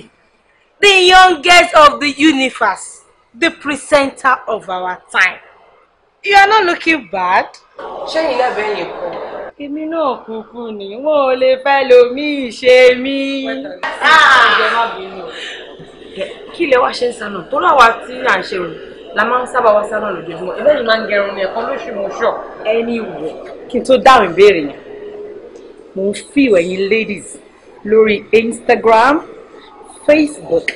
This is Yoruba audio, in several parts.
beauty, the youngest of the universe, the presenter of our time. You are not looking bad. Ṣẹ́yìn náà bẹ́ẹ̀ yẹn kọ́. Èmi náà kúkú ni, wọn ò lè fẹ́ lomi ṣe mí. Kí ilé wa ṣe ń sanà tó láwa tí à ń ṣe rò la máa ń sábà wá sálọ̀ lójoojúmọ́ eléyìí máa ń gẹrun ní ẹ̀kan lóṣù mọ́ṣọ́ ẹni wò. Kí n tó dáhùn ìbéèrè yẹn mo ń feel ẹ̀yin ladies lórí Instagram Facebook,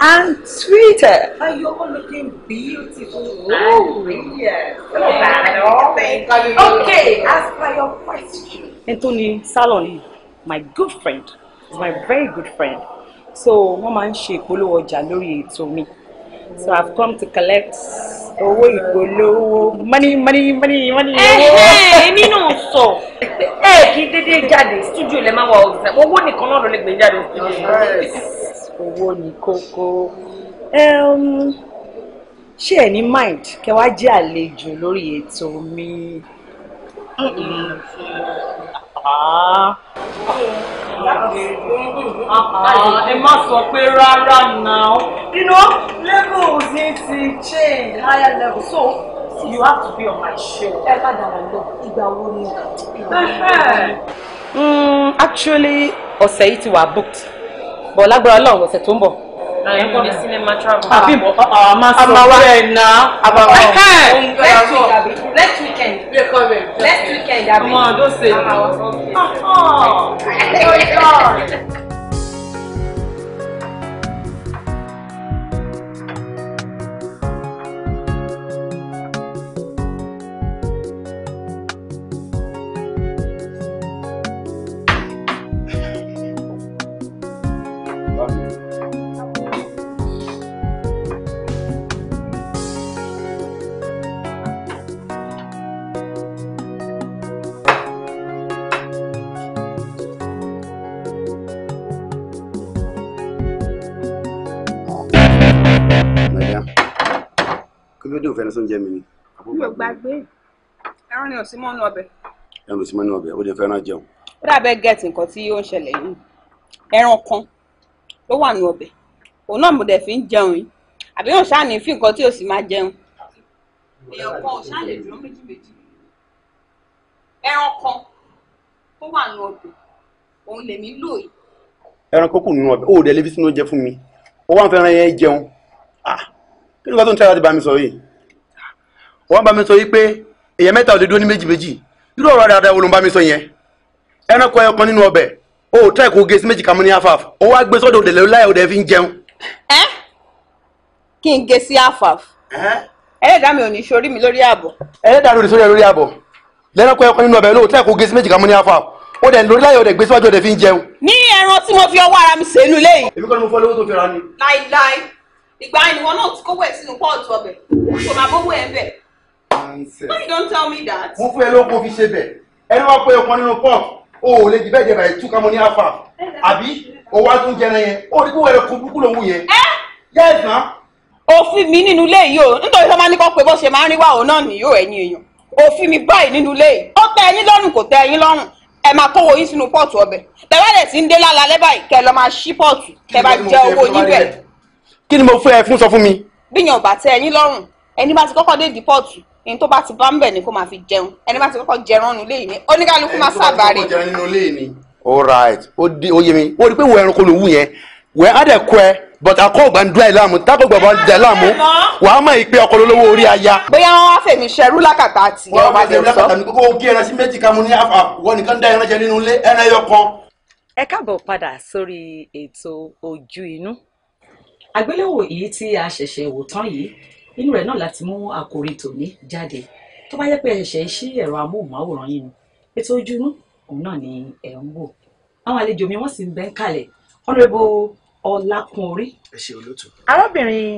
and Twitter. And you're all looking beautiful. Oh, yes. So oh, thank you. Okay, Ask per your question. Anthony Saloni, my good friend, is my very good friend. So, wọ́n máa ń ṣe ìpolówó ọjà lórí ètò mi. So I've come to collect owó ìpolówó money money money money owó. Èmi náà sọ, ẹ kì í dédé jáde, studio lè máa wà ọ̀sẹ̀, owó nìkan náà ló lè gbé jáde studio owó ní kókó ṣé ẹ ní mind kẹ wá jẹ́ àlejò lórí ètò mi. ẹ má sọ pé rárá náà. you know levels need to change higher level so you have to be on my show. ẹ padà wà lọ ìgbà wo ni. Hmm, actually ọ̀sẹ̀ yìí ti wà booked bọ̀ lágbára ọlọ́run ọ̀sẹ̀ tó ń bọ̀. àbíbọ̀ àmàwá ẹ̀nà àbàwọ̀ next weekend next weekend àbí. ọmọ ọdún ṣe. akéwédé òfin ẹni tó ń jẹ mi ni. mi ò gbàgbé ẹran ni ò sí mọ́ nù ọbẹ̀. ẹran ò sí mọ́ nù ọbẹ̀ ó lè fẹ́ràn jẹun. ó dàbẹ́ gẹ̀ẹ́tì nǹkan tí ó ń ṣẹlẹ̀ yìí ẹran kan ló wà nù ọbẹ̀ òun náà mo dẹ̀ fi ń jẹun yìí àbí òun ṣáà ní fi nǹkan tí ò sì máa jẹun. èèyàn kan ò ṣáà lè dúró méjì méjì ẹran kan tó wà nù ọbẹ̀ òun lèmi lò yìí. ẹran kókò nù ọbẹ̀ ó dẹ̀ lè fi sínú oúnjẹ fún mi ó wà ń fẹ́ràn yẹn jẹun ah! kí ló tó ń tẹ́lá ti bá mi sọ yìí wọ́n bá mi sọ yìí pé èèyàn mẹ́ta ò lè dúró ní méjì méjì irú ọ̀rọ̀ dáadáa wo ló ń bá mi sọ yẹn ẹranko ẹyọkan nínú ọbẹ̀ o ò tẹ́ẹ̀kọ́ gé sí méjì kàmú ní afaf O wá gbé sọ́dọ̀ òdèlè láyà òdè fi ń jẹun. ẹ kí n gé sí afaf ẹlẹ́dàá mi ò ní sórí mi lórí ààbọ̀. ẹlẹ́dàá mi ò ní sórí ẹ lórí ààbọ̀ lẹ́ranko ẹyọkan nínú ọbẹ̀ ló tẹ́ẹ̀kọ́ gé sí méjì kàmú ní afaf O dẹ̀ lórí láyà òdè gbé síwájú òdè fi ń jẹun. ní ẹran tí mo fi ọwọ́ ara mi sèlú lẹ́yìn. èmi kọ́ ni mo fọ́ lówó tó fi ra ni. láíláí ìgbà ìwọ náà ti kówó ẹ̀ sínú pọ́ọ̀tù ọbẹ̀ kò máa bówó ẹ̀ bẹ̀. why you don't tell me that. wọ́n fún ẹ ló kó fi ṣe bẹ̀ ẹni wá pé ọkàn nínú pọ́ọ̀k o ò lè dìbẹ́ ìjẹba ìtú kámọ́ ní afa àbí o wá tún jẹrẹ yẹn o rí kó ẹ̀rọ kó burúkú lòun yẹn. yes na. òfin mi nínú ilé yìí o nítorí sọ́mọ́ ní kọ́ pé bó ṣe máa ń rí wà òun náà nìyó ẹ̀yìn èèyàn òfin mi báyìí nínú ilé yìí ó tẹ́ ẹ̀yin lọ́rùn kò tẹ́ ẹ̀yin lọ́rùn ẹ máa kówó yín sínú pọ́ọ̀tù ọbẹ̀ tẹ́wádẹ̀ tí ń dé lálálẹ́ báyìí kẹ́ lọ máa ṣí pọ́ọ̀tù tẹ́ bá jẹ owó yín kí ni mo fẹ́ ẹ fún sọ fún mi. bíyàn ọ̀bà tẹ ẹyin lọ́rùn ẹni bá ti kọ́kọ́ dé dìpọ́ọ̀tù ẹni tó bá ti bá ń bẹ̀ ni kó máa fi jẹun ẹni bá ti kọ́kọ́ jẹran nù léyìí ni oníkálukú máa sábà rẹ̀. ẹni tó bá ti kọ́kọ́ jẹran nù léyìí ni. all right ó yé mi ó rí i pé wo ẹranko ló wù yẹn wẹ́n á dẹ̀ kọ́ ẹ but akọ ọba ń dún ẹ láàmú tako gbọ̀ngàn dẹ̀ láàmú wà á mọ̀ ìpè ọkọ lólówó orí aya. bóyá wọn wá fèmí ṣẹrú lákàtà àti ìyá ọba jẹ sọ. wọn wá fèmí lákàtà ní kókó kí ẹran sí méjì ká mú ní àfà wọn nìkan dá ẹran jẹ nínú ilé ẹran ẹyọ kan. ẹ káàbọ̀ padà sórí ètò ojú inú àgbéléwò yìí tí a ṣẹ̀ṣẹ̀ wò tán yìí inú rẹ̀ náà láti mú àkòrí tòní jáde tó bá yẹ pé ẹ̀ṣẹ̀ ṣí ẹ̀rọ amóhùnmáwòrán yìí ni ètò ojúnú òun náà ni ẹ̀ ń wò àwọn àlejò mi wọ́n sì ń bẹ́ ń kalẹ̀ ọ̀nàrẹ́bù ọlákùnrin. ẹ ṣe olóòtú. arábìnrin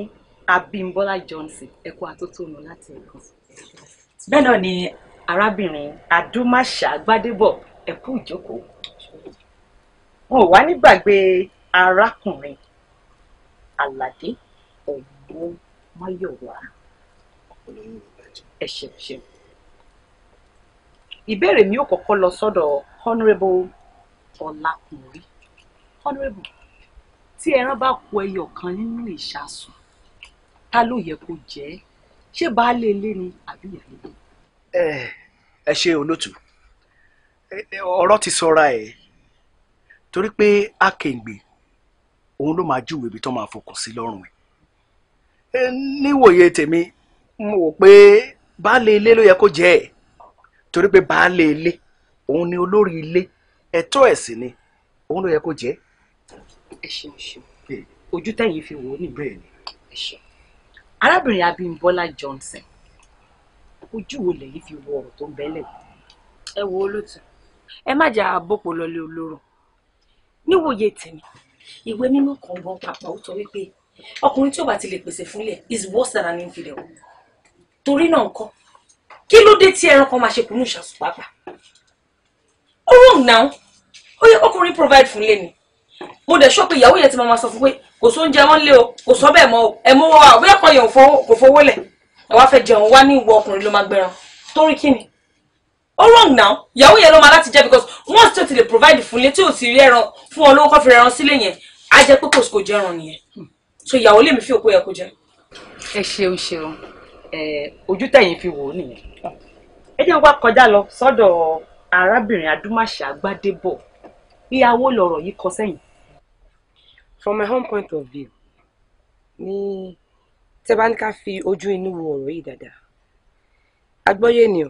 abímbọ́lá johnson ẹ̀kọ́ àtótónu láti ẹ̀kọ́. bẹ́ẹ̀ náà ni arábìnrin adúmáṣà gbádébọ̀ ẹ̀kú ìjókòó. wọn ò wá ní gbàgbé arákùnrin aládé ọ̀gbọ́n máyọ̀wá ẹ ṣeun ṣeun ìbéèrè mi ò kọ́kọ́ lọ sọ́dọ̀ honourable ọlákùnrin honourable tí ẹran bá kù ẹyọ kan nínú ìṣàsùn ta ló yẹ kó jẹ ẹ ṣé baálé ilé ni àbí ìyàlé ẹ ṣe olótù ọ̀rọ̀ ti sọra ẹ̀ torí pé akèǹgbè òun ló máa júwèé ibi tó máa fokùn sí lọ́rùn ẹ̀ níwòye tèmi mo wò pé baálé ilé ló yẹ kó jẹ́ ẹ̀ torí pé baálé ilé òun ni olórí ilé ẹ̀tọ́ ẹ̀ sì ni òun ló yẹ kó jẹ́. ẹ ṣeun ṣeun ojú tẹ̀yìn fi wò ó níbẹ̀rẹ̀ ni ẹ ṣeun arábìnrin Abímbọ́lá Johnson ojú wo lẹ́yìn fi wọ ọ̀rọ̀ tó ń bẹ́lẹ̀ ẹ wo olóòtú ẹ má jà àbòpọ̀ lọlé olóró níwòye tèmi ìwé mímọ́ kan gan pàpà ó sọ wípé ọkùnrin tí ó bá ti lè pèsè fúnlẹ̀ is worse than an infidel torí náà ńkọ́ kí ló dé tí ẹran kan máa ṣe kùnú ìṣàsùn pàápàá ó wrong now ó yẹ ọkùnrin provide fúnlẹ̀ ni mo dẹ̀ sọ pé ìyàwó yẹn ti máa sọ fún pé kò sóúnjẹ wọn lé o kò sọ bẹ́ẹ̀ mọ́ o ẹ̀ mú wọn wá bóyá kan yẹn kò fowó lẹ̀ ẹ̀ wá fẹ́ jẹun wá ní ìwọ ọkùnrin ló máa gbẹran torí kí ni ó wrong now ìyàwó yẹn ló máa láti jẹ́ because once tó ti lè provide fúnlé tí ò sì rí ẹran fún ọ lówó kọ́ fi ẹran sílé yẹn á jẹ́ pé kò kò ẹran nìyẹn so ìyàwó lèmi fi òkú yẹ kó jẹ. ẹ ṣeun ṣeun ojú tẹ̀yìn fi wò ó nìyẹn ẹ jẹ́ wá kọjá lọ sọ́dọ̀ arábìnrin adúmáṣà gbádébọ̀ ìyàwó lọ̀rọ̀ yìí kọ sẹ́yìn. from my home point of view ní tẹ́ bá ní ká fi ojú inú wo ọ̀rọ̀ yìí dáadáa agbọ́yé ni o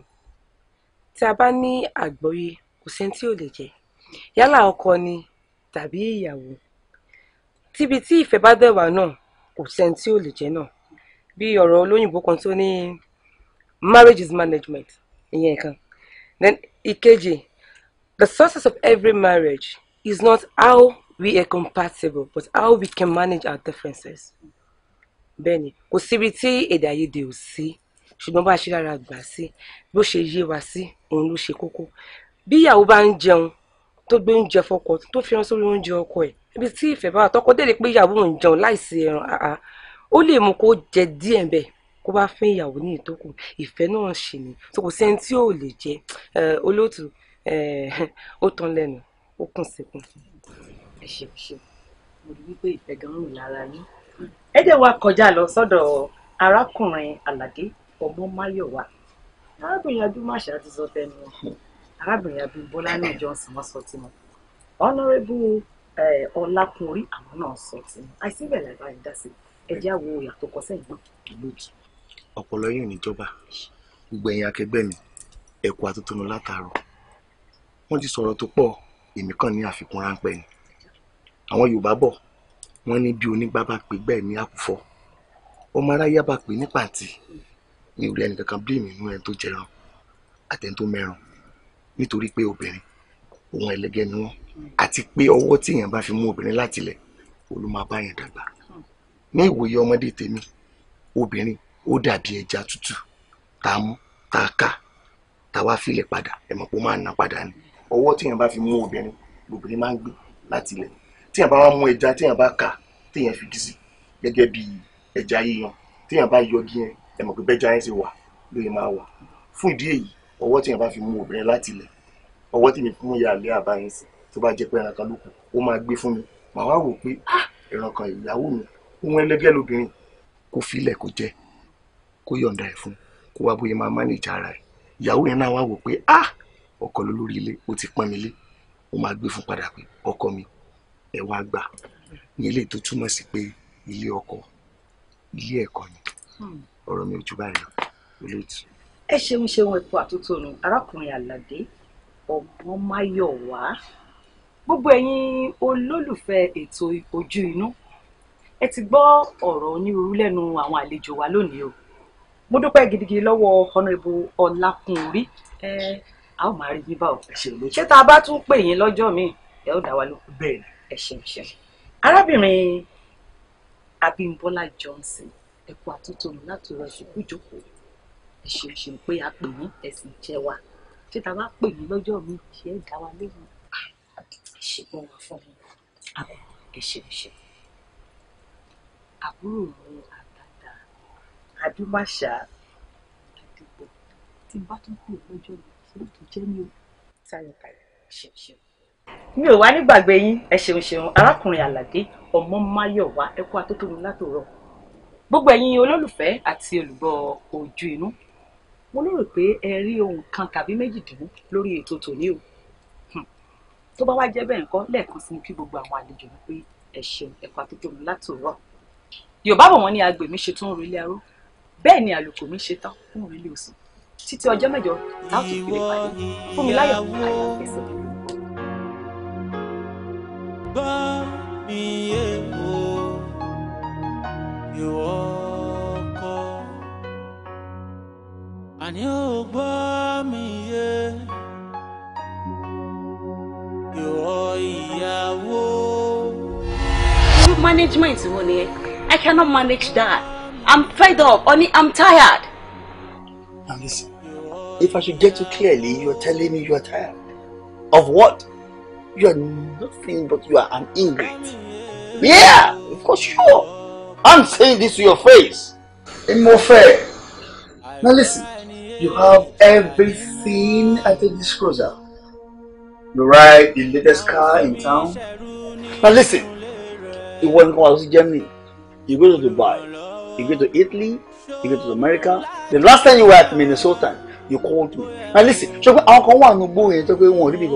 tí a bá ní àgbọ́yé kò sẹ́ni tí ò lè jẹ́ yálà ọkọ ni tàbí ìyàwó tíbi tí ìfẹ́ bá dẹ̀wà náà kò sẹ́ni tí ò lè jẹ́ náà bí ọ̀rọ̀ olóyìnbó kan tó ní marriage is management ìyẹn kan then ìkejì the success of every marriage is not how we are compatible but how we can manage our differences bẹ́ẹ̀ni kò síbi tí èdè àìyedè ò sí ṣùgbọ́n bá a ṣe rárá gbà sí bó ṣe yé wa sí. Si òun ló ṣe kókó bí ìyàwó bá ń jẹun tó gbé oúnjẹ fọkọ tó fi hàn sórí oúnjẹ ọkọ ẹ̀ ibi tí ìfẹ́ bá tọkọ délé pé ìyàwó òun jẹun láìsí ẹran àá ó lè mú kó jẹ díẹ̀ bẹ́ẹ̀ kó bá fẹ́ ìyàwó ní ìtókù ìfẹ́ náà ṣì ní tó kò sẹ́ni tí ò lè jẹ olóòtú ó tán lẹ́nu ó kùn síkùn. ẹ ṣe ṣe mo rí wípé ìfẹ́ gan rùn lára yín ẹ jẹ́ wá kọjá lọ sọ́dọ̀ arákùnrin Àlàdé ọmọ Máyọ̀wá arábìnrin adúmáṣà ti sọ tẹnu arábìnrin abímbọ́lá náà johnson wọ́n sọ ti mọ́ ọ̀nàrẹ́bù ọlákùnrin àwọn náà sọ ti mọ́ àìsíbẹ̀ làbá yìí dá sí ẹjẹ́ àwo ìyàtọ̀ kọ sẹ́yìn náà. lóòtù ọ̀pọ̀lọ́ yìí níjọba gbogbo ẹ̀yin akẹgbẹ́ mi ẹ̀kọ́ àtúntúnú látàárọ̀ wọ́n ti sọ̀rọ̀ tó pọ̀ èmi kàn ní àfikún ráńpẹ́ ni àwọn yorùbá bọ̀ wọ́n ní bí onígbà bá pè gbẹ́ ní àkùfọ́ ọmọ aráyá bá pè ní pàǹtí mi ò rí ẹnìkankan blame inú ẹni tó jẹran àtẹni tó mẹ́ran nítorí pé obìnrin òun ẹlẹgẹ́ ni wọ́n àti pé ọwọ́ tí èèyàn bá fi mú obìnrin láti ilẹ̀ olú máa bá yẹn dàgbà ní ìwòye ọmọdé tèmi obìnrin ó dàbí ẹja tútù tá a mú tá a ká tá a wá filẹ̀ padà ẹ mọ̀ pé ó máa ná padà ni ọwọ́ tí èèyàn bá fi mú obìnrin lobìnrin máa ń gbé láti ilẹ̀ tí èèyàn bá wá mú ẹja tí èèyàn bá ká tí èèyàn fi dí sí gẹ́gẹ́ bí ẹja yíyan tí èèyàn bá yọgi yẹn ẹ mọ̀ pé bẹ́ẹ̀ giant wà lóye máa wà fún ìdí èyí ọwọ́ tí yẹn bá fi mú obìnrin láti ilẹ̀ ọwọ́ tí mi fi mú yàrá ilé àbáyẹn sí tó bá jẹ́ pé ẹran kan ló kù ó máa gbé fún mi màá wá wò pé ah, ẹran kan ìyàwó mi òun ẹlẹ́gẹ́ lóbìnrin kó filẹ̀ kó jẹ kó yọ̀ǹda ẹ̀ fún kó wá bóyá máa mánèjì ara ẹ̀ ìyàwó yẹn náà wá wò pé ah ọkọ ló lórí ilé ó ti pọ́n mi lé ó máa gbé fún padà pé ọkọ mi ẹ wá gbà ní eléyìí tó túmọ̀ sí pé ilé ọkọ ilé ẹ̀kọ́ ni. Hmm ọ̀rọ̀ mi ò jù báyìí lọ relate. ẹ ṣeun ṣeun ẹ̀kọ́ àtúntònú arákùnrin àlàdé ọ̀gbọ́nmáyọ̀wá gbogbo ẹ̀yin olólùfẹ́ ètò ojú inú ẹ ti gbọ́ ọ̀rọ̀ onírúurú lẹ́nu àwọn àlejò wa lónìí o mo dúpẹ́ gidigidi lọ́wọ́ honorable ọlákùnrin ẹ a ó máa rí yín bá o ṣé tá a bá tún pè yín lọ́jọ́ míì ẹ ó dá wa lóko bẹ́ẹ̀ ẹ ṣeun ṣeun arábìnrin abímbọ́lá johnson ẹ kú àtúntòmù láti rọ ìsìnkú ìjókòó ẹ ṣeun ṣeun pé a pè yín ẹ sì jẹ wa ṣé ta bá pè yín lọ́jọ́ mi ṣe é dá wa léwu ṣùgbọ́n wà fún mi àbọ̀ ẹ ṣeun ṣeun àbúrò mi àtàtà adúmáṣá àdúgbò tí bá tún kúrò lọ́jọ́ mi ṣé ó tún jẹ́ mi o tayọ̀tayọ̀ ṣeun ṣeun mi ò wá nígbàgbé yín ẹ ṣeun ṣeun arákùnrin àlàdé ọmọ máyọ̀wá ẹ kú àtúntòmù látòrọ gbogbo ẹ̀yin olólùfẹ́ àti olùgbọ́ ojú inú mo lérò pé ẹ rí ohun kan tàbí méjìdínlógún lórí ètò tòní o hmm. tó bá wá jẹ́ bẹ́ẹ̀ ńkọ́ lẹ́ẹ̀kan sí kí gbogbo àwọn àlejò mi pé ẹ ṣeun ẹ̀kọ́ àtúntò mi látòrọ̀ yorùbá bọ̀ wọ́n ní agbè mi ṣe tó ń relé aró bẹ́ẹ̀ ni àlùkò mi ṣe tán fún relé òsùn títí ọjọ́ mẹ́jọ láti fi pàdé fún mi láyọ̀ àyàfẹ́sẹ̀. gbọ́ mi yé o ìwọ. àní ò gbọ́ mi yé ìwọ ìyàwó. management wo ni I cannot manage that I'm fed up honey I'm tired. Now listen, if I should get you clearly, you are telling me you are tired. Of what? You are nothing but you are an ingrate. Yeah, of course, sure. I'm saying this to your face. In more fair. Now listen, You have everything at your disposal. You ride the latest car in town. Now listen, you want to go to Germany, you go to Dubai, you go to Italy, you go to America. The last time you were at Minnesota, you called me. Now listen, so àwọn kan wà ní gbogbo yẹn tó pé wọn ò rí ibi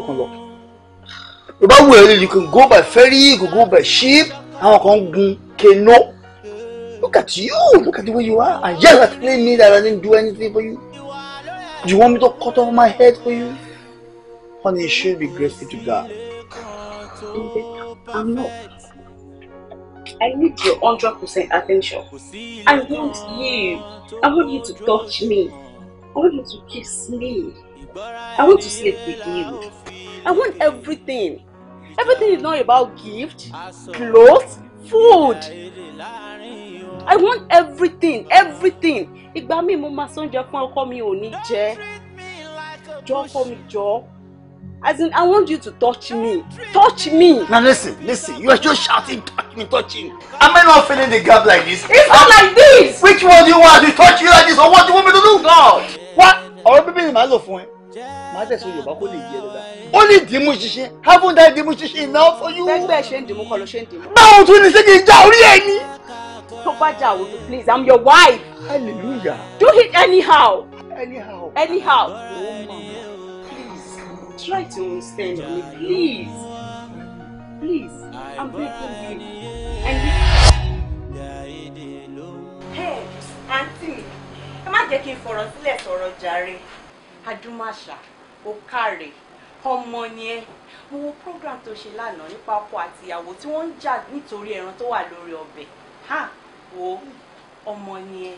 kankan you can go by ferry, you can go by ship, àwọn kan gun kéno. Look at you, look at the way you are, and yet that me that I didn't do anything for you. Do you want me to cut off my head for you? Honey, you should be grateful to God. I'm not. I need your 100% attention. I want you. I want you to touch me. I want you to kiss me. I want to sleep with you. I want everything. Everything is not about gift, clothes, food. I want everything everything ìgbà míì mo máa sóúnjẹ fún ọkọ mi ò ní jẹ jọ ọkọ mi jọ as in I want you to touch me touch me. Now listen listen you are just shouting touch me touch me am I not filling the gap like this. It's not like this. Which one do you want to touch you like this or what do you want me to do. God. What ọ̀rọ̀ bíbí ni màá lò fún ẹ màá tẹ̀sán yorùbá kó lè yé dada ó lè dìímú ṣinṣin haven't I dìímú ṣinṣin enough for you. ẹgbẹ́ ṣe ń dìímú kọ́ ló ṣe ń dìímú. báwo tún ní ṣé kí n orí ẹ ní tó bá jà please i'm your wife. hallelujah. do it anyhow. anyhow. anyhow. Oh, mama. please try to understand me please please i'm begging you. hey aunty mi ẹ má jẹ́ kí n fọ̀rọ̀ sílẹ̀ sọ̀rọ̀ jàre adúmáṣà ó kàrè ọmọ mo program to ṣe lánàá nípa ọkọ àtìyàwó tí wọ́n ń jà nítorí ẹran tó wà lórí ọbẹ̀ ha wo ọmọ yẹn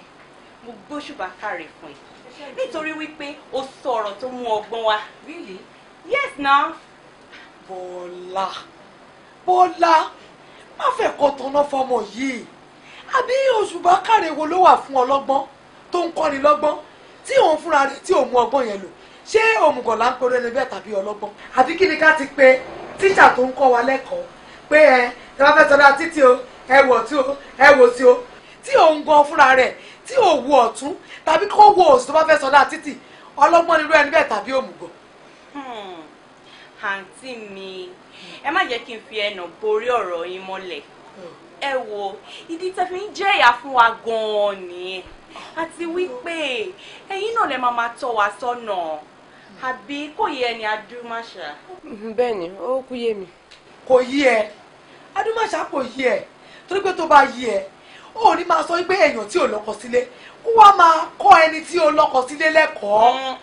mo gbóṣùbà káre fún ẹ nítorí wípé o sọ ọ̀rọ̀ tó mú ọgbọ́n wá. really yes na. bọ́lá bọ́lá má fẹ́ kọ́ tanná fọmọ yìí àbí òṣùbà káre wo ló wà fún ọlọ́gbọ́n tó ń kọ́ni lọ́gbọ́n tí òun fúnra rẹ̀ tí òun mú ọgbọ́n yẹn lò ṣé òmùgọ̀ là ń pèrò ẹni bẹ́ẹ̀ tàbí ọlọ́gbọ́n. àbí kí ni ká ti pe tíṣà tó ń kọ́ wa lẹ́kọ̀ọ́ pé ẹ ẹ bá fẹ́ sọdá títí o ẹ tí ó ẹ tí o tí òun gan fúnra rẹ̀ tí ò wo ọ̀tún tàbí kó wo òsì tó bá fẹ́ sọdá títì ọlọ́gbọ́n nírú ẹni bẹ́ẹ̀ tàbí òmùgọ̀. Hmm, àǹtí mi ẹ má jẹ́ kí n fi ẹnà borí ọ̀rọ̀ yín mọ́lẹ̀ ẹ wo ìdí tẹ́ fi ń jẹ́ ìyà fún wa gan-an nìyẹn àti wípé ẹyin náà lè máa máa tọ́ wa sọ́nà àbí kò yé ẹni adúmáṣá. bẹ́ẹ̀ ni kú yé mi. kò yé ẹ adúmáṣá kò yé ẹ torí pé tó bá yí ẹ ó ní máa sọ wípé èèyàn tí ò lọ́kọ sílé kó wá máa kọ́ ẹni tí ò lọ́kọ sílé lẹ́kọ̀ọ́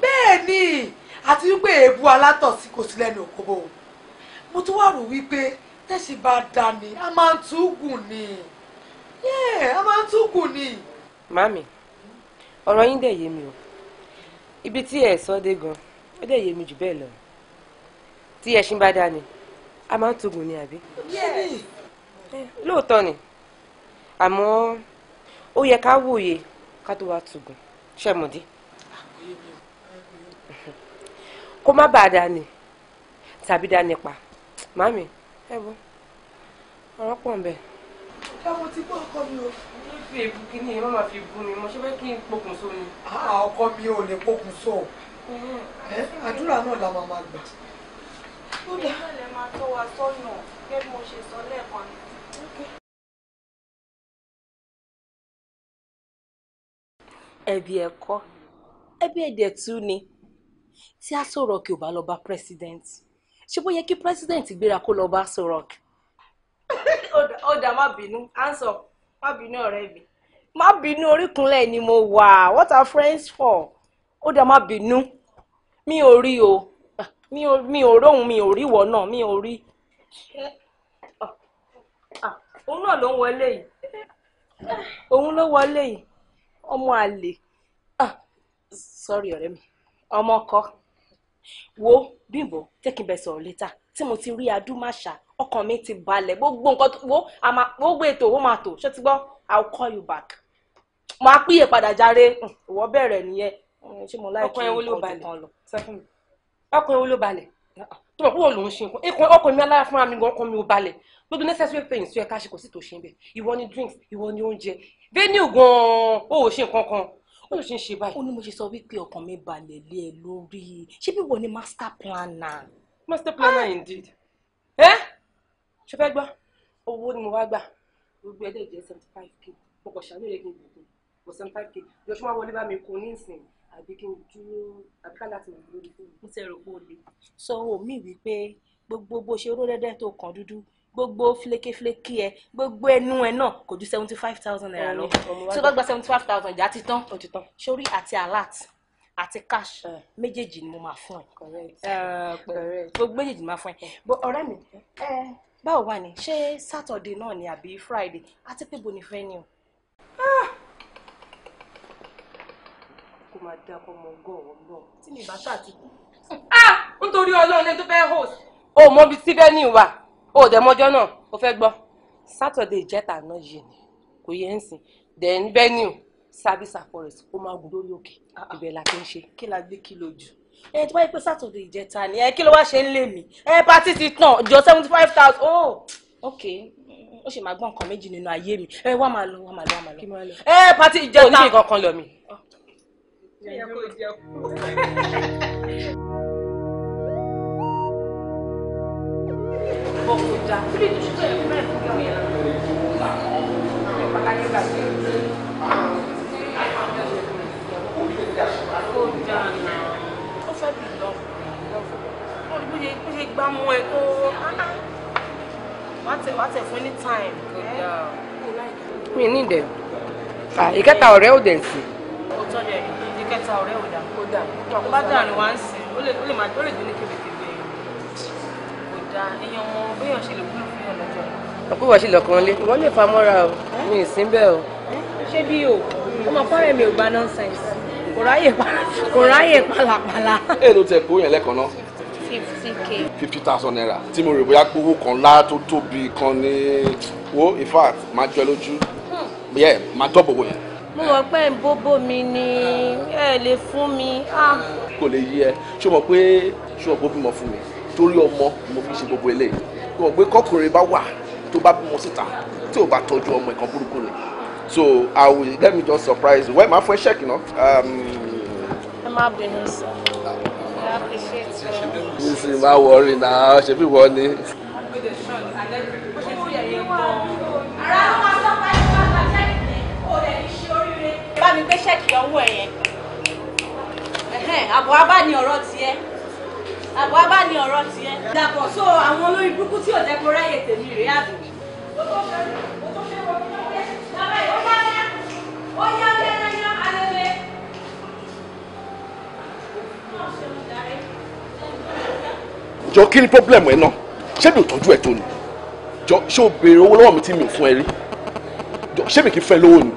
bẹ́ẹ̀ ni àti wípé èébú alátọ̀sí kò sí lẹ́nu òkòbò mo tún wà rò wípé tẹ́sí bá da ni a máa ń tún gùn ni a máa ń tún gùn ni. màmí ọ̀rọ̀ yín dẹ̀ yé mi o ibi tí ẹ̀ sọ dé gan ó dẹ̀ yé mi jù bẹ́ẹ̀ lọ tí ẹṣin bá dá ni a máa ń tún gùn ni àbí. yẹ́ẹ̀ lóòótọ́ ni àmọ́ ó yẹ ká wòye ká tó wá tùgùn ṣẹ́mọ̀dé kó má bàa dání tàbí dání pa màmí ẹ bọ́ ọ̀rọ̀ pọ̀ nbẹ. ẹ wo ti gbọ́ ọkọ mi o. ní fi èbú kí ni wọ́n máa fi bú mi mo ṣe fẹ́ kí n pokùnso ni. ọkọ mi ò lè pokùnso àdúrà náà la máa máa gbà. ó lè máa tọ́ wa sọ́nà gẹ́gẹ́ bí mo ṣe sọ lẹ́ẹ̀kan ni. ẹbí ẹ̀kọ́ ẹbí èdè tú ni tí a sọ̀rọ̀ kí o bá lọ bá president ṣé bó yẹ kí president gbéra kó lọ bá sọ̀rọ̀ kí. ó dà má bínú ansọ má bínú ọ̀rẹ́ mi má bínú oríkunlẹ̀ ni mo wà what are friends for ó dà má bínú mi ò rí o mi ò róhun mi ò rí ìwọ náà mi ò rí òun náà ló ń wọlé yìí òun ló wọlé yìí ọmọ àlè ah, sorry ọ̀rẹ́ mi ọmọ ọkọ wo bímbọ jẹ́ kí n bẹ sọ̀rọ̀ létà tí mo ti rí adúmáṣá ọkàn mi ti balẹ̀ gbogbo nǹkan tó wo gbogbo ètò owó máa tò ṣé ti gbọ́ i call you back mo á píyè padà járe hmm, ìwọ bẹ̀rẹ̀ nìyẹn eh, ṣé mo láì kí nǹkan tó lọ. ọkùnrin wo ló balẹ̀ tó mọ̀ kúrò lòún ṣe nǹkan ọkùnrin mi alára fúnra mi gan mi ò balẹ̀ gbogbo necessary things tó yẹ ká ṣe kò sí tó ṣe ìwọ ni drinks ìwọ ni oúnjẹ venue gan-an ó ò ṣe nǹkan kan ó ló ṣe ń ṣe báyìí. ó ní mo ṣe sọ wípé ọkàn mi balẹ̀ lé ẹ lórí ṣé bí wọ́n ní master planner. master planner indeed. ẹ ṣe fẹ́ gbọ́ owó ni mo wá gbà gbogbo ẹ̀dẹ̀ jẹ́ seventy five k mo kàn ṣàlùyẹ̀ rẹ̀ kí n gbogbo kò seventy five k joshua wọlé bá mi kún ní ìsìn àbí kí n dúró àbí ká láti mọ̀ lórí fóònù. mo ti rò pé o lè. sọ omi wípé gbogbo bó ṣe ró dẹ́dẹ́ tó kàn dúdú gbogbo filekefileke ẹ gbogbo ẹnu ẹ náà kò ju seventy five thousand naira lọ tí o bá gba seventy five thousand jà ti tán sórí àti alert àti cash eh. méjèèjì ni mo máa fún ẹ eh, gbogbo méjèèjì ni mo máa fún ẹ eh. ọ̀rẹ́ mi báwo wà ní ṣé Saturday náà ni àbí Friday àti pé bo ni fẹ́ ni o. Ah! kó máa dá ọmọ ọgọ́ ọ̀hún náà tí mi bá ṣáà ti kú. Ah! nítorí ọlọ́run ẹni tó fẹ́ host. o mọ ibi tí wà o ò dẹ̀mọ́jọ́ náà o fẹ́ gbọ́ sátọ̀dé ìjẹta náà yìí ni kò yẹ ń sìn then venue Service sabisa forest ó máa gùn lórí òkè ah. ibẹ̀ la ti ń ṣe. kí la gbé kí lo jù ẹ tí wọ́n yẹ pé sátọ̀dé ìjẹta ni ẹ kí ló wá ṣe ń lè mí ẹ pati ti tàn jọ seventy five thousand oh ok ó ṣe máa gbọ́ nǹkan méjì nínú ayé mi ẹ wá máa lọ wá máa lọ wá máa lọ ẹ pati ìjẹta. oníṣègùn kan lọ mi. Oh. bọ̀ kò já kí lè tó ṣe tó yẹ kó bẹ̀rẹ̀ fún mi yẹn ó fẹ́ bì lọ ó rí bó ṣe bó ṣe gbá mú ẹ tó wá tẹ wá tẹ fún ní time kò dá mi ní ìdẹ ìkẹta ọ̀rẹ́ ò dẹ sí. ó tọ́jú ẹ̀ ìkẹta ọ̀rẹ́ ò dà kó dà bá dà ní wá ń sìn ó lè máa ó lè dín ní kébé dáa èèyàn mọ bóyá ṣe lè wúlò fún yàn lọ́jọ́ yìí. ọ̀pọ̀ ìwà ṣe lọ́kàn lé wọ́n lè fa mọ́ra o mi ì síbẹ̀ o. ṣé bí o ọmọ fọ́rẹ̀ mi ò gba nonsense kò ráyè pàlàpàlà. èèlò tẹ kó yẹn lẹ́kọ̀ọ́ náà fifty k. fifty thousand naira tí mo rò bóyá gbowó kan lá tó tóbi kan ní wo in fact máa jọ lójú hmm. yẹ máa dọ́bọ̀ wọ̀ yẹn. mo mọ̀ pé bóbó mi ni ẹ lè fún mi. Ah. kò lè yí ẹ ṣé o mọ̀ pé ṣé o mọ̀ pé ó bímọ fún mi torí ọmọ mo fi ṣe gbogbo eléyìí mo gbé kọkùnrin bá wà tó bá bímọ síta tí ò bá tọ́jú ọmọ ẹ̀kan burúkú ni so i will let me just surprise you well ma fún ẹ ṣẹ́ẹ̀kì náà. Um, ẹ má bínú sí i i appreciate you. n sì máa wọrí náà ṣe bí wọ́n ní. ara ló máa sọ pé ẹ máa gba ṣẹ́ẹ̀kì kò lè ní ṣe oríire. bá mi gbé ṣẹ́ẹ̀kì ọwọ́ ẹ̀ yẹn àbọ̀ abá ni ọ̀rọ̀ tiẹ̀ àbọ̀ abá ni ọ̀rọ̀ tiẹ̀. dàpọ̀ so àwọn olórí burúkú tí ò jẹ́ kó ráyè tèmi rèé àbí. jọ kí ni pọ́blẹ́mù ẹ náà ṣé mi ò tọ́jú ẹ̀ tó ni jọ ṣé o béèrè owó lọ́wọ́ mi tí mi ò fún ẹ rí jọ ṣé mi kì í fẹ́ lówó ni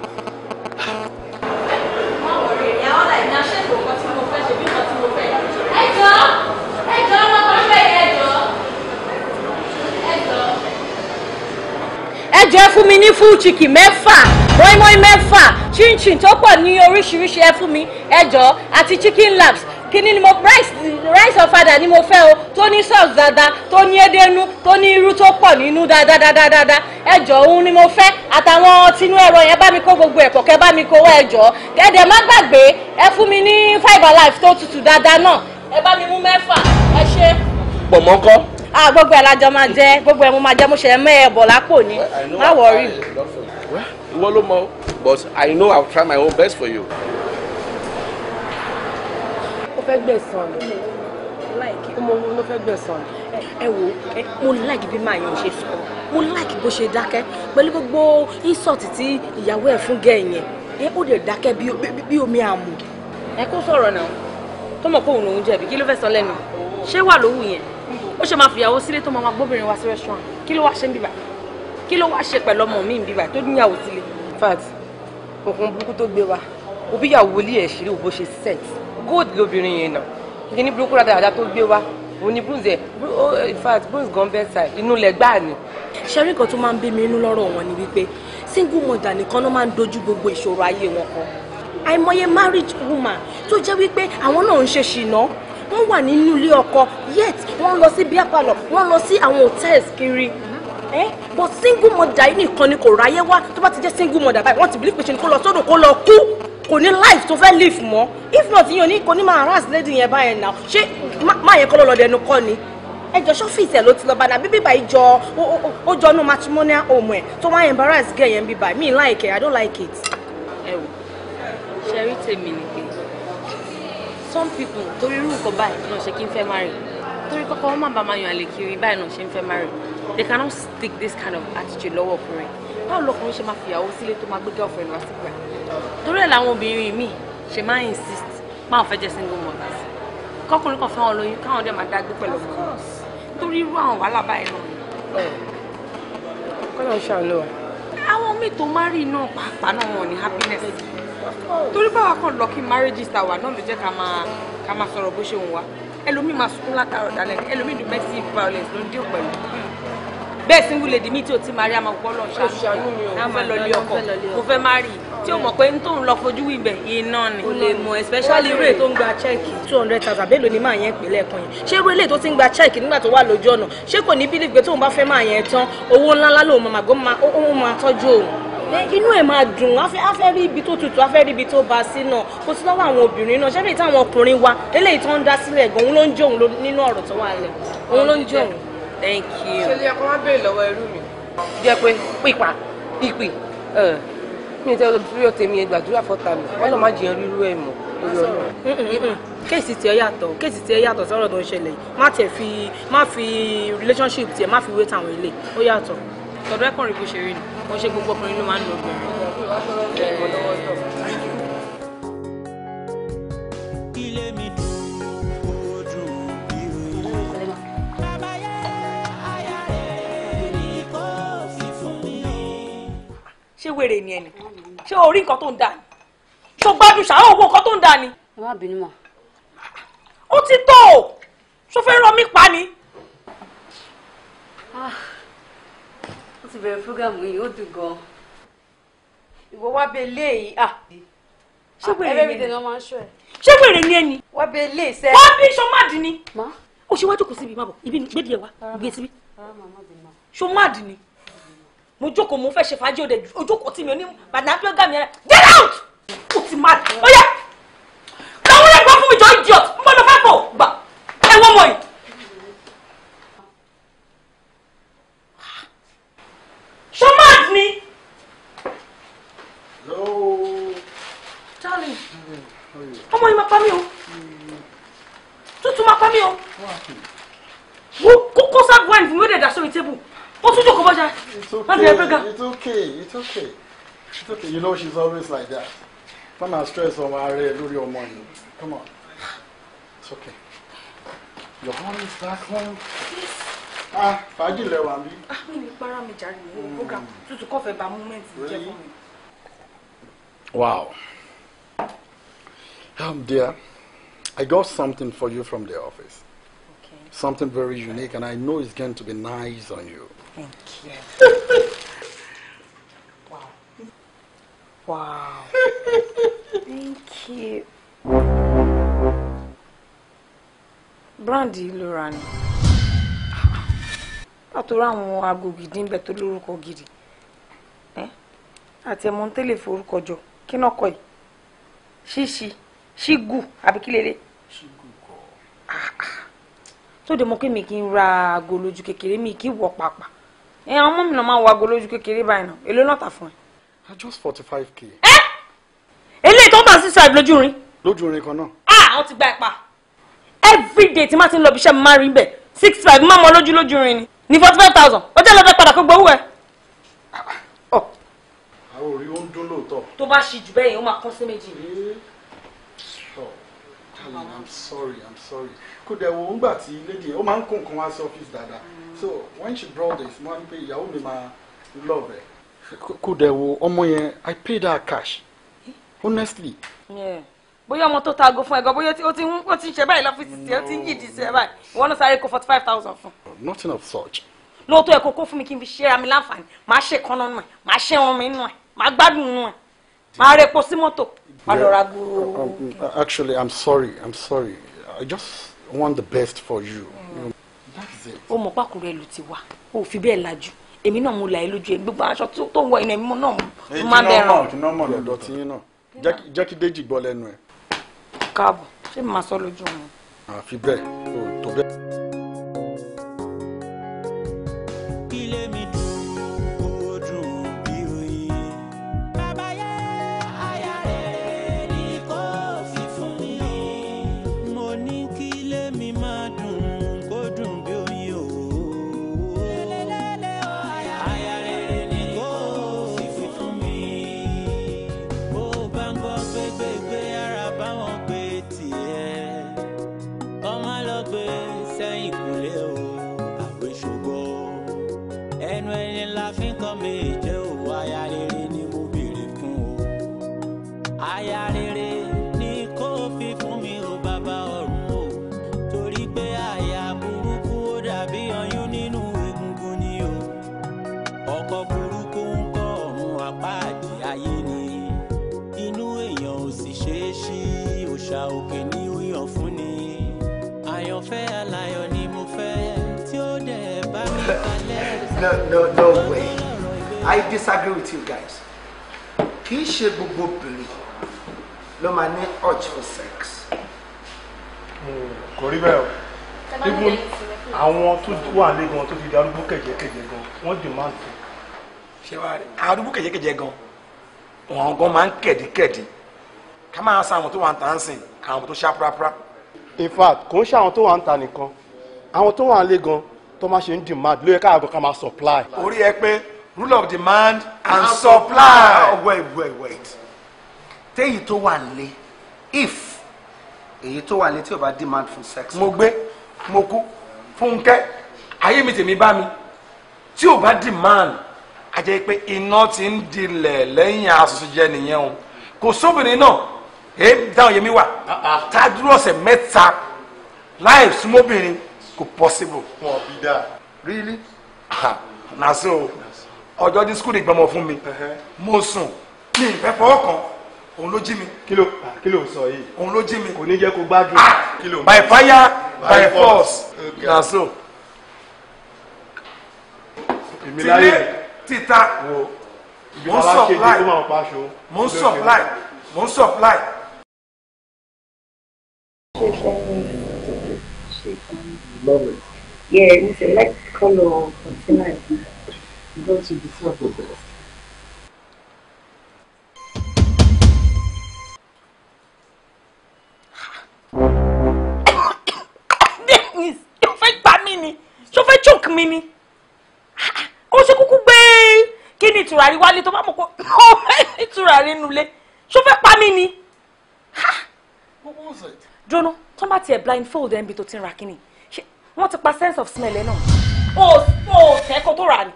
jẹ́ fún mi ní fúù chicken mẹ́fà mọ́ínmọ́ín mẹ́fà chinchin tó pọ̀ ní oríṣiríṣi ẹ fún mi ẹjọ́ àti chicken laps kíní ni mo rice rice ọ̀fadà ni mo fẹ́ o tó ní sauce dáadáa tó ní edénú tó ní irú tó pọ̀ nínú dáadáadáadáa ẹjọ́ òun ni mo fẹ́ àtàwọn tinú ẹ̀rọ yẹn bá mi kó gbogbo ẹ̀pọ̀ kẹ́ bá mi kó wá ẹjọ́ kẹ́dẹ̀ má gbàgbé ẹ fún mi ní five alive tó tutù dáadáa náà ẹ bá mi mú mẹ́fà ẹ ṣe. pọ̀ mọ́kọ́ ah gbogbo ẹ̀ lájọ máa jẹ́ gbogbo ẹ̀ mo máa jẹ́ mo ṣe mẹ́ ẹ̀bọ̀ lápò ni má wọrí. ìwọ ló mọ but I know I will try my own best for you. ó fẹ́ gbẹ̀sán ni ọmọ wọn ló fẹ́ gbẹ̀sán ni ẹ wo mo like bí màá yàn ṣe sọ mo like bó ṣe dákẹ́ pẹ̀lú gbogbo insult tí ìyàwó ẹ̀ fún gẹ̀ yẹn ẹ ó lè dákẹ́ bí omi àmù. ẹ kó sọ̀rọ̀ náà tó mọ̀ pé lòún jẹ̀bi kí ló fẹ́ sọ lẹ́nu ṣé wà lówù yẹn ó ṣe máa fìyàwó sílé tó máa máa gbóbìnrin wá sí restaurant kí ló wá ṣe ń bíbà kí ló wá ṣe pẹ̀lú ọmọ mi ń bíbà tó níyàwó sílé. fat òkun burúkú tó gbé wa òbí ìyàwó wọlé ẹ̀ ṣeré òbó ṣe set gold lóbìnrin yẹn náà ìdí ní burúkú rádaràdà tó gbé wa òun ni bruce ẹ in fact bruce gan bẹ́ẹ̀ side inú lẹ̀ gbáà ni. ṣẹ́rí kan tó máa ń bí mi inú lọ́rọ̀ wọn ni wípé single mother nìkan ló máa ń dojú gbogbo ìṣòro ayé wọn kọ àìmọye marriage woman tó jẹ́ wípé àwọn náà ń ṣe ṣìnà wọ́n wà nínú ilé ọkọ yet wọ́n lọ sí beer parlour wọ́n lọ sí àwọn hotels kiri eh? but single mother yìí nìkan ni kò ráyé wá tó bá ti jẹ́ single mother báyìí wọ́n ti believe patient kó lọ sódò kó lọ kú kò ní life tó fẹ́ live mọ́ if not yín ò ní kò ní máa harass lady yẹn báyẹn náà ṣé má yẹn kọ́ ló lọ dẹnu kọ́ ni ẹjọ ṣọfíìsì ẹ ló ti lọ bá náà bíbí báyìí jọ ó jọ inú matrimonial home ẹ tó wá embarrass girl yẹn bíbá mi like it i don't like it. ẹ wò ṣe rí tèmi ni some people torí irú nǹkan báyìí náà ṣe kí n fẹ́ marry torí kọ́kọ́ wọ́n má bàa máa yan àlè kiri báyìí náà ṣe ń fẹ́ marry they cannot stick this kind of attitude lọ́wọ́ ọkùnrin báwo lọkùnrin ṣe máa fìyàwó sílé tó máa gbé girlfriend wá sígbà torí ẹ̀ làwọn obìnrin míì ṣe máa insist máa fẹ́ jẹ́ single mothers kọ́kùnrin kan fáwọn olóyún káwọn dẹ̀ máa dágbé pẹ̀lú ọkọ torí irú àwọn wàhálà báyìí náà. kọ́lá ń ṣàánú wa. àwọn míì tó má rí iná pàápàá náà wọn ní happiness torí báwa kan lucky marriages tàwa náà ló jẹ́ ká máa ká máa sọ̀rọ̀ bó ṣe ń wa ẹlòmíì máa sunkún látàrọ̀ dalẹ̀ ẹlòmíì domestic violence ló ń dín pẹ̀lú bẹ́ẹ̀ sì ń wulẹ̀ di mí tí o ti máa rí àmọ́ gbọ́ lọ́n ṣàánú mi náà fẹ́ lọ lé ọkọ mo fẹ́ má rí tí o mọ̀ pé n tó ń lọ fojú wí iná ni. o lè mọ especially irú èyí tó ń gba chẹ́ẹ̀kì two hundred thousand bẹ́ẹ̀ ló ní máa yẹn pè lẹ́ẹ̀kan yẹn ṣé irú eléyìí tó ti ń gba chẹ́ẹ̀kì nígbà tó wà lójú ọ̀nà ṣé kò ní bílíf pé tóun bá fẹ́ máa yẹn tán owó ńláńlá lòun máa máa tọ́jú òun inú ẹ̀ máa dùn afẹ́ rí ibi tó tutù afẹ́ rí ibi tó bá sí náà kó sí lọ́wọ́ àwọn obìnrin náà ṣẹ́bí táwọn ọkùnrin wa eléyìí tó ń dá sílẹ̀ gan òun ló ń jẹ́ òun nínú ọ̀rọ̀ tó wà lẹ̀ òun ló ń jẹ́ thank you. ṣe ilé ẹ̀kọ́ máa béèrè lọ́wọ́ ẹrú mi. jẹ́ pé pípa pípì mi tẹ́ olùdúró tèmi ẹ̀ gbàdúrà fọ́ta mi wọ́n lọ́ má jiyàn rírú ẹ̀ mọ́ lórí ọ̀nà mm, mm, mm, kéèsì tiẹ̀ yàtọ̀ kéèsì tiẹ̀ yàtọ̀ sọ̀rọ̀ tó ń ṣẹlẹ̀ má tẹ̀ fi má fi relationship tiẹ̀ má fi wé tàwọn ilé ó yàtọ̀ tọ̀dọ̀ ẹ̀kọ́ rí bó ṣe rí ni wọ́n ṣe gbogbo ọkùnrin ló máa ń lo obìnrin. ṣé wèrè ni ẹni ṣé orí nǹkan tó ń dà ni ṣó gbádùn ṣàárọ̀ owó nǹkan tó ń dà ni. ẹ má bínú mọ́. ó ti tó o ṣó fẹ́ rán mi pa ni. ah ó ti bẹ̀rẹ̀ fúgàmù yìí ó dùn gan-an. ìwọ wá bẹ léyìí à. Ah. ṣé wèrè ni ẹni ṣé wèrè ni ẹni. wá bẹ léyìí sẹ́. wá bí sọmáàdì ni. má o ṣe wájú kò síbi má bọ̀ ibi ni gbédìẹ wa gbé síbi. sọmáàdì ni mo jókòó mo fẹ́ ṣe fàájì òde ojókòó tí mi ò ní bàdàn bí ó gà mí ẹ get out ó ti má ó yẹ làwọn ẹgbẹ́ fún mi jọ idiot n lọ fẹ́ fò gbà ẹ wọ́n mọ̀ yìí. mad ni. darling ọmọ yìí máa pa mí o tuntun máa pa mí o wo kókó ságbo ẹni fún mi ó dẹ̀ dà sórí tébù ó tún jókòó bọ́jà láti ẹ̀ fẹ́ ga. it's okay it's okay it's okay you know she's always like that mama stress ọmọ ara ẹ lórí ọmọ yìí come on it's okay your home is back home. Yes ah fàájì lẹwà mi. ah mi para mi jàre mi wo program mm. tutù kọfẹ bá múmẹ́ǹtì jẹ́ fún mi. wow um, dear i got something for you from the office. Okay. something very unique and i know it's going to be nice on you. thank you. wow. wow. thank you. brandy ló ra ni látọ̀rọ̀ àwọn aago gidi ń bẹ tó lórúkọ gidi àti ẹ̀mọ́ ń tẹ́lẹ̀ forúkọ jọ kí náà kọ yìí ṣíṣí ṣígù àbí kí lélẹ̀. ṣígù kọ. Ah, ah. tó dé mọ pé mi kì í ra aago lójú kékeré mi kì wọ pàpà ẹ àwọn ọmọ mi náà máa wọ aago lójú kékeré báyìí náà èló náà tà fún ẹ. a ah, just forty five k. ẹ eléyìí tó ń tà sí sọ lójú rin. lójú rin kan náà. ah wọn ti gba ẹ pa everyday tí má ti ń lọ ibi iṣẹ́ mi máa rí bẹ́ẹ̀ six five má mọ lójú lójú rin ni ní forty five thousand ó jẹ́ lọ́fẹ́ padà kó gbowó ẹ̀. àwọn orí ó ń dún lóòótọ́. tó bá ṣì jù bẹ́ẹ̀ yẹn ó máa kún sí méjì. darling i'm sorry i'm sorry kò dẹ̀ wo ńgbà tí lady ó máa ń kó nǹkan wá sí ọ́fíìsì dáadáa mm. so when she brought this mo wá ní pé ìyàwó mi máa love ẹ̀. kò dẹ̀ ọmọ yẹn i paid her cash eh? honestly. Yeah bóyá ọmọ tó taago fún ẹgọ bóyá ó ti ń ó ti ń ṣe báyìí lọ́fíìsì tiẹ̀ ó ti ń yìdí sí báyìí ìwọ náà sáré kó forty five thousand fún. nothing of such. lóòótọ́ ẹ̀kọ́ kó fún mi kí n fi ṣe àmì láǹfààní màá ṣe kan nínú ẹ̀ màá ṣe ohun mi nínú ẹ̀ màá gbádùn nínú ẹ̀ màá rẹ epo sí mọ́tò. Um, um, actually i'm sorry i'm sorry i just want the best for you. ó mm. mọ̀ pàkúrẹ́ ìlú ti wá ó fi bẹ́ẹ̀ lajú èmi náà mo là ẹ́ lójú ẹ̀ gbogbo aṣọ tó ń wọ ẹ̀yìn ẹ̀mí náà mo máa bẹ̀rẹ̀. èyí ti nọ́ọ̀mù ọ̀dọ̀ kí déjì gbọ́ lẹ́nu ẹ̀ káàbọ̀ ṣé màá sọ lójú wọn. àfi bẹ́ẹ̀ o tó bẹ́ẹ̀. no, no, no way. I disagree with you guys. Kì í ṣe gbogbo obìnrin ló máa ní urge for sex. Kò rí bẹ́ẹ̀ o. Ibu àwọn tó wà lé gan tó ti di arúgbó kẹ̀jẹ̀kẹ̀jẹ̀ gan wọ́n demand fún. Ṣé wàá rí arúgbó kẹ̀jẹ̀kẹ̀jẹ̀ gan wọn gan máa ń kẹ̀díkẹ̀dí ká máa sa àwọn tó wà ń tà ń sìn àwọn tó ṣá púrápúrá. In fact kò ń ṣe àwọn tó wà ń tà nìkan àwọn tó wà ń lé gan tó má ṣe ń demand ló yẹ káàbọ̀ ká máa supply. orí ẹ pé rule of demand and, supply. supply. Oh, wait wait wait téyì tó wà lé if èyí tó wà lé tí o bá demand fún sex. mo gbé mo kú fúnkẹ́ ayé mi tèmi bá mi tí o bá demand a jẹ́ pé iná ti ń dilẹ̀ lẹ́yìn àṣìṣe nìyẹn o kò sóbìnrin náà èyí táwọn yẹmi wà ah, ah. tá a dúró ọ̀sẹ̀ mẹ́ta láì súnmọ́bìnrin kò possible. wọn ò bí really na so ọjọ́ dín skul ìgbọ́mọ fún mi mo sùn ní ìfẹ́ kan òun ló jí mi. kí ló ah, sọ yìí. òun ló jí mi. kò ní jẹ́ kó gbádùn. Ah! kí by fire by force na so. èmi títa mo ń supply mo ń supply mo ń supply flowers. Yeah, it's a light color container. Don't you be so focused. ṣó fẹ́ choke mi ni ó ṣe kúkú gbé kí ni tùràrí wálé tó bá mọ̀ pé ó fẹ́ tùràrí nulẹ̀ ṣó fẹ́ pa mí ni. jóná tó bá tiẹ̀ blindfold ẹ̀ ń bi tó ti ra kínní wọ́n ti pa sense of smell ẹ̀ náà. o o tẹ́kọ̀ tó rà ni.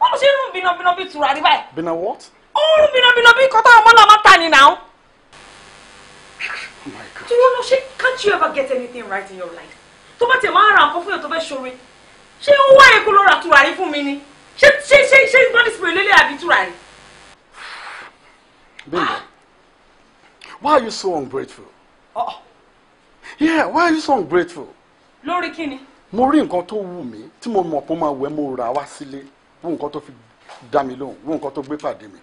wọ́n ṣe ń rún bínabíná bí tura rí báyìí. bina what. ó ń rún bínabíná bí kọ́tà ọmọ náà máa ta ni náà. Oh do you know ṣe can't you ever get anything right in your life. tó bá tẹ̀ máa ra nǹkan fún yàn tó fẹ́ ṣoore ṣé ó wá èkó ló ra tura rí fún mi ni ṣé ṣé ṣé ṣé bọ́dí spray lélẹ̀ àbí why are you so ungrateful. Uh -oh. yeah why are you so ungrateful lórí kíni. mo rí nǹkan tó wù mí tí mo mọ̀ pé máa wẹ̀ mo rà wá sílé wo nǹkan tó fi dá mi lóhùn wo nǹkan tó gbé pàdé mi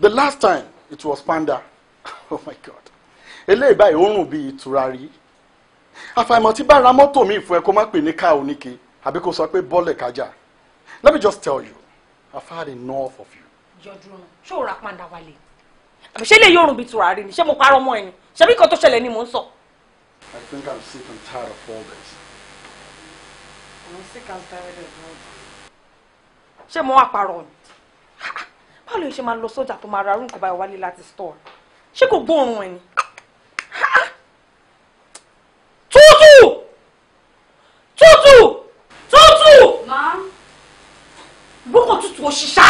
the last time it was panda oh my god eléyìí báyìí ó rùn bíi ìtura rí àfàìmọ̀ tí bá ra mọ́tò mi fún ẹ kó má pè ní ká oníke àbí kó sọ pé bọ́ọ̀lẹ̀ kájà let me just tell you i've had enough of you. yọdúró ṣó o ra panda wálé àbíṣe lè yọrùn bíi ìtura rí ni ṣé mo parọ́ mọ́ ẹ ni ṣebí kan tó ṣẹlẹ̀ ni mò ń sọ. i think i'm sick and tired of all this ṣé mo wá parọ́ ni báwo ló ṣe máa lọ sọ́jà tó máa ra arúgbó báyìí wálé láti store ṣé kò gbóòórùn ẹ̀ ni tútù tútù tútù gbókò tútù òṣìṣà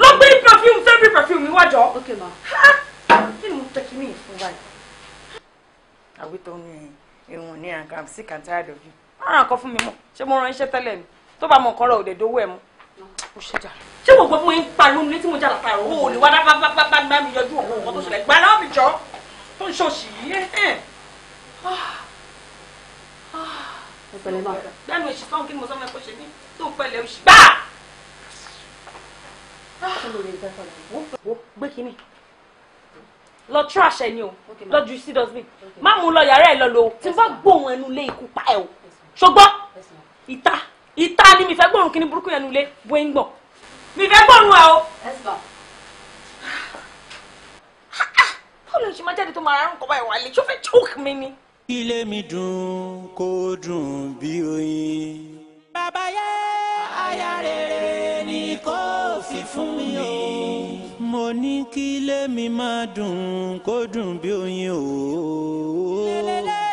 lọ gbé perfume fẹ́ẹ́rì perfume mi wájọ kí ni mo tẹ́ kí ní ìfún báyìí. àwítọ́ ni ìwọ̀n ni i'm sick and tired of you ara nǹkan fún mi mọ̀ ṣé mo rán iṣẹ́ tẹ́lẹ̀ ni tó bá mọ nǹkan rẹ̀ ò lè dówó ẹ̀ mú. mo ṣe jà. ṣé wò pé mo ń pariwo nílé tí mo jà látara owó ò lè wá dá bá mi yọjú òun nǹkan tó ṣẹlẹ̀ gbà náà mi jọ tó ń ṣòṣì yìí. lẹ́nu èsì fáwọn kí ni mo sọ fún ẹ kó ṣe mí tó ń pẹ̀lẹ́ oṣù gbà. gbé kínní lọ tú àṣẹ ni o lọ ju sí dustbin má mú lọ yàrá ẹ lọ lò ó tí n bá gbóhùn ẹnu lé ikú pa ẹ o ṣùgbọ́n ìta ìta ni mi fẹ́ gbóòórùn kíní burúkú yẹn nulẹ̀ bóyá ń gbọ̀ mi fẹ́ gbóòórùn ẹ o. báwo ló ń ṣe máa jáde tó máa rárùn kọ́ báyìí wálé ṣó fẹ́ choke mi ni. ilé mi dùn kó dùn bí oyin. bàbá yẹ aya rere ni kò fi fún mi o. mo ní kí ilé mi máa dùn kó dùn bí oyin o. lélẹ́lẹ́.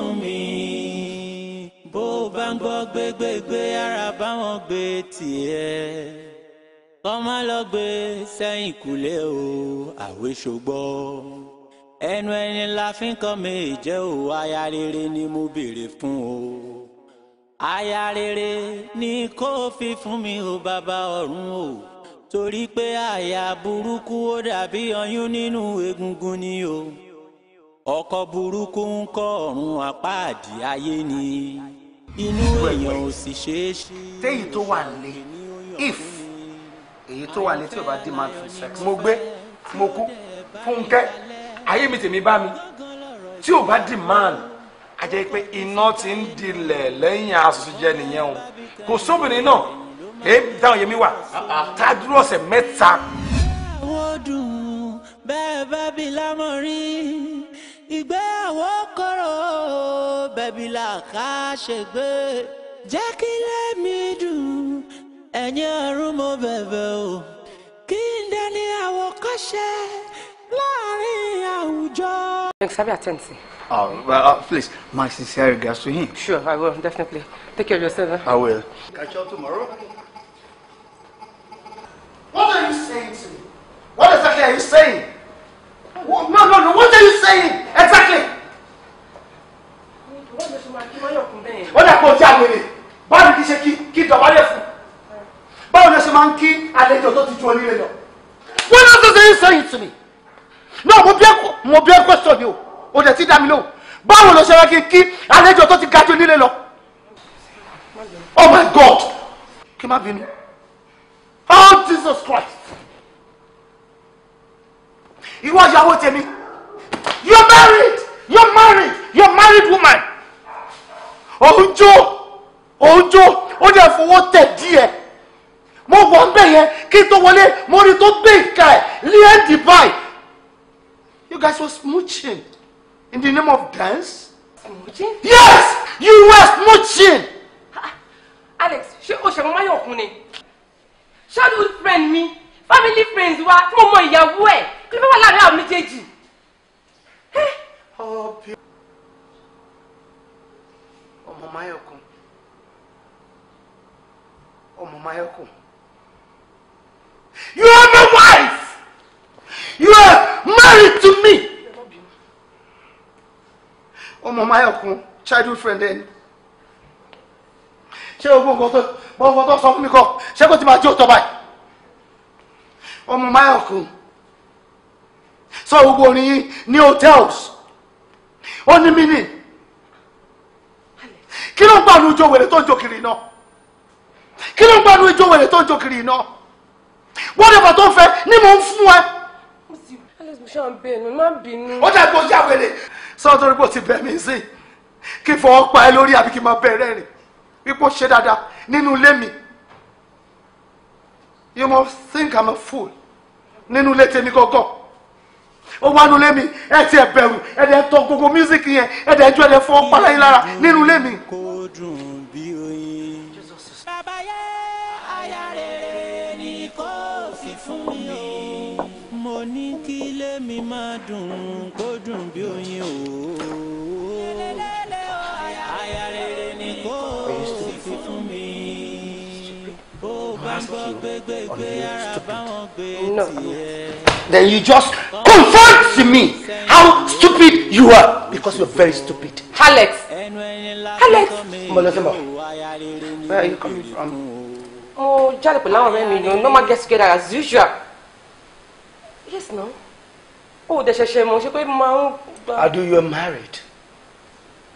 fún mi bó o bá ń gbọ́ gbégbégbé ara báwọn gbé tiẹ̀ kọ́má lọ gbé sẹ́yìn kùlé o àwéṣogbọ́ ẹnu ẹni la fi ń kọ́ mi ìjẹ́ o aya rere ni mo béèrè fún o aya rere ni kó fi fún mi o bàbá ọ̀run o torí pé àyà burúkú ó dàbí ọyún nínú egungun ni o ọkọ burúkú ń kọ́ apáàdì ayé ni inú èèyàn ò sì ṣeé ṣe. téyì tó wà lé if èyí tó wà lé tí o bá demand for sex. mo gbé mo kú fúnkẹ́ ayé mi tèmi bá mi tí o bá demand a jẹ́ pé iná ti ń dilẹ̀ lẹ́yìn asosọ jẹ́ nìyẹn o kò sóbìnrin náà èyí táwọn yẹmi wà tá a dúró ọ̀sẹ̀ mẹ́ta. àwọn dùn bẹ́ẹ̀ bá bí lámọ̀rin ìgbéyàwó kọ̀rọ̀ bẹ̀bí là ká ṣe gbé jẹ́ kí lẹ́mí dùn ẹ̀yin ọ̀run mo bẹ̀bẹ̀ o kí n dẹni àwòkọ́ṣe láàrin àwùjọ. Sabi attention. Oh, well, uh, please, my sincere regards to him. Sure, I will, definitely. Take care of yourself. Eh? I will. Catch you tomorrow. What are you saying to me? What exactly are you saying? No, no, no. What are you saying? Exactly. Wọ́n dà kó o jẹ́ àwèrè. Báwo ni kí ṣe kí kí dọ̀bálẹ̀ fún? Báwo ni ṣe máa ń kí àlejò tó ti ju onílé lọ? What else are you saying to me? No, mo bí ẹ mo bí ẹ question ni o. O dẹ̀ ti dá mi lóhùn. Báwo ló ṣe wá kí kí àlejò tó ti ga ju onílé lọ? Oh my God! Kí má bínú. Oh Jesus Christ! ìwọ ìyàwó tèmi you're married You married you're married woman òun jó òun jó ó dẹ̀ fowó tẹ̀ díẹ̀ mo wọ̀ ń bẹ̀ yẹn kí n tó wọlé mo rí tó gbé ìka ẹ̀ lé ẹ̀ dìbàì you guys were smooching in the name of dance. smooching. yes you were smooching. Alex ṣé o ṣe mo máa yọ̀ kún ni friend mi family friends wa tí mo mọ ìyàwó ẹ̀ kí ló fẹ́ wà láàrin àwọn méjèèjì. ọmọ mayọkun ọmọ mayọkun you are my wife you are married to me ọmọ mayọkun childhood friend ẹni ṣé o gbọ́ nǹkan tó sọ fún mi kọ ṣé kò ti máa jó tọ́ báyìí ọmọ mayọkun sọ gbogbo orin yín ní hotels ó ní mini kí ló ń gbànú ijó wèrè tó ń jó kiri iná kí ló ń gbànú ijó wèrè tó ń jó kiri iná wọ́n lè bọ̀ tó ń fẹ́ ni mò ń fún ẹ. ó dà gbọ́ ya wèrè sọ torí pé o ti bẹ̀ mí sí kí fọwọ́ pa ẹ lórí àbí kí n máa bẹ̀rẹ̀ rìn ipò ṣe dáadáa nínú ilé mi you must think I'm a fool nínú ilé tèmi gọ́gọ́ ó wá nulẹ̀ mi ẹ ti ẹ̀ bẹ̀rù ẹ dẹ̀ tọ gbogbo music yẹn ẹ dẹ̀ jọ ẹ dẹ̀ fọ pálá yín lára nínú ilé mo ní kí ilé máa dùn kó dùn bí oyin o. stupid. No, then you just confess to me how stupid you are because you're very stupid. Alex, Alex, Molosimo, where are you coming from? Oh, Jale, now now when you normal get together as usual. Yes, no. Oh, the sheshe mo she ko ma un. Adu, you're married.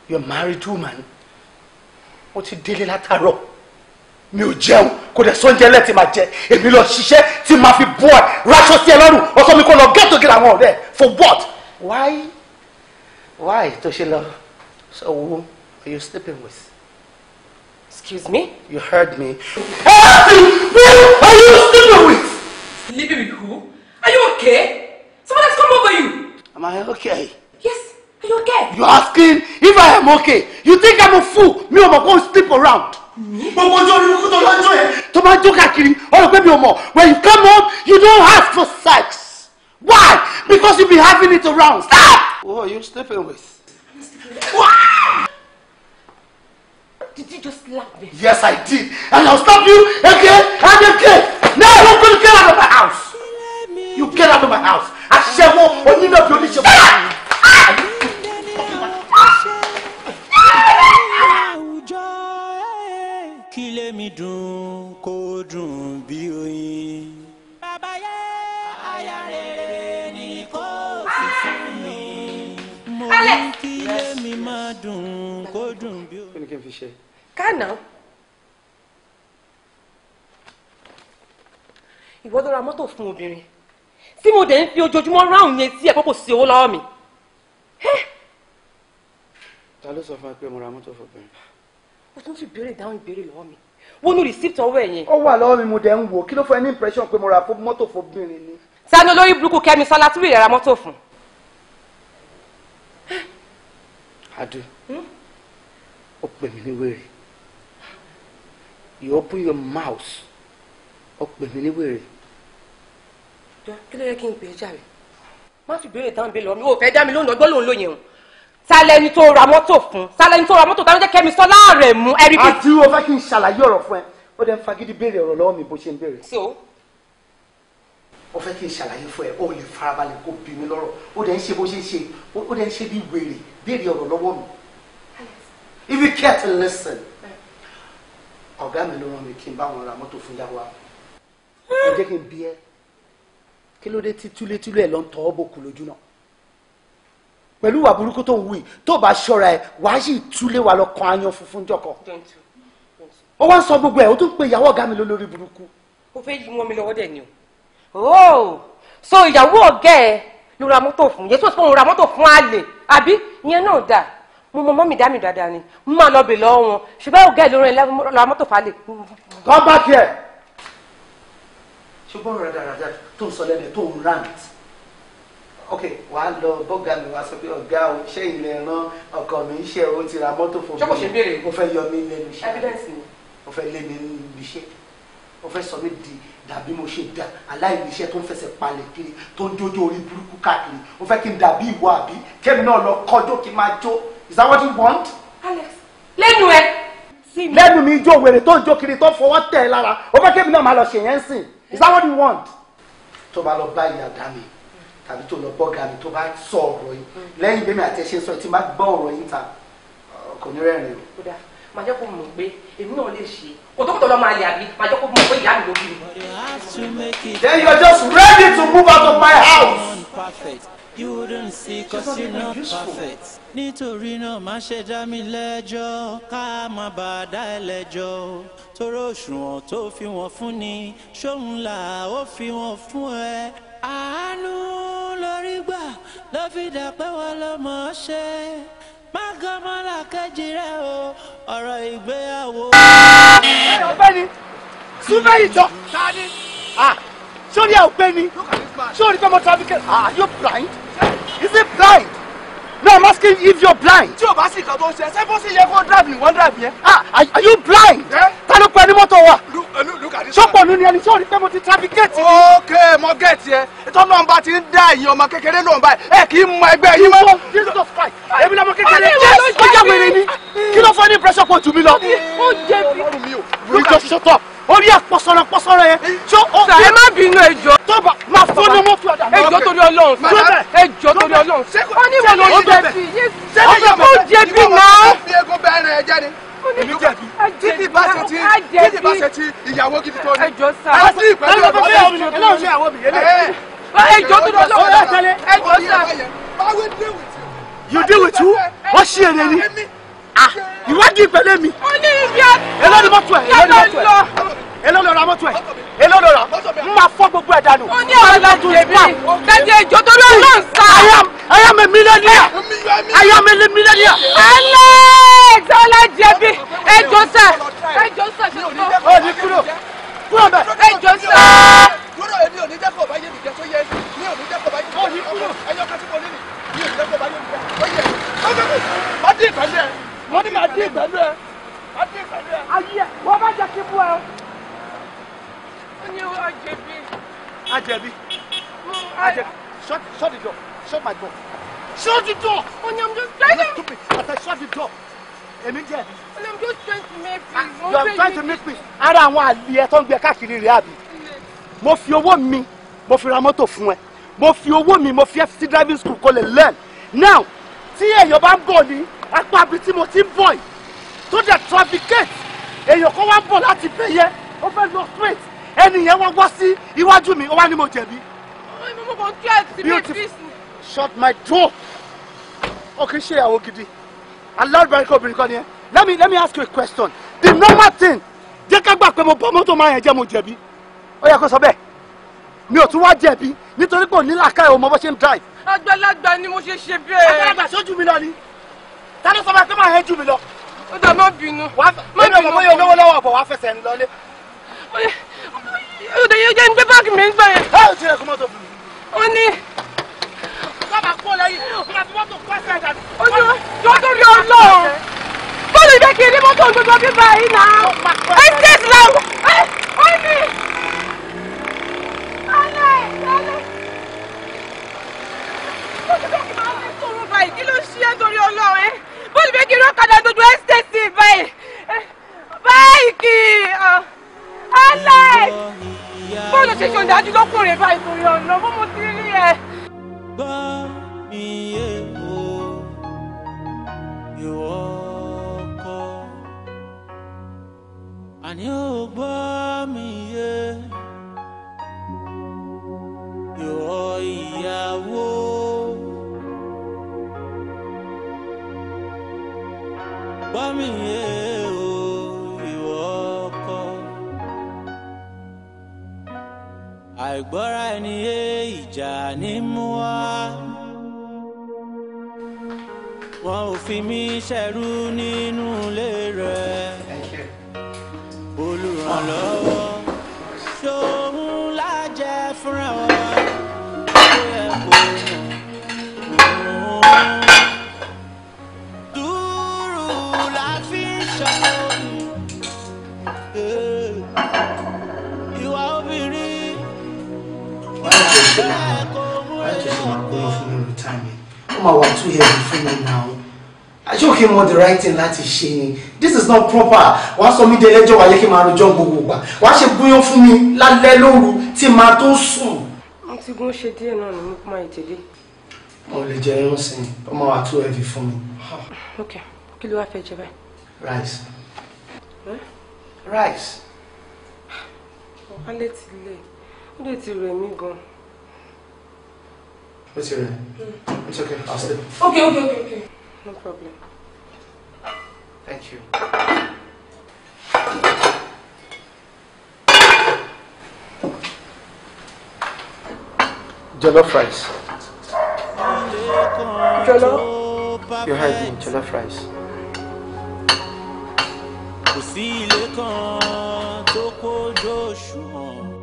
You're married woman. Ó ti délé látàárọ̀ mi ò jẹun kò dẹ̀ sóúnjẹ lẹ́ẹ̀ tí máa jẹ èmi lọ ṣiṣẹ́ tí máa fi bọ́ ráṣọ sí ẹ lọ́rùn ọkọ mi kò lọ get together àwọn ọ̀rẹ́ for what why why tó ṣe lọ so who are you sleeping with excuse me you heard me help me who are you sleeping with. sleeping with who are you okay someone has come over you. am I okay. yes are you okay. you asking if I am okay you think I'm a fool Me ò mọ̀ kó sleep around gbogbo ojú orí kúkú tó máa ń jó yẹn tó máa ń jó káàkiri ọ̀rọ̀ pé mi ò mọ̀ when you come home you don't ask for sex why because you be having it around stop. who are you sleeping with. Wow! Did you just slap me? Yes, I did. And I'll stop you again and again. Now I'm going to get out of my house. You get out of my house. I shall want you know if you're mi dùn kó dùn bí oyin. bàbá yẹ aya rere ni kò sì fún mi. mo ní kí yé má dùn kó dùn bí oyin. kánà ìwọ ló ra fún obìnrin tí mo dẹ̀ ń fi ojoojúmọ́ ráùn yẹn sí ẹ̀ kókò sí owó lọ́wọ́ mi. ta ló sọ fún ẹ pé mo ra mọ́tò fún obìnrin. o tún fi béèrè dáhùn ìbéèrè lọ́wọ́ mi wọnú receipt ọwọ́ ẹ̀ yẹn. ó wà lọ́wọ́ mi mo dẹ̀ ń wò kí ló fẹ́ ní impression pé mo ra mọ́tò fóbìnrin ni. sani olórí burúkú kẹ́mi sọlá tí wìrì ra mọ́tò fún. adu ó pè mí ní wèrè you open your mouth ó pè mí ní wèrè. kí ló yẹ kí n pè é jáde má fi béèrè tán bí lọ mi ò fẹ́ dá mi lóhùn lọ́gbọ́n lóyè o sálẹ́ni tó ra mọ́tò fún sálẹ́ni tó ra mọ́tò táwọn jẹ́ kẹ́mi sọ láàrẹ̀ mú ẹ̀rí bí. àti o fẹ́ kí n ṣàlàyé ọ̀rọ̀ fún ẹ ó dẹ́ ń béèrè ọ̀rọ̀ lọ́wọ́ mi bó ṣe ń béèrè. so. ó fẹ́ kí n ṣàlàyé fún ẹ ó lè farabalẹ̀ kó bí mi lọ́rọ̀ ó dẹ́ ń ṣe bó ṣe ń ṣe ó dẹ́ ń ṣe bí wèrè béèrè ọ̀rọ̀ lọ́wọ́ mi. if you care to listen ọ̀gá mi ló rán mi kí n bá wọn ra mọ́tò fún yàwó ẹ jẹ́ kí n bí ẹ kí ló dé tí túlétúlé ẹ ń tọ́ ọ́ lójú náà pẹ̀lú ìwà burúkú tó ń wù yìí tó bá ṣọ́ra ẹ̀ wàá sì túlé wa lọ kan ayan funfun jọkọ. ó wá ń sọ gbogbo ẹ̀ ó tún pe ìyàwó ọ̀gá mi lólórí burúkú. ó fẹ́ yí wọn mi lọ́wọ́ dẹ̀ ni o. ooo oh! so ìyàwó ọ̀gá ẹ̀ ló ra mọ́tò fún yẹn tó ti fún ra mọ́tò fún àlè àbí ìyẹn náà dà mo mọ mọ́mì dá mi dáadáa ni mo máa lọ bè lọ́wọ́ wọn ṣùgbọ́n ọ̀gá ẹ̀ ló ra mọ́tò fún àlè. kọ́ bá tiẹ̀ ṣùgbọ́n rẹ̀ dáradára ok wà á lọ bọ́gà mi wà á sọ pé ọ̀gá o ṣé ilẹ̀ ran ọkọ mi ń ṣe o ti ra mọ́tò fún mi. ṣé mo ṣe béèrè. o fẹ́ yọ mí lẹ́nu iṣẹ́. evidence ni. o fẹ́ lé mi nínú iṣẹ́ o fẹ́ sọ mí di dàbí mo ṣe dà aláìníṣẹ́ tó ń fẹsẹ̀ palẹ̀ kiri tó ń jójó orí burúkú káàkiri o fẹ́ kí n dàbí ìwọ àbí kémi náà lọ kọjó kí n máa jó is that what you want. Alex lẹ́nu ẹ. lẹ́nu mi jó wèrè tó ń jó kiri tó fọwọ́ tẹ̀ lára o fẹ́ kémi náà máa lọ ṣèyẹn sìn is that what you want. tó bá lọ bá ìyá dá mi tàbí tó lọ bọ́gà mi tó bá sọ ọ̀rọ̀ yìí hmm. lẹ́yìn bẹ́ẹ̀ mi àti ẹ sọ ẹ tí má gbọ́ ọ̀rọ̀ yìí ta kò ní rẹ́rìn o. kódà màá jẹ́ kó mọ̀ pé èmi náà lè ṣe kòtòkòtò lọ́mọ àlè àbí màá jẹ́ kó mọ̀ pé ìyá mi ló bí mi. then you are just ready to move out of my house. You wouldn't see cause you're not perfect. Nítorí náà má ṣe dá mi lẹ́jọ́ ká má bàa dá ẹ lẹ́jọ́ torí òṣùwọ̀n tó fi wọ́n fún ni ṣóun là ó fi wọ́n fún ẹ àánú lórí gbà ló fi dà pé wọ́n lọ́mọ ṣe má gọmọlá kejì rẹ o ọ̀rọ̀ ìgbéyàwó. ọ̀gbẹ́ni súnmẹ́yì jọ sórí ẹ̀ ọ̀gbẹ́ni sórí fẹ́mọ́ traffic ah you blind is he blind. No, I'm asking if you're blind. Tí o bá sì kan tó ń ṣe, ṣé bó sì yẹ kó drive ni wọ́n drive yẹn? Ah, are you blind? Ta ló pẹ́ ní mọ́tò wa? Eh, Ṣọ́pọ̀ ló ni ẹni tí ò rí pé mo ti trafficate. Ok, mo get yẹ. Ìtọ́ náà bá ti ń dá ẹ̀yìn ọmọ kékeré náà báyìí. Ẹ kì í mọ ẹgbẹ́ yín mọ́. Jesus Christ, èmi lọ́mọ kékeré. Jẹ́ kí ló fẹ́ ní pressure point mi lọ? Ó jẹ́ mi. Lórí mi o. Lórí mi o orí ẹ pọsọrọ pọsọrọ yẹn. tó o fi ẹ má bínú ẹjọ́. tó bá ma fún ní mo fi ọ̀dà. ẹjọ́ torí Ọlọ́run tó bẹ ẹjọ́ torí Ọlọ́run. ó ní wọn ló jẹ̀bi ọsọ fún jẹ̀bi náà. ẹgbẹ́ bẹ́ẹ̀rẹ̀ ẹ jáde títí bá ṣe ti títí bá ṣe ti ìyàwó gidi tó ní. ẹjọ́ sá àti ìpẹ́lú ọ̀dọ́ ọ̀dọ́ ìyàwó mi yẹlẹ. ẹjọ́ tó lọ sọ́wọ́ ẹ̀ tẹ́lẹ̀ ẹjọ́ sá. you deal with you wọ́n ṣí èrè ni ìwádìí pẹ̀lẹ́ mi. ẹ̀ dànù. ó ní àwọn ọ̀la tèmi dájú ẹjọ́ tó lọ́ọ́ sá. I am I am a millionaire. I am a millionaire. Allah. the door. Only I'm just trying to. Stupid. But I shut the door. Èmi jẹ. I'm just trying to make me. You are trying to make peace. Ara àwọn àlè ẹ tó ń gbé káàkiri rẹ̀ àbí. Mo fi owó mi, mo fi ra mọ́tò fún ẹ. Mo fi owó mi, mo fi FC driving school kó lè learn. Now, tí èèyàn bá ń bọ̀ ní apá ibi tí mo ti ń bọ̀ yìí, tó dẹ̀ trafficate, èèyàn kan wá ń bọ̀ láti bẹ̀yẹ, ó fẹ́ lọ straight. Ẹnìyẹn wá wá sí iwájú mi, ó wá ní mo jẹ̀bi. Beautiful. Shut my door o kì í ṣe ìyàwó gidi alárùbáríkà obìnrin kan ni ẹ let me let me ask you a question the normal thing jẹ́ ká gbà pé mo bọ́ mọ́tò máa yẹn jẹ́ mo jẹ̀bi ó yẹ kó sọ bẹ́ẹ̀ mi ò tún wá jẹ̀bi nítorí pé òní làákàyè ò mọ bó ṣe ń drive. àgbàlagbà ni mo ṣe ṣe bẹ́ẹ̀. àgbàlagbà sójú mi lọ ni ta ló sọ ma pé máa yẹn jù mí lọ. ó dà má bínú. má bínú èmi ọmọ yóò lówó lọ́wọ́ bọ̀ wá fẹsẹ̀ ń lọlé. ó dẹ̀ yóò jẹ́ ń gbé báàgì mi ń gbà yẹn. báyọ̀ ti kó mọ́tò fún bá máa kó lẹ́yìn ìgbà tí mọ́tò kọ́ ẹsẹ̀ dàbí. ojú mọ́tò rí ọlọ́run bọ́ọ̀lù jẹ́ kí n ní mọ́tò gbogbo bíbá yìí náà ẹ̀ ń tẹ̀sí làwọn ẹ̀ ọ́ mi. báyìí kí ló ṣe é torí ọlọ́run ẹ bó ti fẹ́ kí irú ọ̀kadà gbogbo ẹ́sítẹ́sì báyìí báyìí kì í alex bó ló ṣe ṣòdájú lọ́kùnrin báyìí torí ọ̀nà bó mo ti rí ẹ gbọ́ mi yé o ìwọ kọ́ àní ò gbọ́ mi yé ìwọ ìyàwó. àìgbọ́ra ẹni yé ìjà ní mú wá. wọn ò fi mí ṣẹrú nínú ilé rẹ olùrànlọ́wọ́. máa wà too heavy fún mi náà ṣé òkè mọ the right thing láti ṣe ni this is not proper wàá sọ mí délẹ́jọ́ wàá yẹ kí n máa rojọ́ gbogbo gbà wàá ṣe bóyán fún mi lálẹ́ lóru tí màá tó sùn. mo ti gún ṣe díẹ̀ náà ni mo kún máa ìtẹ̀lé. mo lè jẹ irun sí i ó máa wà too heavy fún mi. ok kí ló wàá fẹ́ jẹ báyìí. rice. rice. wàá lè ti lè ó lè ti rẹ̀ mí gan-an. What's your name? Mm. It's okay, I'll sleep. Okay, okay, okay, okay. No problem. Thank you. Jollof fries. Jollof? You're hiding jollof fries. kò sí ilé tó kójú òṣùwọ̀n.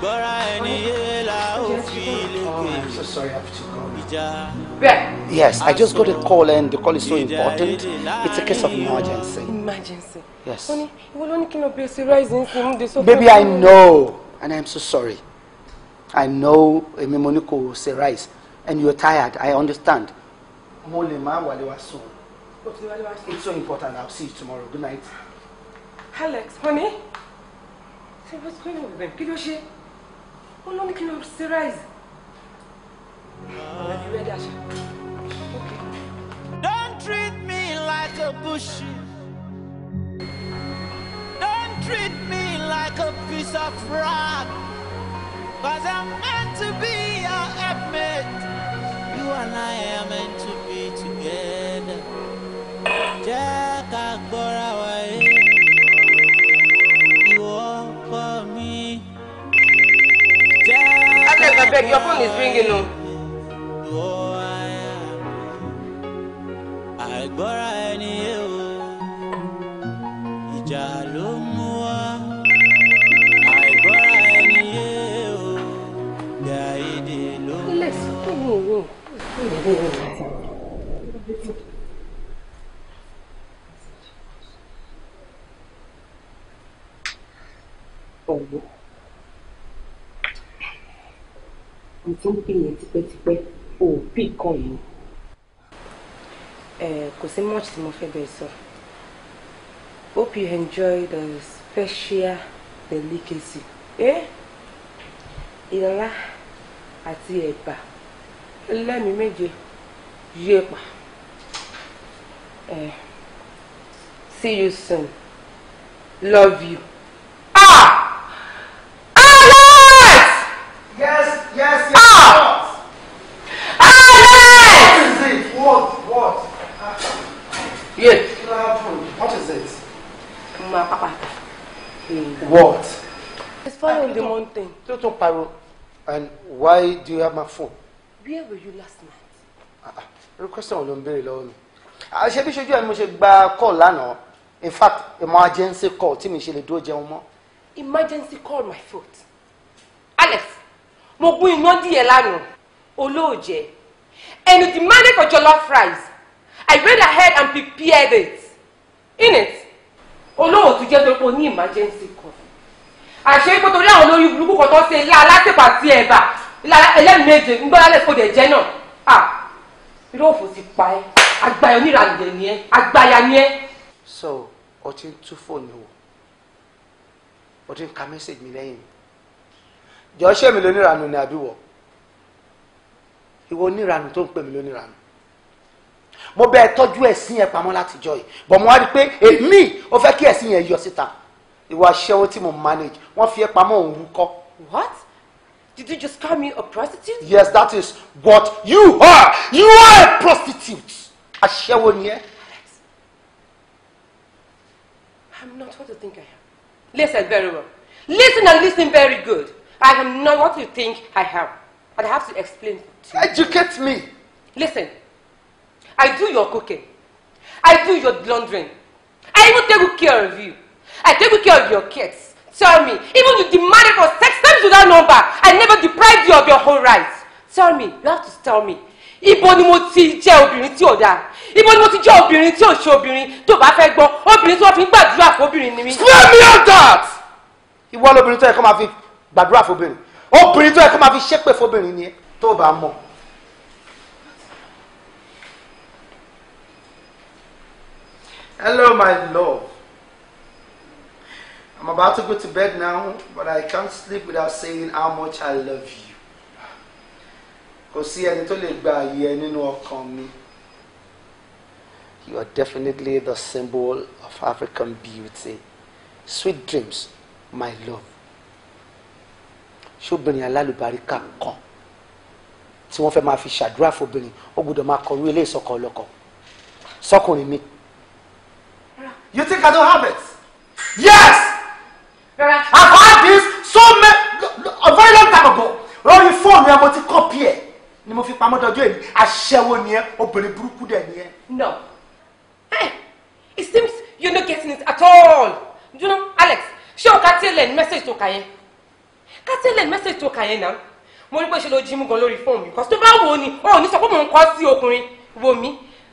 gbọ́ra ẹni yé la ó fi lékè oh, ìjà. Yes, I just got a call and the call is so important. It's a case of emergency. Emergency? Yes. Baby, I know and I'm so sorry. I know Emi Moniko say rise and you're tired. I understand. It's so important. I'll see you tomorrow. Good night. Alex, honey. Say, what's going on with them? Kí ló ó ló ní kí ló ń Don't treat me like a bushy. Don't treat me like a piece of rock. Cause I'm meant to be your helpmate. You and I are meant to be together. Jẹ́ ká gbọ́ra wáyé. I beg, your phone is ringing now. àìgbọ́ra ẹni yé mo ti pè yẹn tipẹ́tipẹ́ ò pì kàn mí. kò sí much tí mo fẹ́ bẹ̀rẹ̀ sọ hope you enjoy the special delicacy. Eh? ìlà àti ẹ̀bà lẹ́mìí méje yéèpà see you soon love you. tí ó tún pariwo and why do you have my phone. where were you last night. Ah, ah irú question wo ló ń béèrè lọ́wọ́ mi. àṣẹ ah, bí ṣojú ẹ ni mo ṣe gba call lánàá in fact emergency call tí mi ṣe lè dúró jẹun mọ́. emergency call my fault. alex mo gún iná díẹ̀ lánàá olóòjẹ́ and you demanded for jollof rice i went ahead and prepared it in it olóòtú jẹ́ pé o ní emergency call àṣé pé torí àwọn olórí burúkú kan tó ṣe ńlá alátẹ̀pà sí ẹ̀bà ẹlẹ́mìí méje ń gbọ́dọ̀ lẹ́sìn kó dẹ̀ jẹ́ náà à irú òfò ti pa ẹ́ àgbáyọ nírànìyẹ ni ẹ́ àgbáyà ni ẹ́. so o ti ń tú fóònù wò o ti ń ka mẹ́sàgì mi lẹ́yìn mi jọ ṣé mi lóníranù ni àbí wọ ìwọ oníranù tó ń pè mí lóníranù mo bẹ́ẹ̀ tọ́jú ẹ̀sìn ẹ̀ pamọ́ látijọ́ yìí bọ̀ mo wá rí i pé èmi ò fẹ́ kí ẹ̀sìn yẹn yọ síta ìwọ aṣẹ́wó tí mo manage wọ́n fi ẹ́ pamọ́ òun kọ́. what did you just call me a prostitute. yes that is what you are you are a prostitute aṣẹ́wó ni ẹ́. Alex i'm not what you think i am listen very well listen and listen very good i am not what you think i am and i have to explain to you. educate me. listen i do your cooking i do your laundering i even take good care of you. I take good care of your kids. Tell me, even you demanded for sex times that number, I never deprived you of your whole rights. Tell me, you have to tell me. Ibo ni mo ti jẹ́ obìnrin tí ò dáa. Ibo ni mo ti jẹ́ obìnrin tí ò ṣe obìnrin tó bá fẹ́ gbọ́n. Obìnrin tí wọ́n fi ń gbàdúrà fóbìnrin ni mí. Swear me on that! Ìwọ lóbìnrin tó yẹ kó máa fi gbàdúrà fóbìnrin. Obìnrin tó yẹ kó máa fi ṣépè fóbìnrin ni ẹ tó bá mọ̀. Hello my love. I'm about to go to bed now, but I can't sleep without saying how much I love you. Kò sí ẹni tó lè gba àyè ẹ nínú ọkàn mi. You are definitely the symbol of African beauty. Sweet dreams, my love. Ṣóbìnrin alálùbáríkà kan tí wọ́n fẹ́ máa fi ṣàdúrà fóbìnrin ó gbọ́dọ̀ máa kọrú ilé ìsọkọ ọlọ́kọ sọkùnrin mi. You think I don't have it? Yes! I've had this so many a very long time ago lórí fóònù ẹ mo ti kọ́pì ẹ̀ ni mo fi pamọ́ dọjọ́ èmi aṣẹ́wó ni ẹ obìnrin burúkú dẹ̀ ni ẹ. No. Hey, eh, it seems you're not getting it at all. you know, Alex, ṣé o ka tẹ́lẹ̀ ní mẹ́sẹ̀jì tó kà yẹn? Ka tẹ́lẹ̀ ní mẹ́sẹ̀jì tó kà yẹn náà? Mo rí pé ṣe ló jí mú gan lórí fóònù mi. Kọ́sítọ́ bá wò ó ni, ó ò ní sọ pé mò ń kọ́ sí ọkùnrin. Wo mi,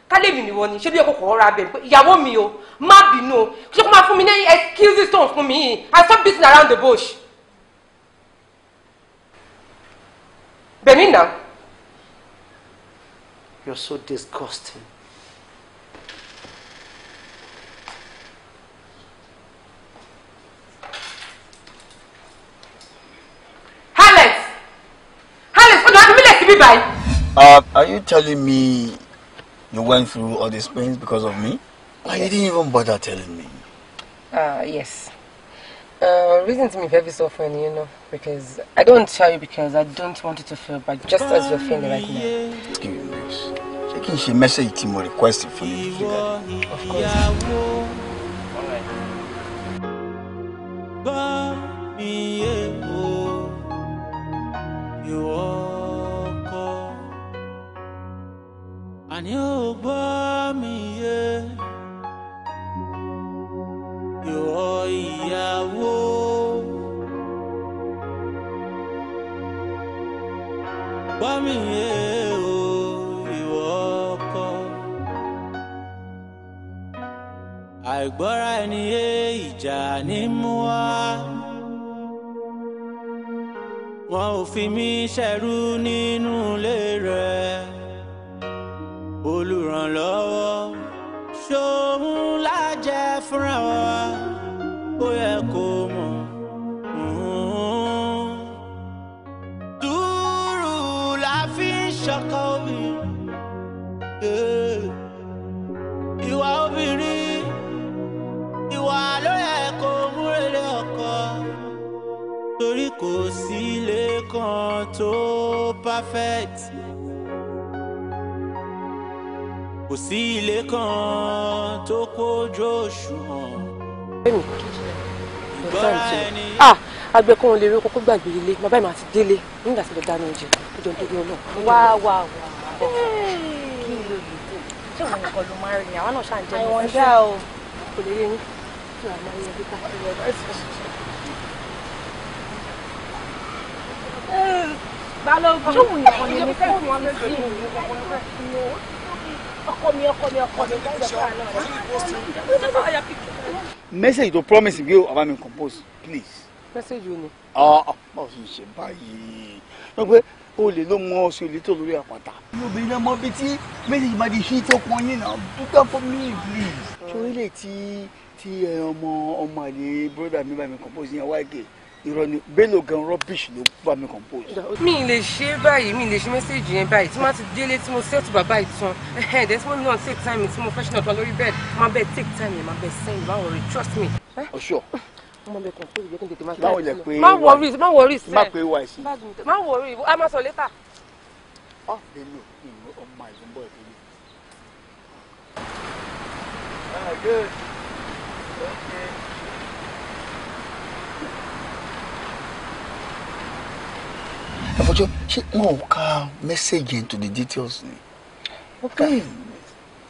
kálẹ̀mì ni wọ́n ni ṣé bí ẹ̀kọ́ kọ̀ ọ́ra bẹ̀ pé ìyàwó mi o má bínú o ṣé kó máa fún mi ní excuses tó ń fún mi yìí I stop beating around the bush. Bẹ̀mí náà. You're so disgusting. Alex! Alex, ọ̀dọ̀ àdúmílẹ̀ sí Uh, Are you telling me You went through all these pains because of me? Why ah, you didn't even bother telling me? Ah, uh, yes. Uh, reason to me very so funny, you know, because I don't tell you because I don't want you to feel bad, just as you're feeling right now. Give me this. Ṣé She n ṣe message him or request fún yín? Of course. All right. Bá àní ò gbọ́ mi yé ìwọ ìyàwó. gbọ́ mi yé o ìwọ ọkọ. àìgbọ́ra ẹni yé ìjà ní mú wá. wọn ò fi mí ṣẹrú nínú ilé rẹ̀ olùrànlọ́wọ́ ṣòun lájẹ́ fúnra wa ó yẹ kó mọ̀. dúró la fi ń ṣọkọ obìnrin eh. ìwà obìnrin ìwà ló yẹ torí kò sí ilé kan tó perfect. kò sí ilé kan tó kójú òṣùwọ̀n. bẹ́ẹ̀ni ìgbọ́ra ẹni. ah agbẹ́kọ̀ọ́ lè rí kókó gbàgbé ilé bàbá ìmọ̀ àti délé nígbà tí mo dáná oúnjẹ ó jọ nítorí ọlọ́run. wá wá wá kí ló lè dé ṣé òun nìkan ló máa rìn àwa náà ṣáà ń jẹ́ ní fún ṣáà o kò lè rí yín kí wàá òun nìkan ló ní fún ọ̀sẹ̀ yìí message to promise mi o baba mi compose please. message wo ni. báwo ṣe ń ṣe báyìí wọ́n pé o lè ló mọ ọsùn ìlú tó lórí àpáta. obìnrin náà mọ bí tí message bá di ṣí tó kan yín náà dúpẹ́ fún mi please. torí lè ti ti ọmọ ọmọ àlè broda mi bá mi compose yẹn wáìgè irọ́ ni bello gan rubbish ló bá mi compose. mi lè ṣe báyìí mi lè ṣe mẹ́sẹ̀gì yẹn báyìí tí wọ́n ti délé tí mo sẹ́ẹ̀tù bàbá ìtàn ẹ̀hẹ́n dẹ́tí wọ́n náà take time tí mo fẹ́ ṣìnà tó lórí bẹ́ẹ̀dì máa bẹ́ẹ̀ take time máa bẹ́ẹ̀ sẹ́yìn báwọn rẹ̀ trust me. ọ̀ṣọ́ báwo lẹ pé má wọrí má wọrí sẹ́ẹ̀ má pé wà sí. má wọrí a máa sọ létà. Ah, ọ ẹ̀fọ́jọ́ ṣé wọn ò ka message into the details ni. okay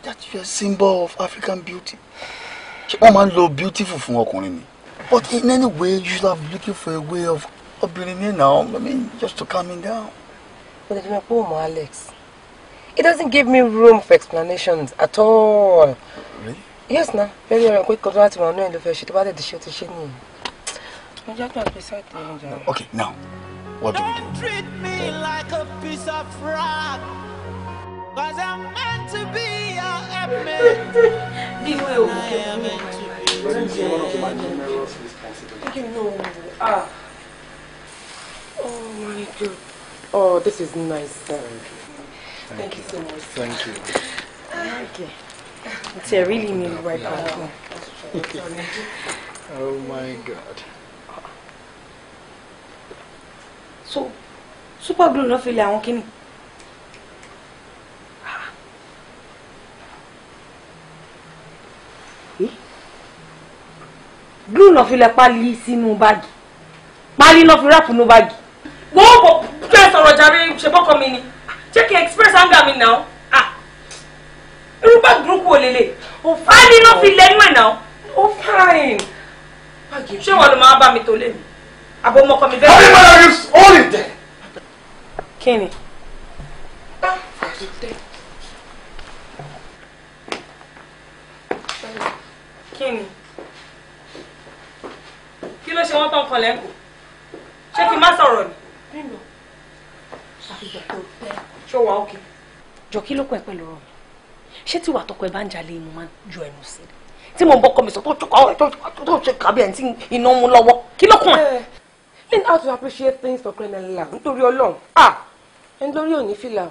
that is a symbol of African beauty. ṣé wọ́n máa ń lo beautiful fún ọkùnrin ni. but in any way you should have looking for a way of obìnrin ní now I mean just to calm me down. But tẹ̀sí mi pé Alex it doesn't give me room for explanations at all. Really? yes na very well quick kọtun láti mọ ọdún ẹ ló fẹ́ ṣe tó bá tẹ̀ ti ṣe ó ti ṣe nìyẹn. mo jẹ́ pé àgbẹ̀sẹ̀ tẹ̀ ẹ́ jà. okay now. What do we do? not treat me like a piece of rock. Cause I'm meant to be your epic. Be well. I am meant to be. Thank ah. Oh my god. Oh, this is nice. Thank you. Thank, you. you so much. Thank you. Okay. It's a really meal right now. Oh my god. so super glue náà fi lẹ̀ àwọn kíni. Hmm? glue náà fi lẹ̀ pálí sínú báàgì pálí no fi ráàpù nú báàgì. wọ́n bọ̀ fẹ́ sọ̀rọ̀ jàre ṣe bọ́kọ mi ni jẹ́ kí express anger mi náà ah. irú báàgì burúkú ò lélẹ̀ oh, pálí náà fi lẹ́nu ẹ̀ náà ó oh, fine ṣé wọ́n ló máa bá mi tó lé mi abọ́mọkọ mi bẹ́ẹ̀. everybody is only there. kí ni. kí ni kí ló ṣe wọ́n tán kan lẹ́kọ̀ọ́ ṣé kí n má sọ̀rọ̀ ni. ṣé wàá òkè. jọ kí ló pẹ́ pẹ́ lọ́rọ̀ mi ṣé tí wà tọkọ ẹ bá ń jalè mo máa ń ju ẹnu sí tí mo ń bọ́ kọ́ mi sọ tó tó kọ́ tó tó ṣe kàbí ẹ̀ ń tí iná mú lọ́wọ́ kí ló kàn án learn how to appreciate things for crying out loud nítorí ọlọ́run ah ẹni lórí òní fìlà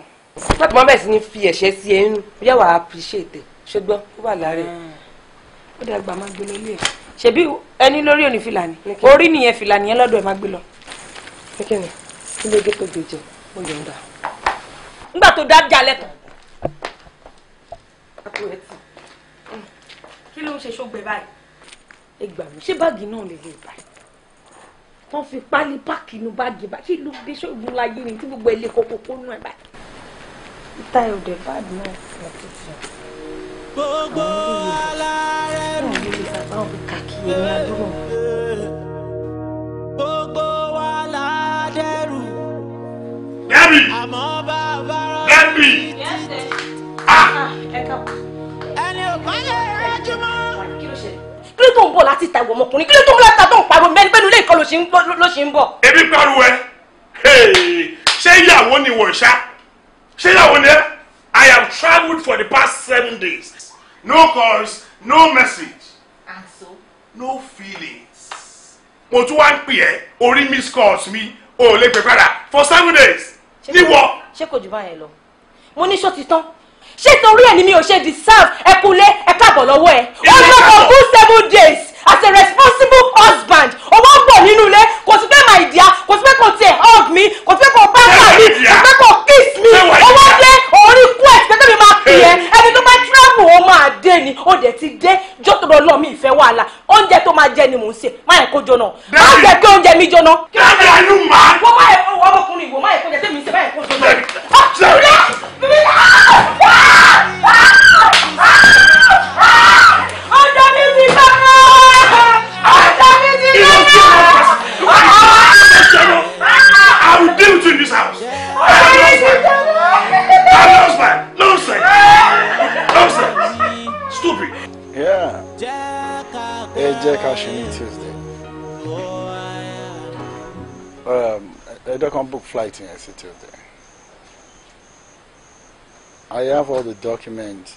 láti máa bẹ̀rẹ̀ sí ni fi ẹ̀ṣẹ̀ sí ẹ nínú bí yàwá appreciate ṣùgbọ́n ó wà lára ẹ̀ mm. ó dàgbà máa gbé lọ ilé ẹ̀ ṣebí ẹni lórí òní fìlà ni orí nìyẹn fìlà nìyẹn lọ́dọ̀ ẹ̀ máa gbé lọ. kíkìnì ilé gé tó gbèjẹ ó yọ̀ ń dà. nígbà tó dá jalè tán. kí ló ń ṣe ṣó gbé báyìí. ẹ gbà mí ṣé báàgì náà lè lè báyìí tó fi pálí páàkì inú báàgì bá kí ló dé ṣògùn láyé ni tí gbogbo ẹlẹ́ kókó kó nú ẹ̀ bá. ìta ìròdè bad náà sí àtúntò. gbogbo alárẹ̀ mi. àwọn olùsà bá wọn kàkí ẹ̀yìn àdúrò. gbogbo wa là dẹrù. dẹ́bì dẹ́bì. ń bọ̀ láti ta ìwọ ọmọkùnrin kí ló tó ń láta tó ń pariwo mẹ́ni pẹ́ni ilé ìkan ló ṣe ń bọ̀. ebi pariwo ẹ ṣé ìyàwó ni wọ́n ṣá ṣé ìyàwó ni ẹ I have travelled for the past seven days no calls no message and so no feelings mo tún wá ń pè ẹ orí miss calls mi ò lè pè padà for seven days níwọ. ṣé kò jù báyẹn lọ mo ní ṣó ti tán ṣé torí ẹ̀ ni mi ò ṣe deserve ẹ kúnlé ẹ lọ́wọ́ ẹ. ó lọ for seven days as a responsible husband o wá bọ̀ nínú ilé kò sí pé my dear kò sí pé kò tiẹ̀ hug mi kò sí pé kò bá kà mí kò sí pé kò kiss mi o wá dé orí kú ẹ̀ pé kébì máa pè ẹ́ ẹni tó bá travel o máa dé ni o dẹ̀ ti dé jọ́tọ̀rọ̀ lọ mi ìfẹ́ wàhálà oúnjẹ tó máa jẹ ni mò ń sè má yẹ kó jóná má jẹ pé oúnjẹ mi jóná. kí á bẹ àánú màá. wọ́n má yẹ ọmọkùnrin ìwò má yẹ kó jẹ tẹ́mi ń sè má yẹ kó jóná. in this house. Yeah. I'm lost man. I'm lost man. Nonsense. Nonsense. Stupid. Yeah. Ẹ jẹ́ ká ṣe ní Tuesday. Um, I don't kan book flight yẹn sí Tuesday. I have all the documents.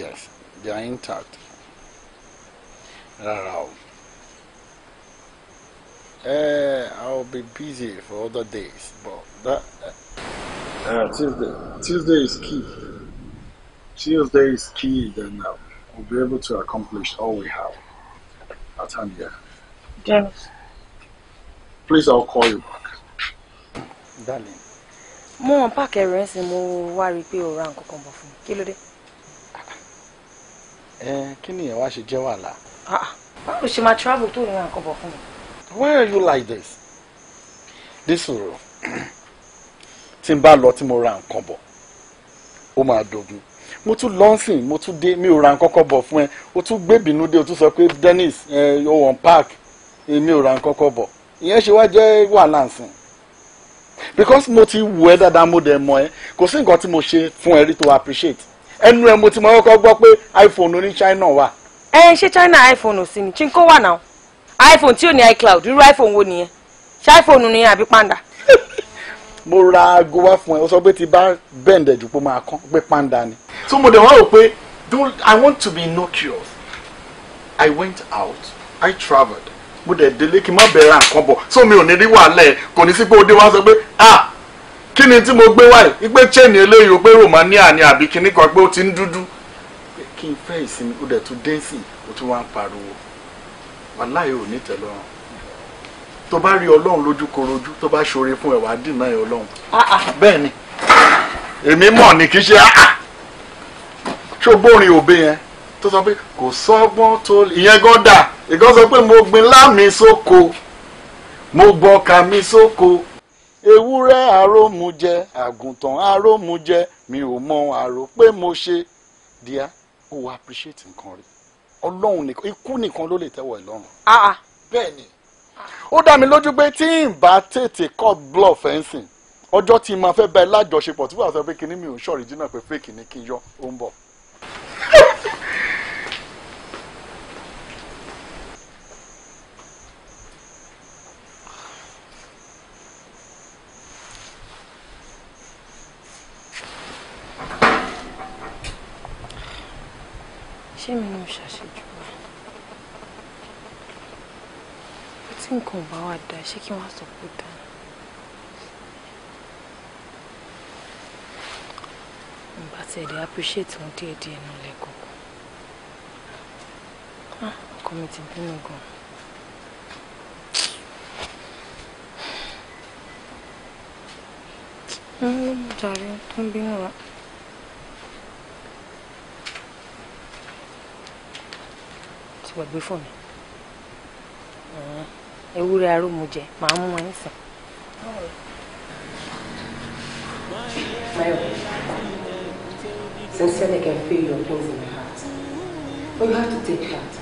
Yes, they are intact. Rárá o. Uh, I'll be busy for other days, but that uh, uh, Tuesday Tuesday is key. Tuesday is key. Then uh, we'll be able to accomplish all we have. Atania. Yes. Please, I'll call you back. Darling. mo hàn páàkì ẹrù ẹ̀ mo worry rí i pé ò ra nǹkan kan bọ̀ fún mi kí ló dé. ẹ eh, kí nìyẹn wá ṣe jẹ́ wàhálà. Ah, ah. báwo travel tó ìran nǹkan bọ̀ fun why are you like this? This sòrò tí n bá lọ tí mo ra nǹkan bọ̀ ó máa dogun mo tún lọ́nsìn mo tún dé mi ò ra nǹkan kan bọ̀ fún ẹ o tún gbébìnú dé o tún sọ pé Dennis ohun park mi ò ra nǹkan kan bọ̀ ìyẹn ṣe wá jẹ́ wàhálà nsìn because mo ti wù ẹ́ dáadáa mo dẹ̀ mọ̀ ẹ́ kò sí nǹkan tí mo ṣe fún ẹ rí tó appreciate ẹnu ẹ mo ti mọ ọkọ gbọ́ pé iPhone oní China wà. ẹ ṣé China iPhone ò sí ni chinko wà náà iphone tí ò ní icloud irú iphone wo nìyẹn ṣé iphone nìyẹn àbí panda. mo ra aago wá fún ẹ ó sọ pé ti bá bẹ́ǹdẹ̀ jù pé máa kán pé panda ni. so mo dẹ̀ wá rò pé i want to be innocuous i went out i travelled mo dẹ̀ délé kí n má bẹ̀rẹ̀ nǹkan bọ̀ so mi ò ní rí wàhálà ẹ̀ kò ní sí pé ó wá sọ pé ah kí ni tí mo gbé wáyé ipe chain eléyìí o pé romania ni àbí kíní kan pé ó ti ń dúdú kí n fẹ́ ìsinmi ó dẹ̀ tún dẹ́sìn ó tún wá ń pariwo wàláì ò ní tẹ́lọ́rùn tó bá rí ọlọ́run lójúkorojú tó bá ṣoore fún ẹ wàá dìnnà ẹ ọlọ́run ah, ah. bẹ́ẹ̀ ni èmi mọ̀ ní kí ṣe ah, ṣogbórin òbe yẹn tó sọ pé kò sọ́gbọ́n tó ìyẹn gan dà ìkan sọ pé mo gbin láàmì sóko mo gbọ́n ka mi sóko ewúrẹ́ arómujẹ àgùntàn arómujẹ mi ò mọ àrò pé mo ṣe díà ó wá appreciate nǹkan rẹ̀ ọlọ́run nìkan ikú nìkan ló lè tẹ́wọ̀ ẹ̀ lọ́rùn. Ah, ah. bẹ́ẹ̀ ni. ó dá mi lójú pé tí n bá tètè cut blood fencing ọjọ́ tí ma fẹ́ bá ẹ lájọṣepọ̀ tí wàá sọ pé kinní mi ò ń ṣọ̀rí jìnnà pé fake ni kí n yọ ó ń bọ̀. ṣé mi ni mo ṣàṣ tí nǹkan ò bá wà dáa ṣé kí wọ́n sọ pé dáa. ìgbà tí ẹ̀dẹ̀ appreciate wọn díẹ̀ díẹ̀ nù lẹ́kọ̀ọ̀kan ọkọ mi ti bínú gan. jàre tó ń bínú wa. ti gbàgbé fún mi ewúrẹ́ arúmujẹ màá mú ẹ nísìn. Sincerely, I can feel your pains in my heart. But you have to take heart.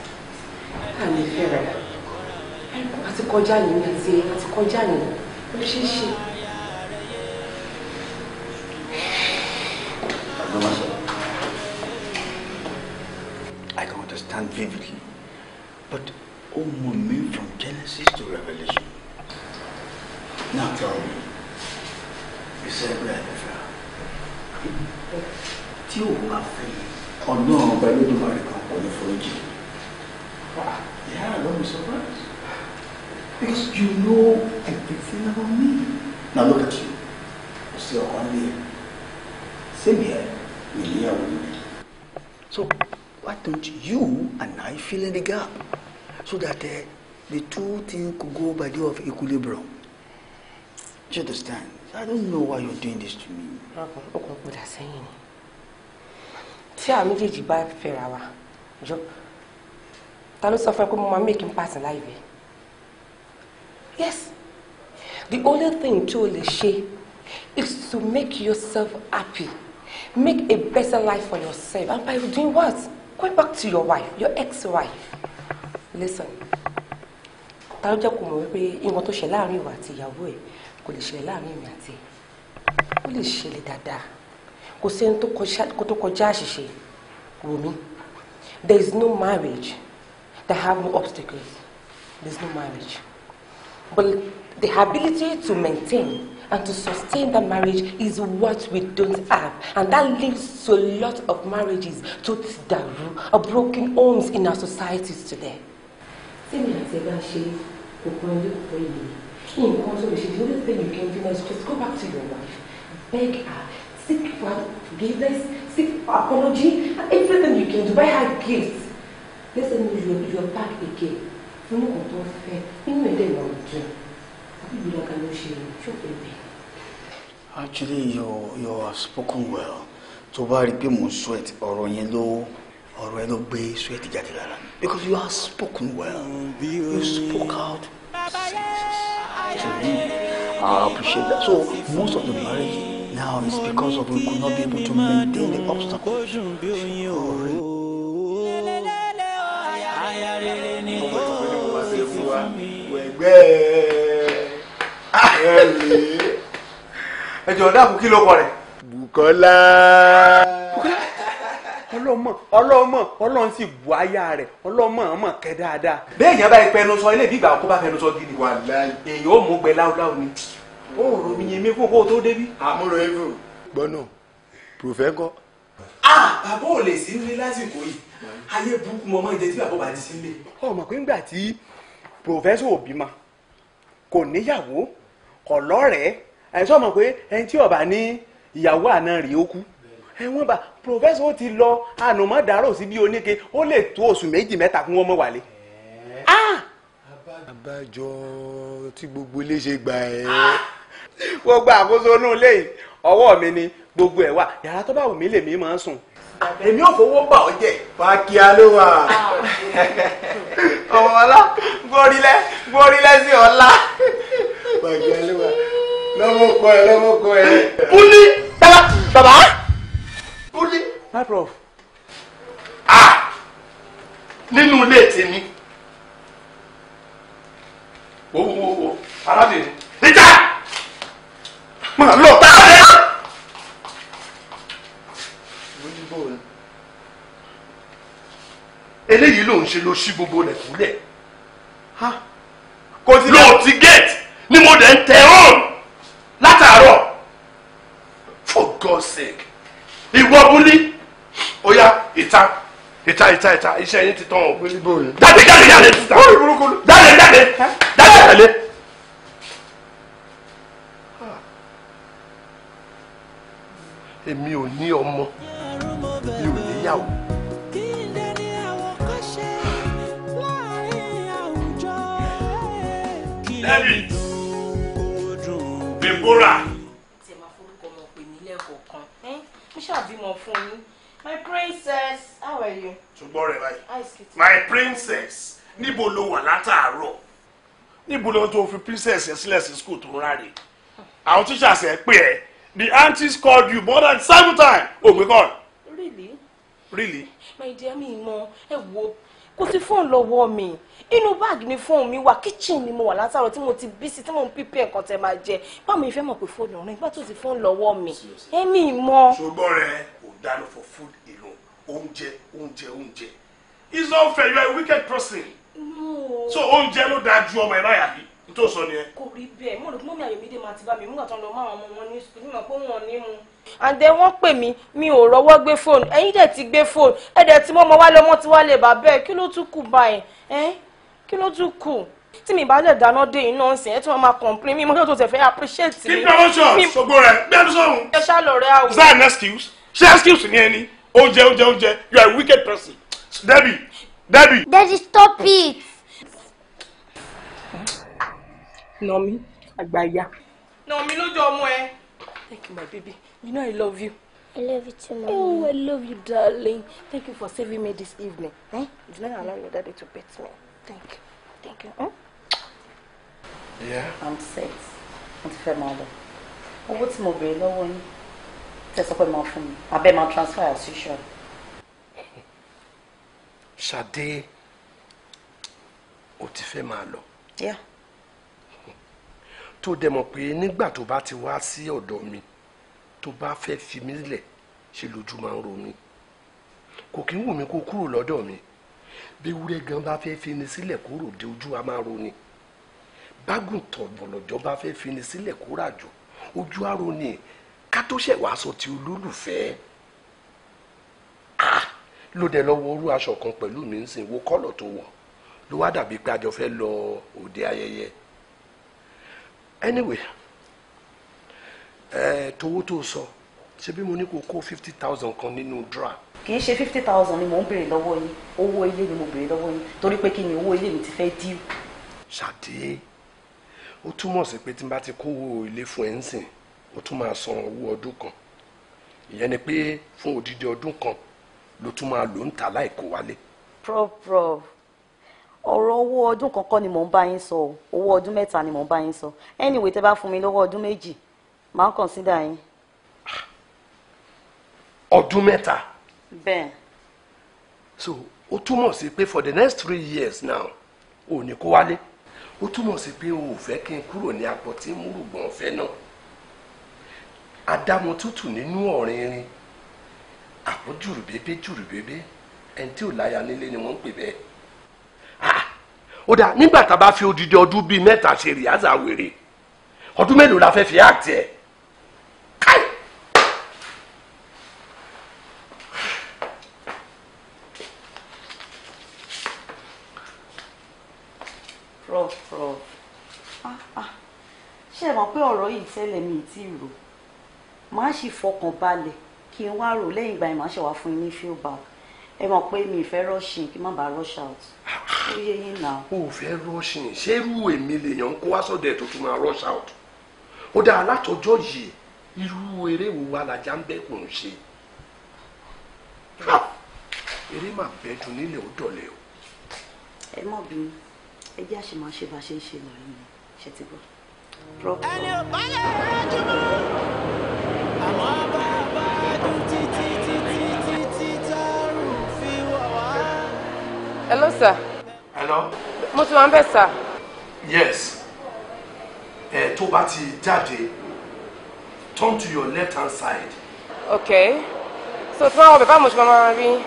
I am fẹ́rẹ̀. Àti kọjá yìí àti àti kọjá yìí oríṣiríṣi. I can understand vividly, but ó mọ̀ mí from Genesis to Revelation now tell me iṣẹ́ ẹgbẹ́ àdẹ́fẹ́ tí ò bá fẹ́ ọ̀nà ọba Elédùmarè kan kò ní foríjì yeah don't be surprised because you know everything about me now look at you kò sí ọkọ ní ẹ sẹ́mi ẹ ìyẹn ìyàwó mi so why don't you and I fill in the gap so that uh, the two things could go by way of equilibrium. Do you understand? I don't know why you're doing this to me. ọkùnrin padà sẹ́yìn ni tí àwọn méjèèjì bá fẹ́ra wa jọ ta ló sọ fún ẹ pé mo máa make him pass live ẹ yes the only thing tí o lè ṣe is to make yourself happy make a better life for yourself and by doing what go back to your wife your ex-wife listen ta ló jẹ́ kó mọ̀ wípé nǹkan tó ṣe láàrin ìwà àti ìyàwó ẹ̀ kò lè ṣẹlẹ̀ láàrin èmi àti ó lè ṣẹlẹ̀ dáadáa kò sẹ́ni tó kọjá àṣìṣe wò there is no marriage that have no obstacles there is no marriage but the ability to maintain and to sustain that marriage is what we don't have. And that leads to a lot of marriages, to daru, or broken homes in our societies today tèmi àti ẹ bá ṣe kòkó ẹni kòkó ìlú nǹkan tó lè ṣe the only thing you can do is just go back to your wife beg her seek for forgiveness seek for apology everything you can do buy her gifts let's say you are you back again fún nǹkan tó fẹ́ nínú ẹ̀dẹ̀ ìwà ọ̀dùn àbí ìgbìlá kan ló ṣe ṣọ́ọ̀bù ẹ̀bẹ̀. actually you you have spoken well tó bá rí i pé mo sweat ọ̀rọ̀ yẹn ló ọ̀rọ̀ yẹn ló gbé sweat jáde lára mi because you have spoken well. You spoke out. to me. I appreciate that. So most of the marriage now is because of we could not be able to maintain the obstacles. ẹ jọ̀ọ́ dáàbò kí ló kọ rẹ̀. Bukola. Bukola ọlọ́mọ ọlọ́mọ ọlọ́run sì bu aya rẹ̀ ọlọ́mọ ọmọ kẹ dáadáa. bẹ́ẹ̀ yẹn bá ìpẹnu sọ ilé ìgbà kó bá fẹnu sọ gidi. wàláhì èyí ó mú gbẹ láúláú ni ó rò mí yẹn mi fún kó o tó débi. àmúrò evo. gbọ́nà pròfẹ́ kọ́. a bàbá ò lè sí nílé lásìkò yìí ayé burúkú mọ́ ọmọ ìdẹ tí bàbá bá di sílé. ọmọ pé ńgbà tí pròfẹ́sọ̀ òbí ma kò níyàwó kò lọ́rẹ̀ẹ́ àìsàn ọmọ pé ẹni tí ọba ní ìyàwó àná rèé ó kú ẹ̀wọ̀n bá professor ó ti lọ ànàmọ́ dàrọ̀ sí bí oníke ó lè tó oṣù méjì mẹ́ta kí wọ́n mọ̀ wálé. Ah! abájọ tí gbogbo ilé ṣe gbà ẹ́. Ah! gbogbo àkóso inú ilé yìí ọwọ́ mi ni gbogbo ẹ̀ wà yàrá tó bá wù mí lèmi máa ń sùn. èmi ò fowó bà ọ́ jẹ. fàkíà ló wà. Ah! ọmọ ọlá gbórílẹ̀ gbórílẹ̀ sí ọlá. fàkíà ló wà lọ́mọ kọ ẹ lọ́mọ ẹ. kúlí bàbá bàbá ó my prof. ah nínú ilé tèmi wo wo wo arábìnrin níta máa lọ tá a lẹ. eléyìí ló ń ṣe ló ṣí gbogbo rẹ̀ kúlẹ̀ ló ti gate ni mo dẹ̀ ń tẹ̀ ọ́n látàárọ̀ for God's sake ìwọ búlí ó yá ìta ìta ìta ìta iṣẹ́ yín ti tán o. jáde jáde jáde síta jáde jáde jáde jáde. èmi ò ní ọmọ mi ò níyàwó. David, Deborah. ṣàbímọ fún yín my princess how are you. ṣùgbọ́n rẹ̀ báyìí my princess níbo ló wà látàárọ̀ níbo ló tó fi princess yẹn sílẹ̀ sí school tó ń ráre àwọn teachers ẹ̀ pé ẹ̀ the aunties called you more than seven times ògbé kọ́. really. really. my dear mi mọ ẹ wo kò sí fóònù lọ́wọ́ mi inú báàgì ni fóònù mi wà kíchìn ni mo wà látàrọ tí mo ti bí sí tí mo ń pípẹ́ nǹkan tẹ máa jẹ báwo mi fẹ́ mọ̀ pé fóònù rẹ nígbà tó ti fóònù lọ́wọ́ mi èmi mọ̀. ṣùgbọ́n rẹ kò dáná for food alone oúnjẹ oúnjẹ oúnjẹ it's not fair you are a wicked person. no so oúnjẹ ló dáa ju ọmọ ẹ báyà bíi n tó sọ ni ẹ. kò rí bẹ́ẹ̀ mo rò pé mọ́mí àyèmídé máa ti bá mi múgbà tán lọ máa ọmọ wọn ní sùkúl nígbà pé wọn ní mu. àǹdẹ wọn pè mí mi ò rọ́wọ́ gbé fóònù ẹ̀yin dẹ̀ ti gbé fóònù ẹ dẹ̀ ti mọmọ wálé ọmọ tí wálé bàbá ẹ kí ló tún kù báyìí ẹ kí ló tún kù tí mi bá lè dáná dé iná ń sìn ẹ tí wọn máa complain mi mo tó tẹ fẹ́ appreciate mi. kí promotion ṣògbó rẹ bí ẹni sọ̀hún. ẹ ṣá lọ rẹ àwọn. is that an excuse? ṣé excuse ni ẹni? oúnjẹ oúnjẹ oúnjẹ you are a wicked person. Debbie Debbie. Debbie stop it. Nọ̀mí àgbàyà. Nọ̀mí lójú ọmọ ẹ. Thank you my baby. You know I love you. I love you too, mommy. Oh, I love you, darling. Thank you for saving me this evening. Eh? You did not allow your daddy to beat me. Thank you. Thank you. Hmm? Yeah. I'm set. Mo ti fẹ́ máa lọ. Owó tí mo béèrè lọ́wọ́ yín tẹ́ sọ pé máa fún mi. transfer as usual. Ṣadé, o ti fẹ́ máa lọ. Yeah tó dẹ̀ mọ̀ pé nígbà tó bá ti wá sí ọ̀dọ̀ mi tó bá fẹ́ fi mí lẹ̀ ṣe lójú máa ń ro mi kò kí ń wù mí kó kúrò lọ́dọ̀ mi bí ewúrẹ́ gan bá fẹ́ fi ni sílẹ̀ kúrò dé ojú a máa ro ni bágùntàn bọ̀lọ̀jọ́ bá fẹ́ fi ni sílẹ̀ kó ràjò ojú á ro ni ká tó ṣẹ̀ wá sọ ti olólùfẹ́ ah ló dẹ̀ lọ orú aṣọ kan pẹ̀lú mi ń sìn wo kọ́lọ̀ tó wọ̀ ló wá dàbí pé a fẹ́ lọ òde ayẹyẹ anyway ẹ eh, towó tó sọ ṣe bí mo ní kó kó fifty thousand kan nínú dra. kì í ṣe fifty thousand ni mò ń béèrè lọ́wọ́ yín owó ilé ni mo béèrè lọ́wọ́ yín torí pé kí ni owó ilé mi ti fẹ́ díù. ṣàdé ó túmọ̀ sí pé tí n bá ti kó owó ilé fún ẹ̀ ń sìn ó tún máa san owó ọdún kan ìyẹn ni pé fún odidi ọdún kan ló tún máa lò ń tà láì kó wálé. prop prop ọ̀rọ̀ owó ọdún kọ̀ọ̀kan ni mò ń bá yín sọ o owó ọdún mẹ́ta ni mò ń bá yín sọ anyway tẹ́ bá fún mi lówó ọdún méjì màá consider yín. ọdún mẹ́ta. bẹ́ẹ̀. so ó túmọ̀ sí pé for the next three years now ò ní kó wálé ó túmọ̀ sí pé o ò fẹ́ kí n kúrò ní apọ̀ tí múrùgbọ̀n fẹ́ náà adámọ̀ tútù nínú ọ̀rin irin àpò jùrùbébé jùrùbébé ẹni tí ò láya nílé ni wọ́n ń pè bẹ́ẹ̀ ó dà nígbà tá a bá fi odidi ọdún bíi mẹ́ta ṣe rìhásà wèrè ọdún mélòó la fẹ́ fi act ẹ̀ káì. prof prof ah, ah. ṣé ẹ mọ̀ pé ọ̀rọ̀ yìí tẹ́lẹ̀ mi ti rò máa ṣì fọkàn balẹ̀ kí n wá rò lẹ́yìn ìgbà yẹn máa ṣe wá fún yín ní feel back ẹ mọ̀ pé mi ì fẹ́ rush kí n má bàa rush out ó yé o ò fẹ́ rushing ṣé irú èmi lèèyàn ń kó wá sọ́dọ̀ ẹ̀ tó tún máa rush out ó dáa látọjọ́ yìí irú eré wo wa làjà ń bẹ́ kò ń ṣe eré mà bẹ́ dùn nílẹ̀ ó dọ̀lẹ́ o. ẹ mọ̀ bí ẹ jẹ́ àṣẹ máa ṣe bá ṣe ń ṣe lọ́rùn mi ṣe ti gbọ́. ẹni ò bá lè rájú mọ́ àmọ́ bá a bá a dùn títí títí títí tá a rùn fi wà wá. hello sir hello. mo ti wà ń bẹ̀ sà. yes ẹ tó bá ti jáde turn to your left hand side. okay so tí wọ́n wọ bẹ̀bá mo ṣe máa rí.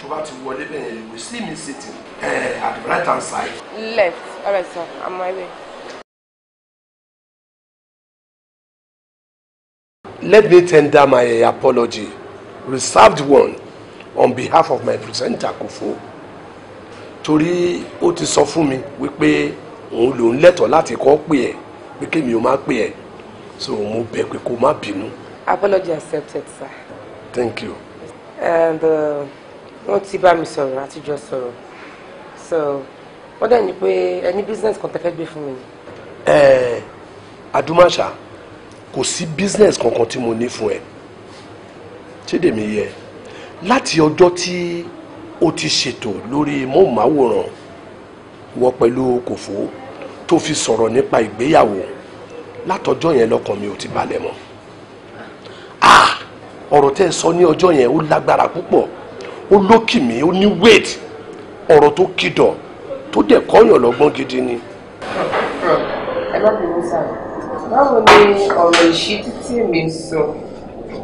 tó bá ti wọlé bẹ́ẹ̀ you will see me sitting uh, at the right hand side. left alright sir i'm my way. Let me tender my apology, reserved one, on behalf of my presenter, Kufu torí ó ti sọ fún mi wípé òun lòún lẹ́tọ̀ọ́ láti kọ́ pè ẹ́ pé kémi ò má pè ẹ́ so mo bẹ̀ pé kó má bínú. apology accepted sir. thank you. and uh, wọ́n ti bá mi sọ̀rọ̀ àtijọ́ sọ̀rọ̀ so wọ́n dẹ̀ ní pé ẹni business kan tẹ́ fẹ́ gbé fún mi. ẹ adumasa kò sí business kankan tí mo ní fún ẹ ṣé dèmi yẹ láti ọjọ́ tí. Tí ó ti ṣètò lórí móhùnmáwòrán wọ pẹ̀lú kòfó tó fi sọ̀rọ̀ nípa ìgbéyàwó látọjọ́ yẹn lọ́kàn mi ò ti balẹ̀ mọ́ ah ọ̀rọ̀ tẹ́ ẹ sọ ní ọjọ́ yẹn ó lágbára púpọ̀ ó lókìmí ó ní wéètì ọ̀rọ̀ tó kìdọ̀ tó dẹ̀ kọ́yàn lọ́gbọ́n gidi ni. ẹ má bínú sáà báwo ni ọ̀rọ̀ ìṣítí tí mi sọ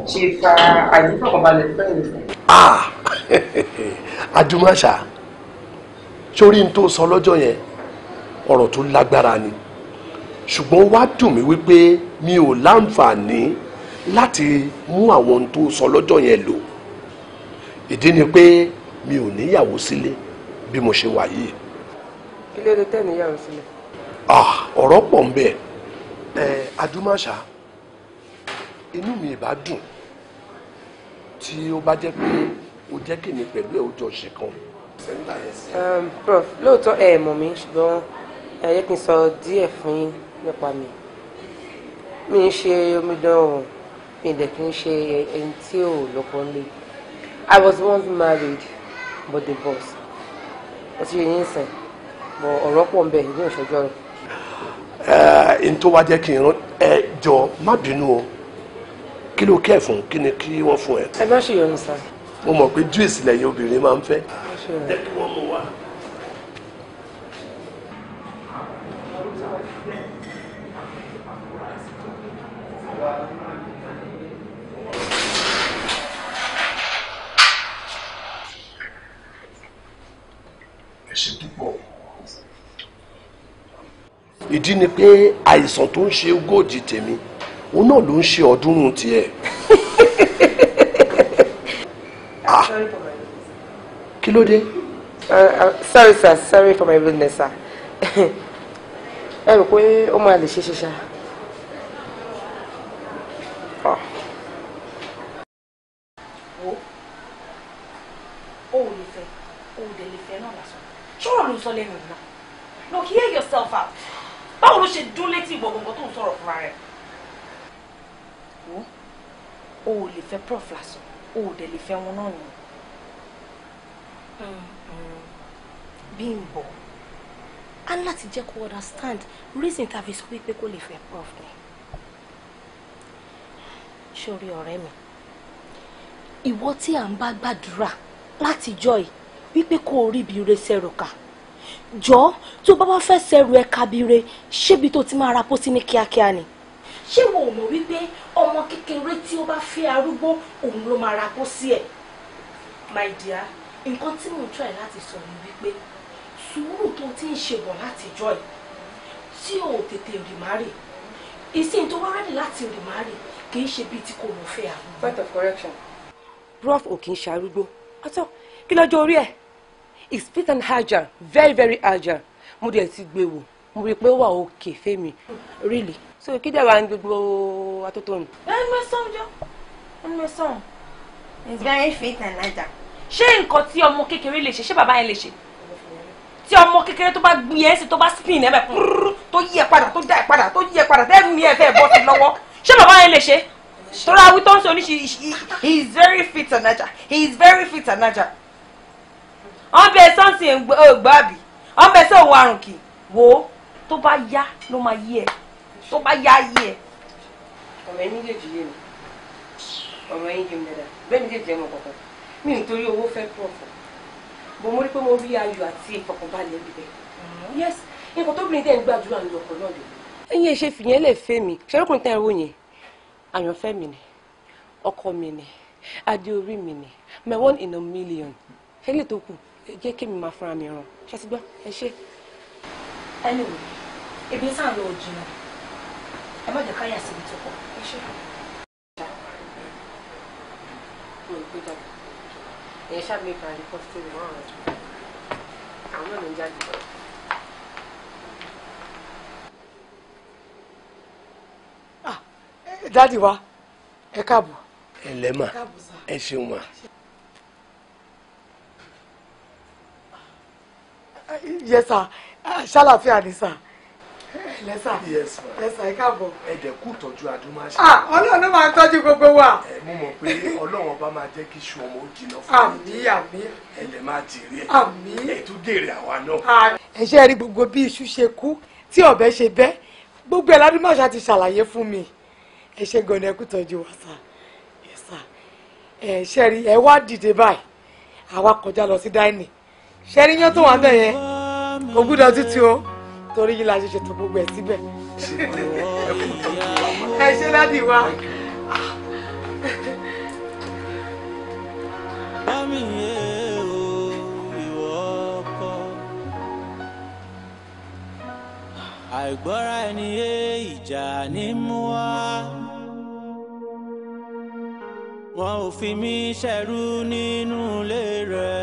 ṣe fa àyíkọ̀kànbalẹ̀ pẹ̀lú. ah adúmọ̀ṣà sórí n tó sọ lọ́jọ́ yẹn ọ̀rọ̀ tó lágbára ni ṣùgbọ́n wá dùn mí wípé mi ò láǹfààní láti mú àwọn n tó sọ lọ́jọ́ yẹn lò ìdí ni pé mi ò níyàwó sílé bí mo ṣe wà yìí. kí ló dé tẹ́ sílẹ̀. ah ọ̀rọ̀ pọ̀ ń bẹ ẹ adúmọ̀ṣà inú mi ìbá dùn tí ó bá jẹ́ pé ó jẹ́ kí ni pẹ̀lú ẹ̀ ó jọ ṣe kan. Um, prof lóòótọ́ ẹ mọ̀ mi ṣùgbọ́n ẹ yẹ kí n sọ díẹ̀ fún yín nípa mi mi ń ṣe omidan o mi dẹ̀ kí n ṣe ẹni tí ò lọ́kọ lé I was once married but divorced wọ́n ti yẹ yín sìn bọ̀ ọ̀rọ̀ pọ̀ ń bẹ ní ìṣẹ́jọ́ rẹ̀. ẹ eh, n tó wá jẹ́ kí n rán ẹ jọ má bínú o kí ló kẹ́ ẹ̀ fún kí ni kí wọ́n fún ẹ. ẹ bá ṣèyọnu sáà mo mọ̀ pé juice lẹ́yìn obìnrin máa ń fẹ́ tẹ́kí wọ́n mú wa. ìdí ni pé àìsàn tó ń ṣe góòdì tèmi òun náà ló ń ṣe ọ̀ọ́dúnrún tiẹ̀. ló uh, uh, sorry sir sorry for my rudeness sir ẹ rò pé ó máa lè ṣe ṣe ṣá. Ah. sọ̀rọ̀ ló ń sọ lẹ́nu ìlà no hear yourself out báwo ló ṣe dún létí ìwọ gbọ̀ngàn tó ń sọ̀rọ̀ fúnra rẹ̀. o ò lè fẹ́ prof lásán oh, ò dẹ̀ lè fẹ́ wọn náà nìyẹn Bímbọ́ á láti jẹ́ kó understand reason tá a fi sọ wípé kó lè fẹ́ prof ni sórí ọ̀rẹ́ mi ìwọ tí à ń bá gbàdúrà láti jọ yìí wípé kó o rí ibi ire sẹ́rù kà jọ tó bá wá fẹ́ sẹ́rù ẹ̀ kábíire ṣébi tó ti máa ra pósí ní kíákíá ni ṣé wo mọ̀ wípé ọmọ kékeré tí ó bá fẹ́ arúgbó òun ló máa ra kó ẹ̀ my dear nǹkan tí mò ń tọ́ láti sọ ni wípé sùúrù tó ti ń ṣe bọ̀ látijọ́ ẹ̀ tí ò tètè rì má rè ìsìn tó wá láti rì má rè kì í ṣe bíi tí kò mọ̀ fẹ́ àwọn. point of correction. Rough ò kì í ṣarúgbó ọtọ kí lọ́jọ́ orí ẹ̀ is fit and agile very very agile mo dẹ̀ ti gbé wò mo rí i pé ó wà òkè fẹ́mi really so kí dẹ̀ wá ní gbogbo atótónu. ẹni mẹ́sàn-án jọ ẹni mẹ́sàn-án. he very fit and agile ṣé nǹkan tí ọmọ kékeré lè ṣe ṣé bàbá yẹn lè ṣe tí ọmọ kékeré tó bá gbin yẹn sí tó bá spin ẹ bẹ púrúrú tó yí ẹ padà tó dá ẹ padà tó yí ẹ padà tẹ́ẹ̀mí ẹ fẹ́ bọ́ sí lọ́wọ́ ṣé bàbá yẹn lè ṣe torí awi tó ń sọ oníṣi he is very fit and agile he is very fit and agile ọ̀n bẹ sọ́ọ̀sì ògbàbí ọ̀n bẹ sọ́ọ̀ àrùn kì wo tó bá yá ló máa yí ẹ tó bá yá yí ẹ. ọ̀rọ̀ ẹ̀yin lè jù yé mi ọ̀rọ̀ ẹ̀yin jù mí dáadáa bẹ́ẹ̀ ni lè jẹ́ mọ̀ kọ̀ọ̀kan mi nítorí owó fẹ́ pọ̀fọ̀ mo mú rí pé mo rí ayọ̀ àti ìfọ̀kànbalẹ̀ bíbẹ̀ mm-hmm. yes nǹkan tóbìnrin tẹ̀ ń gbàdúrà ní ọkọ̀ náà lè. ẹ̀yin ẹ ṣe fìyẹn lè fẹ́ mi ṣẹ́rọ́kùnrin tẹ́ ẹ wò yẹn àyànfẹ́ mi ni ọkọ mi ni adé orí mi ni my one in a million ẹlẹ́ tó kù jẹ́ kémi máa fúnra mi ràn ṣe ti gbọ́ ẹ ṣe. ẹni wò ebi sáà lọ jìnnà ẹ má jẹ́ káyà síbi tó pọ̀ ẹ ṣe. Thank you ìyẹn ṣàgbé ìbàdí kọ́sítẹ́rì wọn àwọn ọ̀dọ́ àwọn náà ló ń jáde lọ. Ah, eh, dáàdì wa ẹ káàbọ̀. ẹ lẹ́mà ẹ ṣeun mà. Ah, yẹ sà ah, ṣàlàfíà ni sà. Yes, lẹ́sà lẹ́sà ẹ káàbọ̀. ẹ̀dẹ̀ kú tọ́jú adúmáṣe. ah ọlọ́run ló máa ń tọ́jú gbogbo wa. ẹ mo mọ̀ pé ọlọ́run ọba máa jẹ́ kí iṣu ọmọ jìnnà fún mi. àmín àmín. ẹ̀dẹ̀ máa jèrè. àmín. ètò dèrè àwa náà. Ah, ẹ̀ṣẹ́ rí gbogbo bí iṣu ṣe kú tí ọ̀bẹ ṣe bẹ́ gbogbo ẹ̀ ládùmáṣe ti ṣàlàyé fún mi ẹ̀ṣẹ́ gan-an ẹ kú tọ́jú wa sà ẹ̀sà ẹ̀ṣẹ́ rí ẹ wá dìde báyìí àwa kọjá lọ sí dáìnì ṣẹ́ríyàn tó wà bẹ́ẹ̀ yẹn ògùdọ̀ tútù o torí yìí la ṣe ṣètò gbogbo ẹ̀ síbẹ̀. ẹ ṣe láti wá. Mami ye o ìwọ ọkọ àìgbọ́ra ẹni yé ìjà ní mú wá wọn ò fi mí ṣẹrú nínú ilé rẹ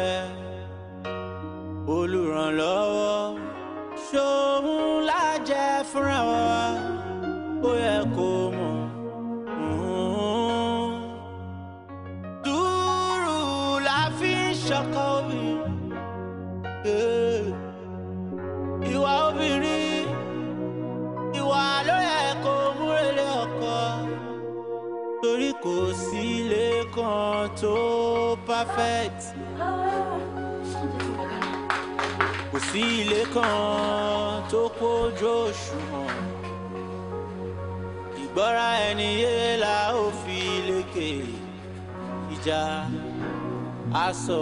olùrànlọ́wọ́ ṣó fúnra wa ó yẹ kó mọ̀. Dúró la fi ń ṣọkọ obìnrin. Eh. Ìwà obìnrin ìwà ló yẹ kó múrelé ọkọ. Torí kò sí ilé kan tó perfect. sí ilé kan tó kójú òṣùwọ̀n ìgbọ́ra ẹni yé la ó fi lékè ìjà aṣọ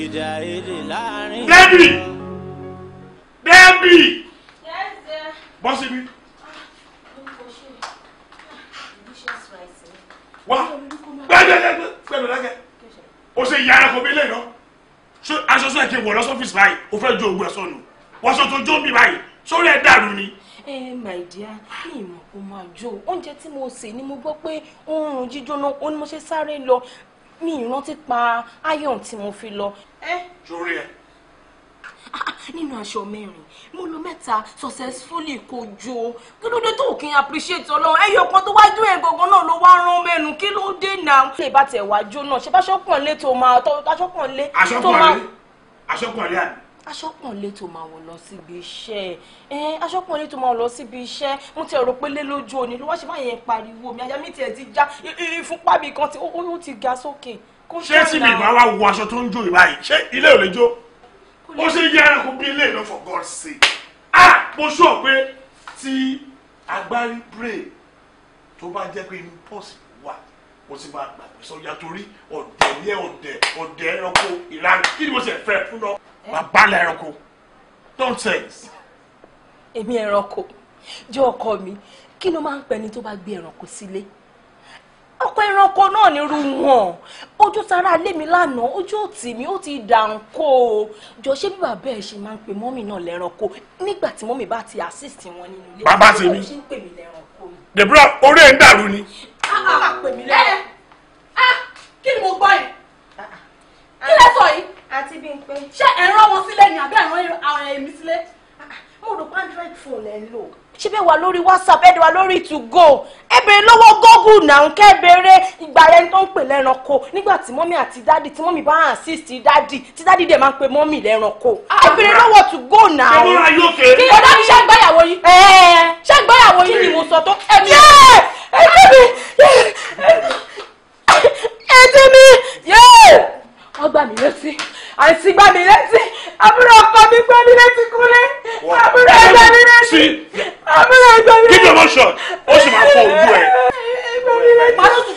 ìjà èdè láàrin. Débì Débì bọ́ síbi. wá gbẹgbẹgbẹ gbẹgbẹgbẹ o ṣe yàrá kò bí lè lọ aṣọ sọ èké wọ̀ lọ́sọ́fíìsì báyìí o fẹ́ jó ogun ẹ̀sọ́ nù wọ́sọ tó jó mi báyìí sórí ẹ̀ dàrú ni. ẹ ẹ my dear ní ìmọ̀ kó máa jó oúnjẹ tí mo sè ni mo gbọ́ pé ó ń rún jíjóná ó ní mo ṣe sáré lọ mi ìrántí pa iron tí mo fi lọ. ẹ. sórí ah, ẹ. Ah, nínú aṣọ mẹ́rin mo lo mẹ́ta successfully kò jo kí ló dé tó kí n appreciate ọlọ́run ẹyọ kan tó wájú ẹ̀ gangan náà ló wá rán mẹ́nu kí ló dé náà. ṣé ìbá tẹ̀ wá jó náà ṣé báṣọ́kàn lé tó máa tọ́ aṣọ́kàn lé. aṣọ́kàn lé aṣọ́kàn lé àná. aṣọ́kàn lé tó máa wọ̀ lọ síbi iṣẹ́ ẹ aṣọ́kàn lé tó máa wọ̀ lọ síbi iṣẹ́ mo ti rò pé lé lójú òní ló wá ṣe báyẹn pariwo mi àyà mi tiẹ̀ ti já ìfúnpá mi kan ti ó ti ga sókè. ṣé tí mi bá wá wo aṣọ tó ń jó ìbáyìí ṣé ilé ò lè jó ó ṣe yẹ ẹranko bí ilé ìlú for God's sake ah mo sọ pé tí agbárí pray tó bá jẹ́ pé inú pọ́ọ̀sì wà mo ti máa gbà pé sọ́jà torí ọ̀dẹ̀ ní ọ̀dẹ̀ ọ̀dẹ̀ ẹranko ìlànà kí ni mo ṣe fẹ́ fún lọ bàbá la ẹranko nonsense. èmi ẹranko jẹ́ ọkọ mi kí ló máa ń pẹ́ni tó bá gbé ẹranko sílé. Si ọkọ ẹranko náà nírú wọn ojú tara lé mi lánàá ojú òtì mi ó ti dànkó o jọ ṣé bí bàbá ṣe máa ń pe mọ́mì náà lẹ́ranko nígbà tí mọ́mì bá ti assist wọn nínú ilé bàbá ti mi Deborah orí ẹ̀ ń dàrú ni. a ah, máa ah, ah, pè mí lẹ́rọ̀ eh, a kí ni mo gbọ́ yìí kí lẹ yìí. àti bí n pé. ṣé ẹ̀rọ wọn sílẹ̀ ni àbí ẹ̀rọ èmi sílẹ̀ mo rò android phone ẹ̀ ń lò. ṣé bẹ́ẹ̀ wà lórí whatsapp ẹ̀dẹ̀ wà lórí to go ẹ bèrè lọ́wọ́ google náà kẹ́ bèrè ìgbà rẹ̀ tó ń pè lẹ́ranko nígbà tí mọ́mí àti dádì tí mọ́mí bá hàn sí ti dádì tí dádì dẹ̀ máa ń pe mọ́mí lẹ́ranko ah, ẹ bèrè ah. lọ́wọ́ to go náà. ṣé wọ́n yóò kéré. kí ọ̀dà mi ṣe àgbáyàwó yìí. Eh, eh, eh. ṣe àgbáyàwó yìí ni mo sọ tó. ẹ̀mí ẹ̀mí ọgbà mi létí àìsí gbà mí létí àbúrò ọkọ mi gbà mí létí kúlé àbúrò ẹgbẹ́ mi létí àbúrò ẹgbẹ́ mi létí. give me emotion ó sì máa fọ ojú ẹ. ẹgbẹ́ mi létí. màá tún tún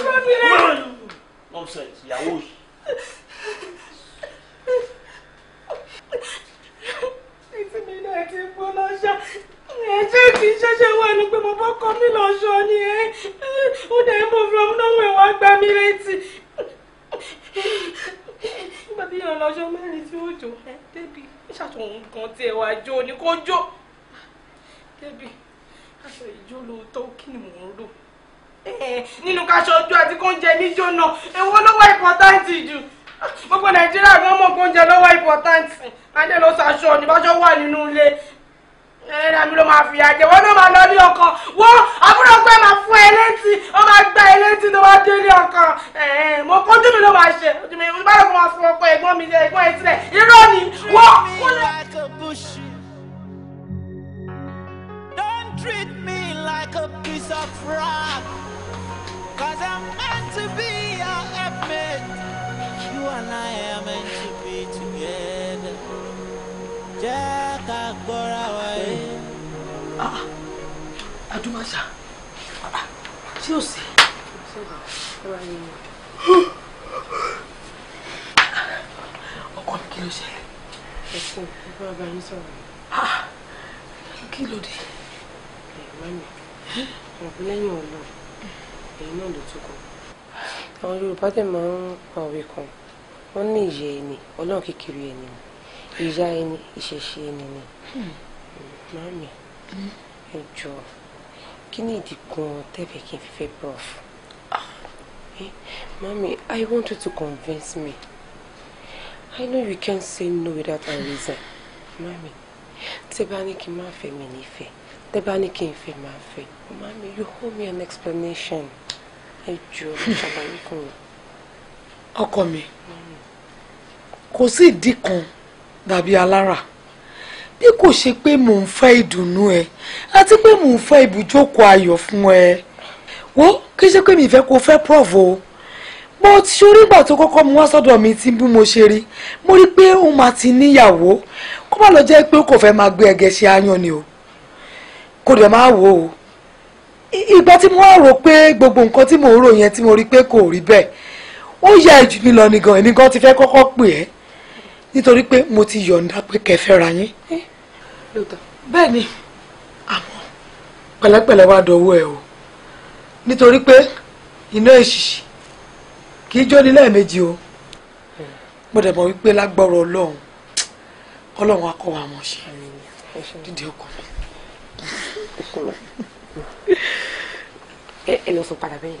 gbà. nonsense ìyàwó ẹ̀jẹ̀ kì í ṣẹ̀ṣẹ̀ wà ní pé mo bọ́ kọ́ mi lọ́ṣọ́ ni ẹ́ ó dẹ̀ mo from nowhere wá gbá mi létí nígbà tí yàrá lọ́jọ́ mẹ́rin tí ó jò ẹ́ débi ṣàtúnwò kan tiẹ̀ wá jó ni kò jó débi aṣọ ìjó lóòótọ́ kí ni mò ń rò nínú kaṣọ ojú àti kóúnjẹ níjó náà èwo ló wá ìpọ́táǹtì jù gbogbo nàìjíríà gan mọ̀ kóúnjẹ ló wá ìpọ́táǹtì adé ló ṣaṣọ ní báṣọ wà nínú ilé ẹ̀rọ àmì ló máa fi àjẹ wọn náà máa lọ ní ọkọ wọn àbúrò pé máa fún ẹ létí ó máa gbá ẹ létí tó máa dé ní ọkọ mo kójú mi ló máa ṣe ojú mi báyọ̀ kó máa fún ọkọ ẹ̀gbọ́n mi ẹ̀gbọ́n ẹ sílẹ̀ irọ́ ni wọ́n kúlẹ̀. Don't treat me like a piece of rock Cause I'm meant to be your helpmate You and I are meant to be together jẹ́ ká gbọ́ra wa yé. Ah, ah, adumasa ah, tí o sì. ọkọ mi kí ló ṣẹlẹ̀. ẹ̀sìn ìfẹ́ ọba yín sọ̀rọ̀. kí ló dé. ẹ̀ mami ọ̀rọ̀ lẹ́yìn ọ̀la èyí náà ló tún kọ́. àwọn yorùbá dẹ̀ máa ń pa òwe kan wọ́n ní ìyẹ́ ẹni ọlọ́run kékeré ẹni o ìyá ẹni ìṣẹ̀ṣe ẹni ni mami hmm. ẹ jọ kí ni ìdí gan tẹ́fẹ̀ kí n fi fẹ́ prof ah. eh, mami i want you to convince me i know you can't say no without a reason mami tẹ́ bá ní kí n má fẹ́ mi nífẹ̀ẹ́ tẹ́ bá ní kí n fẹ́ máa fẹ́ mami you owe me an explanation ẹ jọ ṣàlàyé fún mi. ọkọ mi kò sí ìdí kan dàbí alára bí kò ṣe pé mò ń fẹ́ ìdùnnú ẹ àti pé mò ń fẹ́ ibùjókòó ayọ̀ fún ẹ wo kí ṣe pé mi fẹ́ kó fẹ́ prof o mo ti ṣorí ìgbà tó kọ́kọ́ mu wá sọ́dọ̀ mi tí bí mo ṣe rí mo rí pé òun máa ti níyàwó kó má lọ jẹ́ pé kò fẹ́ máa gbé ẹ̀gẹ́ ṣe ayan ni o kò dẹ̀ máa wò ó ìgbà tí mo wá rò pé gbogbo nǹkan tí mo rò yẹn tí mo rí pé kò rí bẹ́ẹ̀ ó yà jù mí lọ nìgan èmi gan ti fẹ́ kọ́kọ́ pè ẹ́ nítorí pé mo ti yọ̀ǹda pé kẹfẹ́ ra yín. Eh, bẹ́ẹ̀ ni àmọ́ pẹ̀lẹ́pẹ̀lẹ́ wá dọ̀wọ́ ẹ̀ o nítorí pé iná èṣìṣì kì í jóni lẹ́ẹ̀mejì o mo dẹ̀ mọ̀ wípé lágbọ́rọ̀ ọlọ́run ọlọ́run á kọ́ wa mọ̀ ṣe dídí ọkọ mi. ẹ lọ sọ padà bẹ́ẹ̀ ni.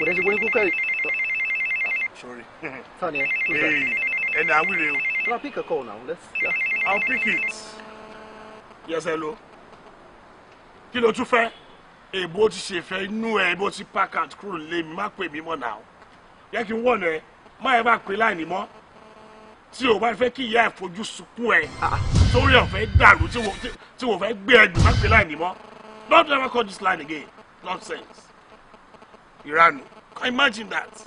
kò dẹ́ ṣe pé ní kúkẹ́ ah, sorry. Tani, who's hey, that? and I will you. Can I pick a call now? Let's. Yeah. I'll pick it. Yes, hello. Kí ló tún fẹ́? Èbó ti ṣe fẹ́ inú ẹ bó ti park and crew lé mi má pè mí mọ́ náà. Yẹ kí n wọ̀nà ẹ, má ẹ bá pè láìní mọ́. Tí o bá fẹ́ kí ìyá ẹ̀ fojú sunkún ẹ. Ah. Sórí ọ̀fẹ́ dàrú tí wọ́n fẹ́ gbé ẹgbẹ̀ má pè láìní mọ́. Don't ever call this line again. Nonsense. Iran. Can you imagine that?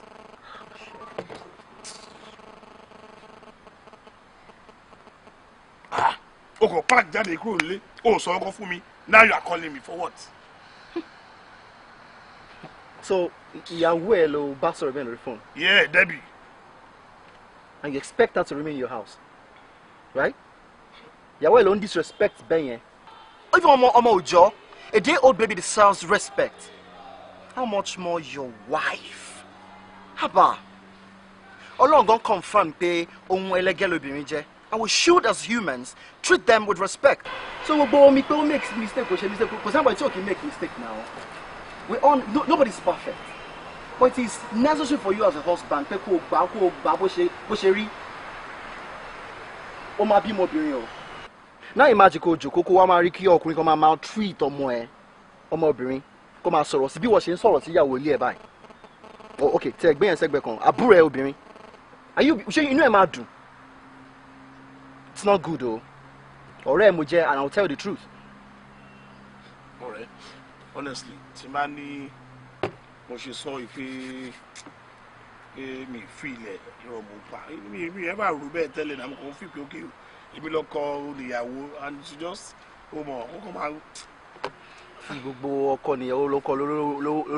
Ah, okay. Pack that, jáde kúrò Oh, so sọ ọkọ fún mi, now you are calling me for what? so, ìyàwó ẹ ló bá sọ̀rọ̀ bẹ́ẹ̀ lórí phone? Yeah, Debbie. And you expect her to remain in your house, right? You ẹ ló ń disrespect bẹ́ẹ̀ yẹn. Even ọmọ ọmọ òjọ́, a day old baby deserves respect how much more your wife haba ọlọ́run gan confirm pé ohun ẹlẹ́gẹ́ lobìnrin jẹ́ and we should as humans treat them with respect. so gbogbo omi pé ó make mistake kò ṣe mistake kò sábà tí o kì í make mistake now we all no, nobody is perfect but it is necessary for you as a husband pé kó o gbà kó o gbà bó ṣe bó ṣe rí o máa bímọ obìnrin o náà ìmájì kò jòkó kó wá máa rí kí ọkùnrin kan máa maltreat ọmọ ẹ ọmọbìnrin kó máa sọ̀rọ̀ sí bí wọ́n ṣe ń sọ̀rọ̀ sí ìyàwó ilé ẹ̀ báyìí oh ok tẹ ẹgbẹ́ yẹn sẹ́gbẹ́ kan àbúrò ẹ obìnrin ayé ṣé inú ẹ máa dùn it's not good o ọ̀rẹ́ ẹ mo jẹ́ and i will tell you the truth. ọ̀rẹ́ honestly tí máa ní mo ṣe sọ ìpè pé mi fi ilẹ̀ irọ́ mo pa mi mi ẹ bá rú bẹ́ẹ̀ tẹ́lẹ̀ náà mo kàn fi pé ok èmi lọ kọ olùyàwó and she just ó mọ̀ ó kàn máa àti gbogbo ọkọ nìyàwó ló kọ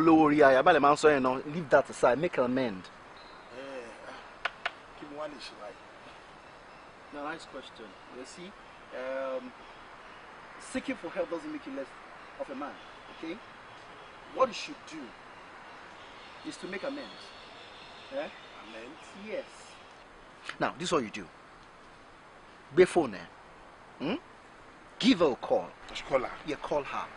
lówó orí ayé abálẹ̀ máa ń sọ yẹn náà leave that aside make amend. Eh, ah, kí mo wá lè ṣe báyìí. na nice question you see um, seeking for help doesn't make you less of a man okay what you should do is to make amends. Eh? Amends? Yes. Now, this is what you do. Be phone. Eh? Hmm? Give her a call. Just call her. Yeah, call her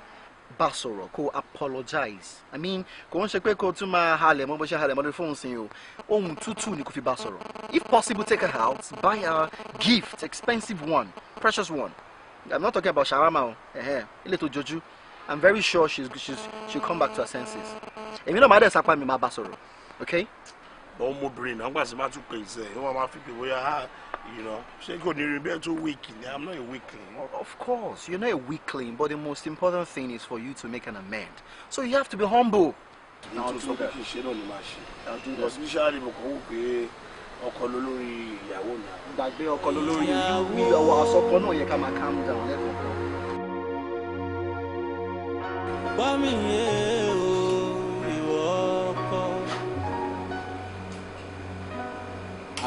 bá sọ̀rọ̀ kó apologize i mean kò ń ṣe pé kó tún máa halẹ̀ mọ́ bó ṣe halẹ̀ mọ́ lórí fóun sin o ohun tútù ni kò fi bá sọ̀rọ̀ if possible take her out buy her gift expensive one precious one i'm not talking about shawarma o ilé tó jọjú i'm very sure she's, she's, she'll come back to her senses èmi náà máa dẹ̀ sapá mi máa bá sọ̀rọ̀ okay. ọmọbìnrin náà gbàsí má tún pè é sẹ́yìn wọ́n máa fi pè bóyá ah, you know ṣé kò ní rebel to tó weakling i'm not a weakling. of course you're not a weakling but the most important thing is for you to make an amend so you have to be humble. now do that ṣe náà ni màá ṣe now do that especially mo kàn wò pé ọkọ lólórí ìyàwó mi. gbàgbé ọkọ lólórí ìyàwó àsọkọ náà calm down lẹ́kọ̀ọ́. bá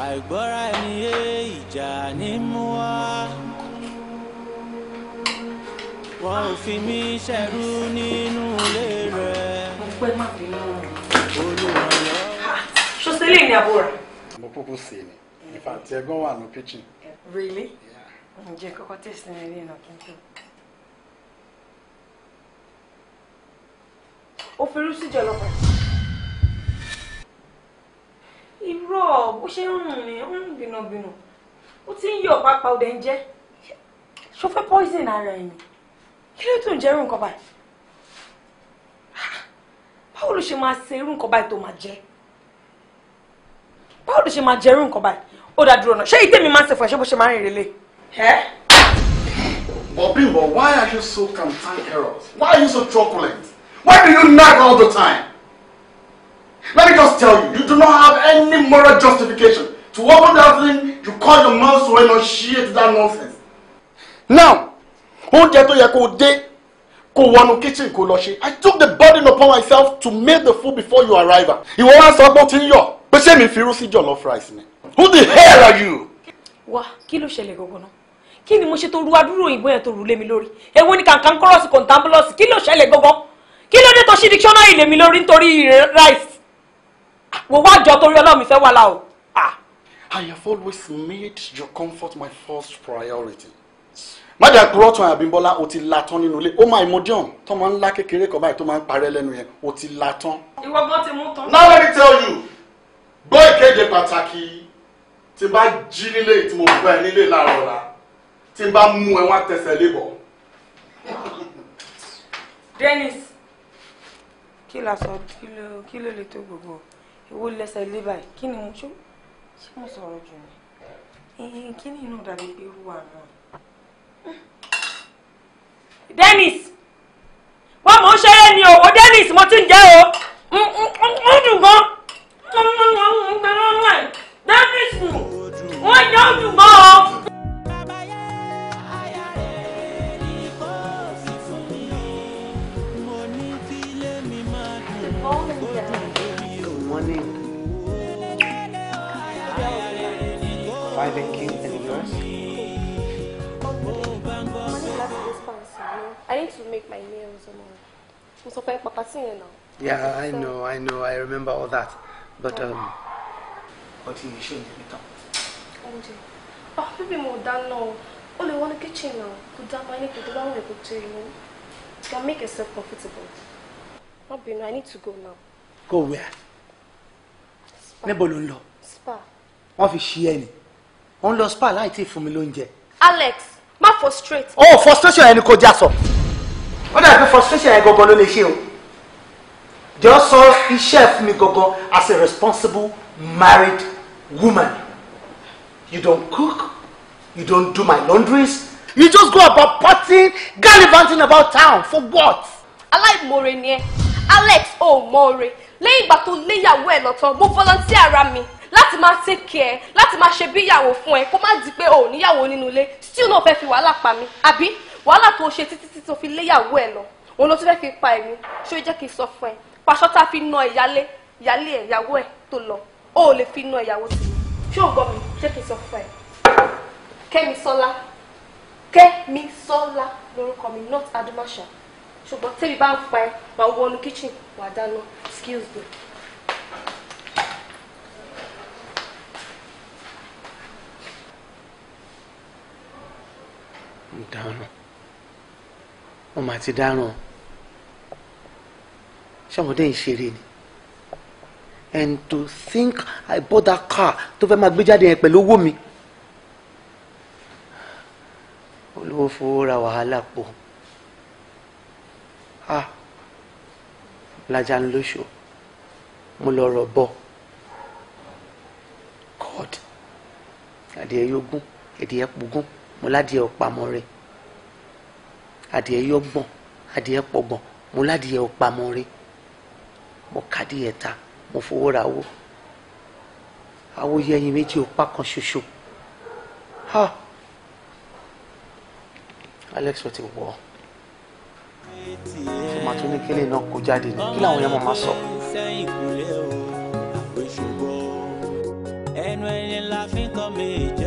àìgbọ́ra ẹni yé ìjà ní mú wá. wọn ò fi mí ṣẹrú nínú ilé rẹ. ṣọ́sẹ́lẹ̀ ni àbúrò. mo kúkú sí ni in fact ẹ̀gbọ́n wà ní kitchen. really? ǹjẹ́ kọ́kọ́ tẹ̀sí ní ilé náà kí n tó. ó fi rú síjọ lọ́pàá irọ́ bó ṣe ń rùn ní ń bìnàbìnà ó ti ń yọ̀ pápá ọdẹ ń jẹ́ ṣo fẹ́ poison ara ẹ̀ ni kí ló tó ń jẹ́ irú nǹkan báyìí báwo ló ṣe máa ṣe irú nǹkan báyìí tó máa jẹ́ báwo ló ṣe máa jẹ irú nǹkan báyìí ó dá dúró náà ṣé ìtẹ́mi máa ń ṣe fún ẹ ṣé bó ṣe máa ń rìn rẹ̀lẹ̀. But Bimbo, why are you so cantankerous? Why are you so truculent? Why do you nag all the time? Let me just tell you, you do not have any moral justification to open that thing you call your mouth so enunciate that nonsense. Now, oúnjẹ tó yẹ kó dé kó wọnú kitchen kó lọ ṣe I took the burden upon myself to make the food before you arrive. Ìwọ wá sọ pé ó ti ń yọ̀ pé ṣé mi fi irú sí jollof rice ni. Who the hell are you? Wá kí ló ṣẹlẹ̀ gangan náà? Kí ni mo ṣe tó ru adúrò òyìnbó yẹn tó rù lé mi lórí? Èwo ni kàǹkàǹ kọ́rọ̀sì kọ̀ǹtàǹbùlọ̀sì kí ló ṣẹlẹ̀ gangan? Kí ló dé tó ṣí dictionary lé lórí nítorí rice? wò wá jọ torí Ọlọ́run mi fẹ́ wà lá ah. I have always made your comfort my first priority. Májà kúrọ́ tán Abímbọ́lá o ti la tán nínú ilé. Ó máa ìmọ̀dé ọ̀hún tó máa ń lá kékeré kan báyìí tó máa ń parẹ́ lẹ́nu yẹn. O ti la tán. Ìwọ gan ti mú tán. Now let me tell you, gbọ́ ìkéde pàtàkì tí n bá jí nílé tí mo gbọ́ ẹ nílé láàárọ̀ la tí bá mú ẹ wá tẹsẹ̀ lébọ̀. Dennis, kí la sọ kí ló lè tó gbogbo? ìwọ lẹ́sẹ̀ lé báyìí kí ni mo ṣó ṣé mo sọ̀rọ̀ jù ni kí ni inú dàbí pé ó wà náà. Hmm. Dennis wọn mò ń ṣeré ni o Dennis mo ti ń jẹ o ń hmm, hmm, dùn gan Dennis wọn jẹ ń dùn gan o. barbecue anniversary. I need to make my nails and all. Yeah, I know, I know, I remember all that. But, um. but you shouldn't be done? Oh, maybe more than no. Only one kitchen now. Could that my name could down the to you? Can make yourself comfortable. Not being, I need to go now. Go where? Spa. Nebo Spa. Wọ́n fi ṣí ẹ ò ń lọ spa láì tí ì fún mi lóúnjẹ. Alex má frustrate. oh frustration yẹn ni kò já sọ ó dàbí pé frustration yẹn gangan ló lè ṣe o jọ sọ iṣẹ́ fún mi gangan as a responsible married woman you don't cook you don't do my laundries you just go about partying gallivanting about town for what. aláìmoore ni ẹ Alex ò mọ ore lẹ́yìn ìgbà tó léyàwó ẹ̀ lọ́tọ̀ mo volunteer ara mi láti máa take care láti máa ṣe bí ìyàwó fún ẹ kó má di pé o ò níyàwó nínú ilé still náà fẹ́ fi wàhálà pa mí àbí wàhálà tó ṣe títí tí tó fi léyàwó ẹ lọ òun ló tún fẹ́ fi pa èmi ṣé ó jẹ́ kí n sọ fún ẹ paṣọ tá a fi na ìyálé ìyálé ẹ ìyàwó ẹ tó lọ o ò lè fi na ìyàwó tì mí ṣé ò ń gbọ́ mi jẹ́ kí n sọ fún ẹ kẹ́mi sọ́lá kẹ́mi sọ́lá lórúkọ mi not adumasha ṣùgbọ́n tẹ́bi bá ń pa ẹ màá wọnú kíchìn wàá dáná skills dey. dáràn wọn máa ti dáràn ṣọmọdé ń ṣeré ni and to think I bought that car tó fẹ́ máa gbé jáde yẹn pẹ̀lú owó mi olówó fowó ra wàhálà pọ̀ ah lajà ń lóṣù mo lọ rọ̀ bọ̀ god adìẹ yóò gún ẹdìẹ pọ̀ gún mo ládìẹ ọ̀pamọ́ rẹ adìẹ yọgbọ̀n adìẹ pọ̀gbọ̀n mo ládìẹ ọ̀pamọ́ rẹ mo kàdìẹ ta mo fowó ra owó awo yẹyin méjì ọ̀pá kan ṣoṣo ha Alex ò ti wọ̀ ọ́ fún màtún ní kélé náà kó jáde ní kí làwọn yẹn mọ̀ máa sọ. ẹnu ẹni la fi kọ́ méje.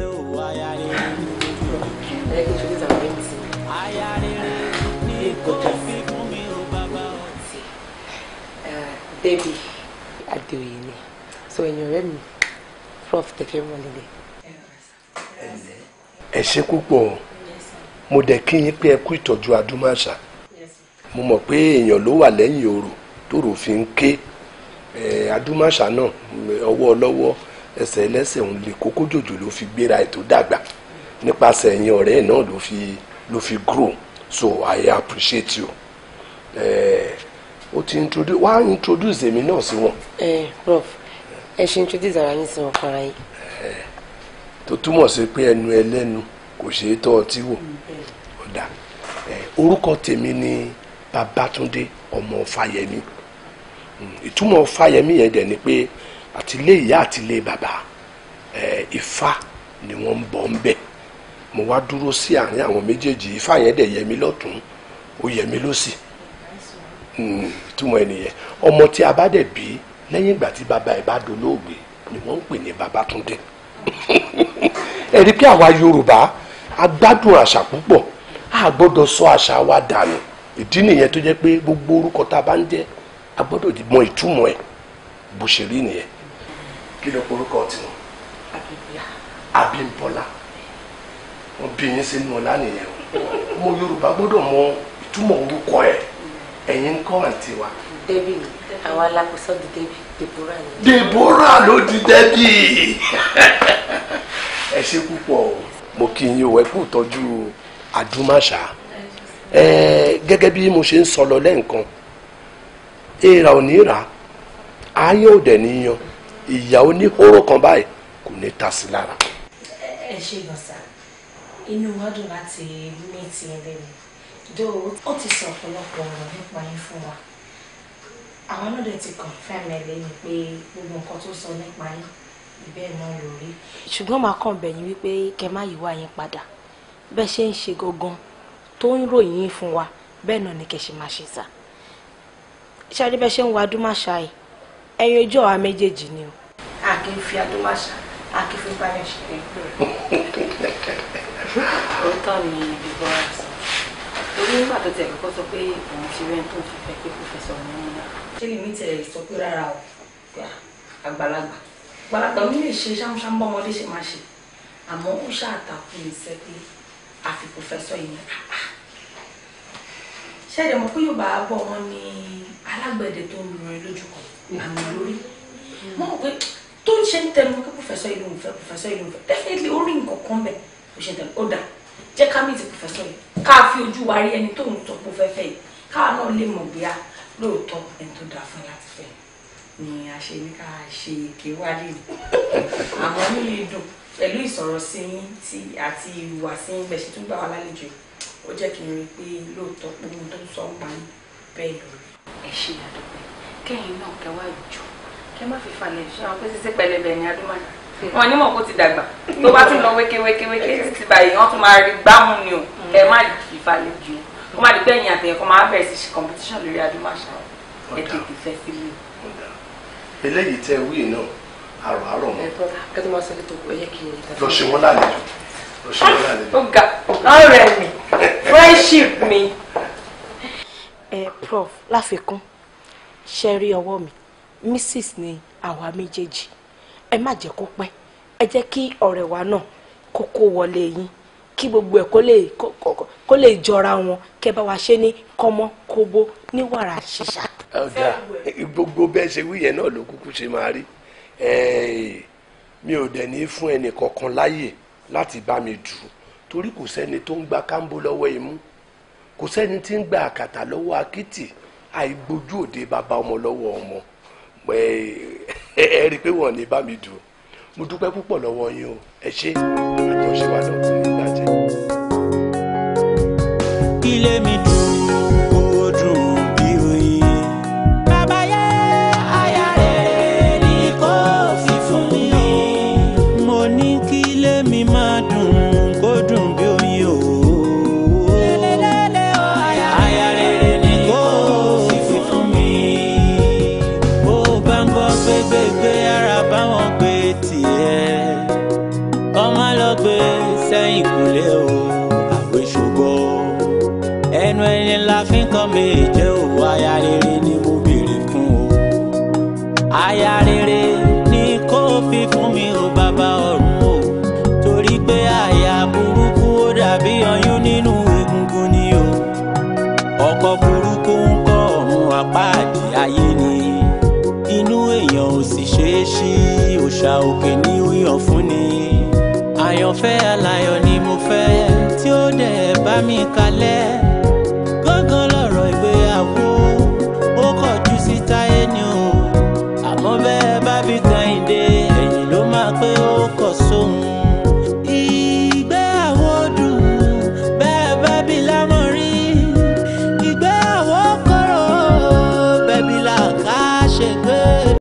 Debbie Adeoye ni so ẹ̀yin ọ̀rẹ́ mi prof tẹ̀fẹ́ wọn lélẹ̀. ẹ ṣe púpọ̀ mo dẹ̀ kí yín pé ẹ kú ìtọ́jú adúmáṣà mo mọ̀ pé èèyàn ló wà lẹ́yìn òrò tòrò fi ń ké adúmáṣà náà ọwọ́ ọlọ́wọ́ ẹsẹ̀ ẹlẹ́sẹ̀ òun lè kókó jòjò ló fi gbéra ètò dàgbà nípasẹ̀ ẹ̀yin ọ̀rẹ́ náà ló fi ló fi grow so I appreciate you. Eh, o ti introduce wá introduce èmi náà sí wọn. ẹ prof ẹ ṣe introduce ara yín sí wọn fara yín. tó túmọ̀ sí pé ẹnu ẹlẹ́nu kò ṣeé tọ́ ọtí wò ọ̀dà mm-hmm. orúkọ tèmi ni Babátúndé ọmọ Fáyẹmí mm, ìtumọ̀ Fáyẹmí yẹn dẹ̀ ni pé àtìlé ìyá àtìlé bàbá Ifá ni wọ́n ń bọ̀ ń bẹ̀ mo wá dúró sí àárín àwọn méjèèjì Ifá yẹn dẹ̀ yẹmí lọ́tún ó yẹmí lọ́sì. Si Hmm, túmọ̀ ẹnìyẹn ọmọ tí a bá dẹ̀ bí lẹ́yìn ìgbà tí bàbá ẹ̀ bá dolóògbé ni wọ́n ń pè ní Babátúndé ẹ rí pé àwa Yorùbá a gbádùn àṣà púpọ̀ a gbọ́dọ̀ sọ àṣà wa dànù ìdí nìyẹn tó jẹ́ pé gbogbo orúkọ tá a bá ń jẹ́ a gbọ́dọ̀ mọ ìtumọ̀ ẹ̀ bó ṣe rí nìyẹn kí ló porúkọ tiwọn Abímbọ́lá wọn bí yín sínú ọlá nìyẹn ọmọ Yorùbá gbọ́dọ̀ mọ ìtumọ̀ orúkọ ẹ̀ ẹ̀yin ń kọ́ àǹtí wa. débi ni àwọn alákòóso di débi dèbóra ni. dèbóra ló di débi ẹ ṣe púpọ̀ o. mo kí yín o ẹ kú tọ́jú àdúmàṣà gẹ́gẹ́ bí mo ṣe ń sọ lọ lẹ́ǹkan èèrà ò ní rà ayé ò níyan ìyà oníhóró kan báyìí kò ní ta sí lára. ẹ ṣe gbọ̀nsá inú wa dùn láti mí ti ẹ do ó ti sọ ọ̀pọ̀lọpọ̀ ọ̀rọ̀ nípa yín fún wa àwọn náà dẹ̀ ti confirm ẹ̀ lẹ́yìn pé gbogbo nǹkan tó sọ nípa yín ìbẹ́ náà ló rí. ṣùgbọ́n màá kàn bẹ̀yìn wípé kẹ́ má yíwá yín padà bẹ́ẹ̀ ṣe ń ṣe gangan tó ń ròyìn yín fún wa bẹ́ẹ̀ náà ni kẹ́ ṣe máa ṣe sà ṣáàrí bẹ́ẹ̀ ṣe ń wa adúmáṣá yìí ẹ̀yin ojú ọ̀wá méjèèjì ni o. a kì í fi adúmáṣá a kì í fi báyọ̀ ṣe é torí nígbà tó tẹ̀ kọ́kọ́ sọ pé òun ti rẹ́ tó fi fẹ́ pé pòfẹ́sọ̀ ọ̀nà múná. ṣé lèmi tẹ̀ sọ pé rárá o àgbàlagbà àgbàlagbà mi lè ṣe ṣámúṣámú bọ́mọdé ṣe máa ṣe àmọ́ ó ṣàtàkùn mi sẹ́ pé àfi pòfẹ́sọ̀ yẹn ṣẹ́ẹ̀dẹ̀ mọ̀ pé Yorùbá bọ̀ wọ́n ní alágbẹ̀dẹ tó ń rìn lójú kan àmì lórí mọ̀ pé tó ń ṣe ń tẹnu pé pòfẹ́sọ̀ yìí ló ń fẹ́ pòfẹ́sọ̀ yìí ló ń fẹ́ definitely ó rí nǹkan kan bẹ̀ ó ṣe ń tẹnu ó dà jẹ́ ká mìtì pòfẹ́sọ̀ yìí ká fi ojú wa rí ẹni tó ń tọ́ pọ̀ fẹ́fẹ́ yìí káwa náà lè mọ̀ bíyà lóòótọ́ ẹni tó dáa fún láti fẹ́ ni a ṣe ní ká ṣe èké wálé àmọ́ nínú ìdùn pẹ̀lú ìsọ̀rọ̀ sí yín tí àti ìwà sí yín gbẹ̀ṣẹ̀ tó gbà wá lálejò ó jẹ́ kí n rí i pé lóòótọ́ pé mo tó ń sọ ń pa yín bẹ́ẹ̀ lọ. ẹ ṣe àdúgbò kẹ́yìn náà kẹ́ wá jù kẹ́ má fi falẹ̀ ṣé àwọn pé sísé pẹlẹbẹ ni adúmọ̀dá wọn ní mọ̀ kó ti dàgbà tó bá tún lọ wékéwékéwéké títí báyìí wọ́n tún máa rí gbámú ni o ẹ má ìfàlejò kó má di pé ẹ̀yìn àtẹ̀yìn kan máa bẹ̀rẹ̀ sí ṣe competition lórí adúmáṣá ẹ tètè fẹ́ sílé. eléyìí tẹ wíì náà àrò àrò mọ. ẹ tọ́ kẹ́tọ́ máa sẹ́lẹ̀ tó kù ẹ yẹ kí n yẹ tẹ́lẹ̀. lọ ṣe wọ́n lálejò lọ ṣe wọ́n lálejò. ọ̀gá ọ̀rẹ́ mi friendship mi. ẹ prof láfikún ṣe rí ọwọ́ mi mrs ni àwa méjèèjì ẹ má jẹ́ kó pẹ́ ẹ jẹ́ kí ọ̀rẹ́ wa náà kókó wọlé yín kí gbogbo ẹ̀ kó lè kó lè jọra wọn kẹ́ bá wa ṣe ní kọ́mọ́ kóbó ní wàrà ṣìṣà. ọ̀gá gbogbo bẹ́ẹ̀ ṣe wí yẹn náà ló kúkú ṣe máa rí mi ò dẹ̀ ní fún ẹnì kankan láyè láti bá mi dù ú torí kò sẹ́ni tó ń gba kámbó lọ́wọ́ imú kò sẹ́ni tí ń gba àkàtà lọ́wọ́ akitì àìgbójú òde bàbá ọmọ lọ́wọ́ ọmọ ẹ rí i pé wọ́n ní bá mi dù ú mo dúpẹ́ púpọ̀ lọ́wọ́ yín o ẹ ṣé àjọṣe wa lọ́kùnrin gbàjẹ́. ilé mi dùn. àyànfẹ́ aláyọ̀ ni mo fẹ́ tí ó dẹ̀ bá mi kalẹ̀.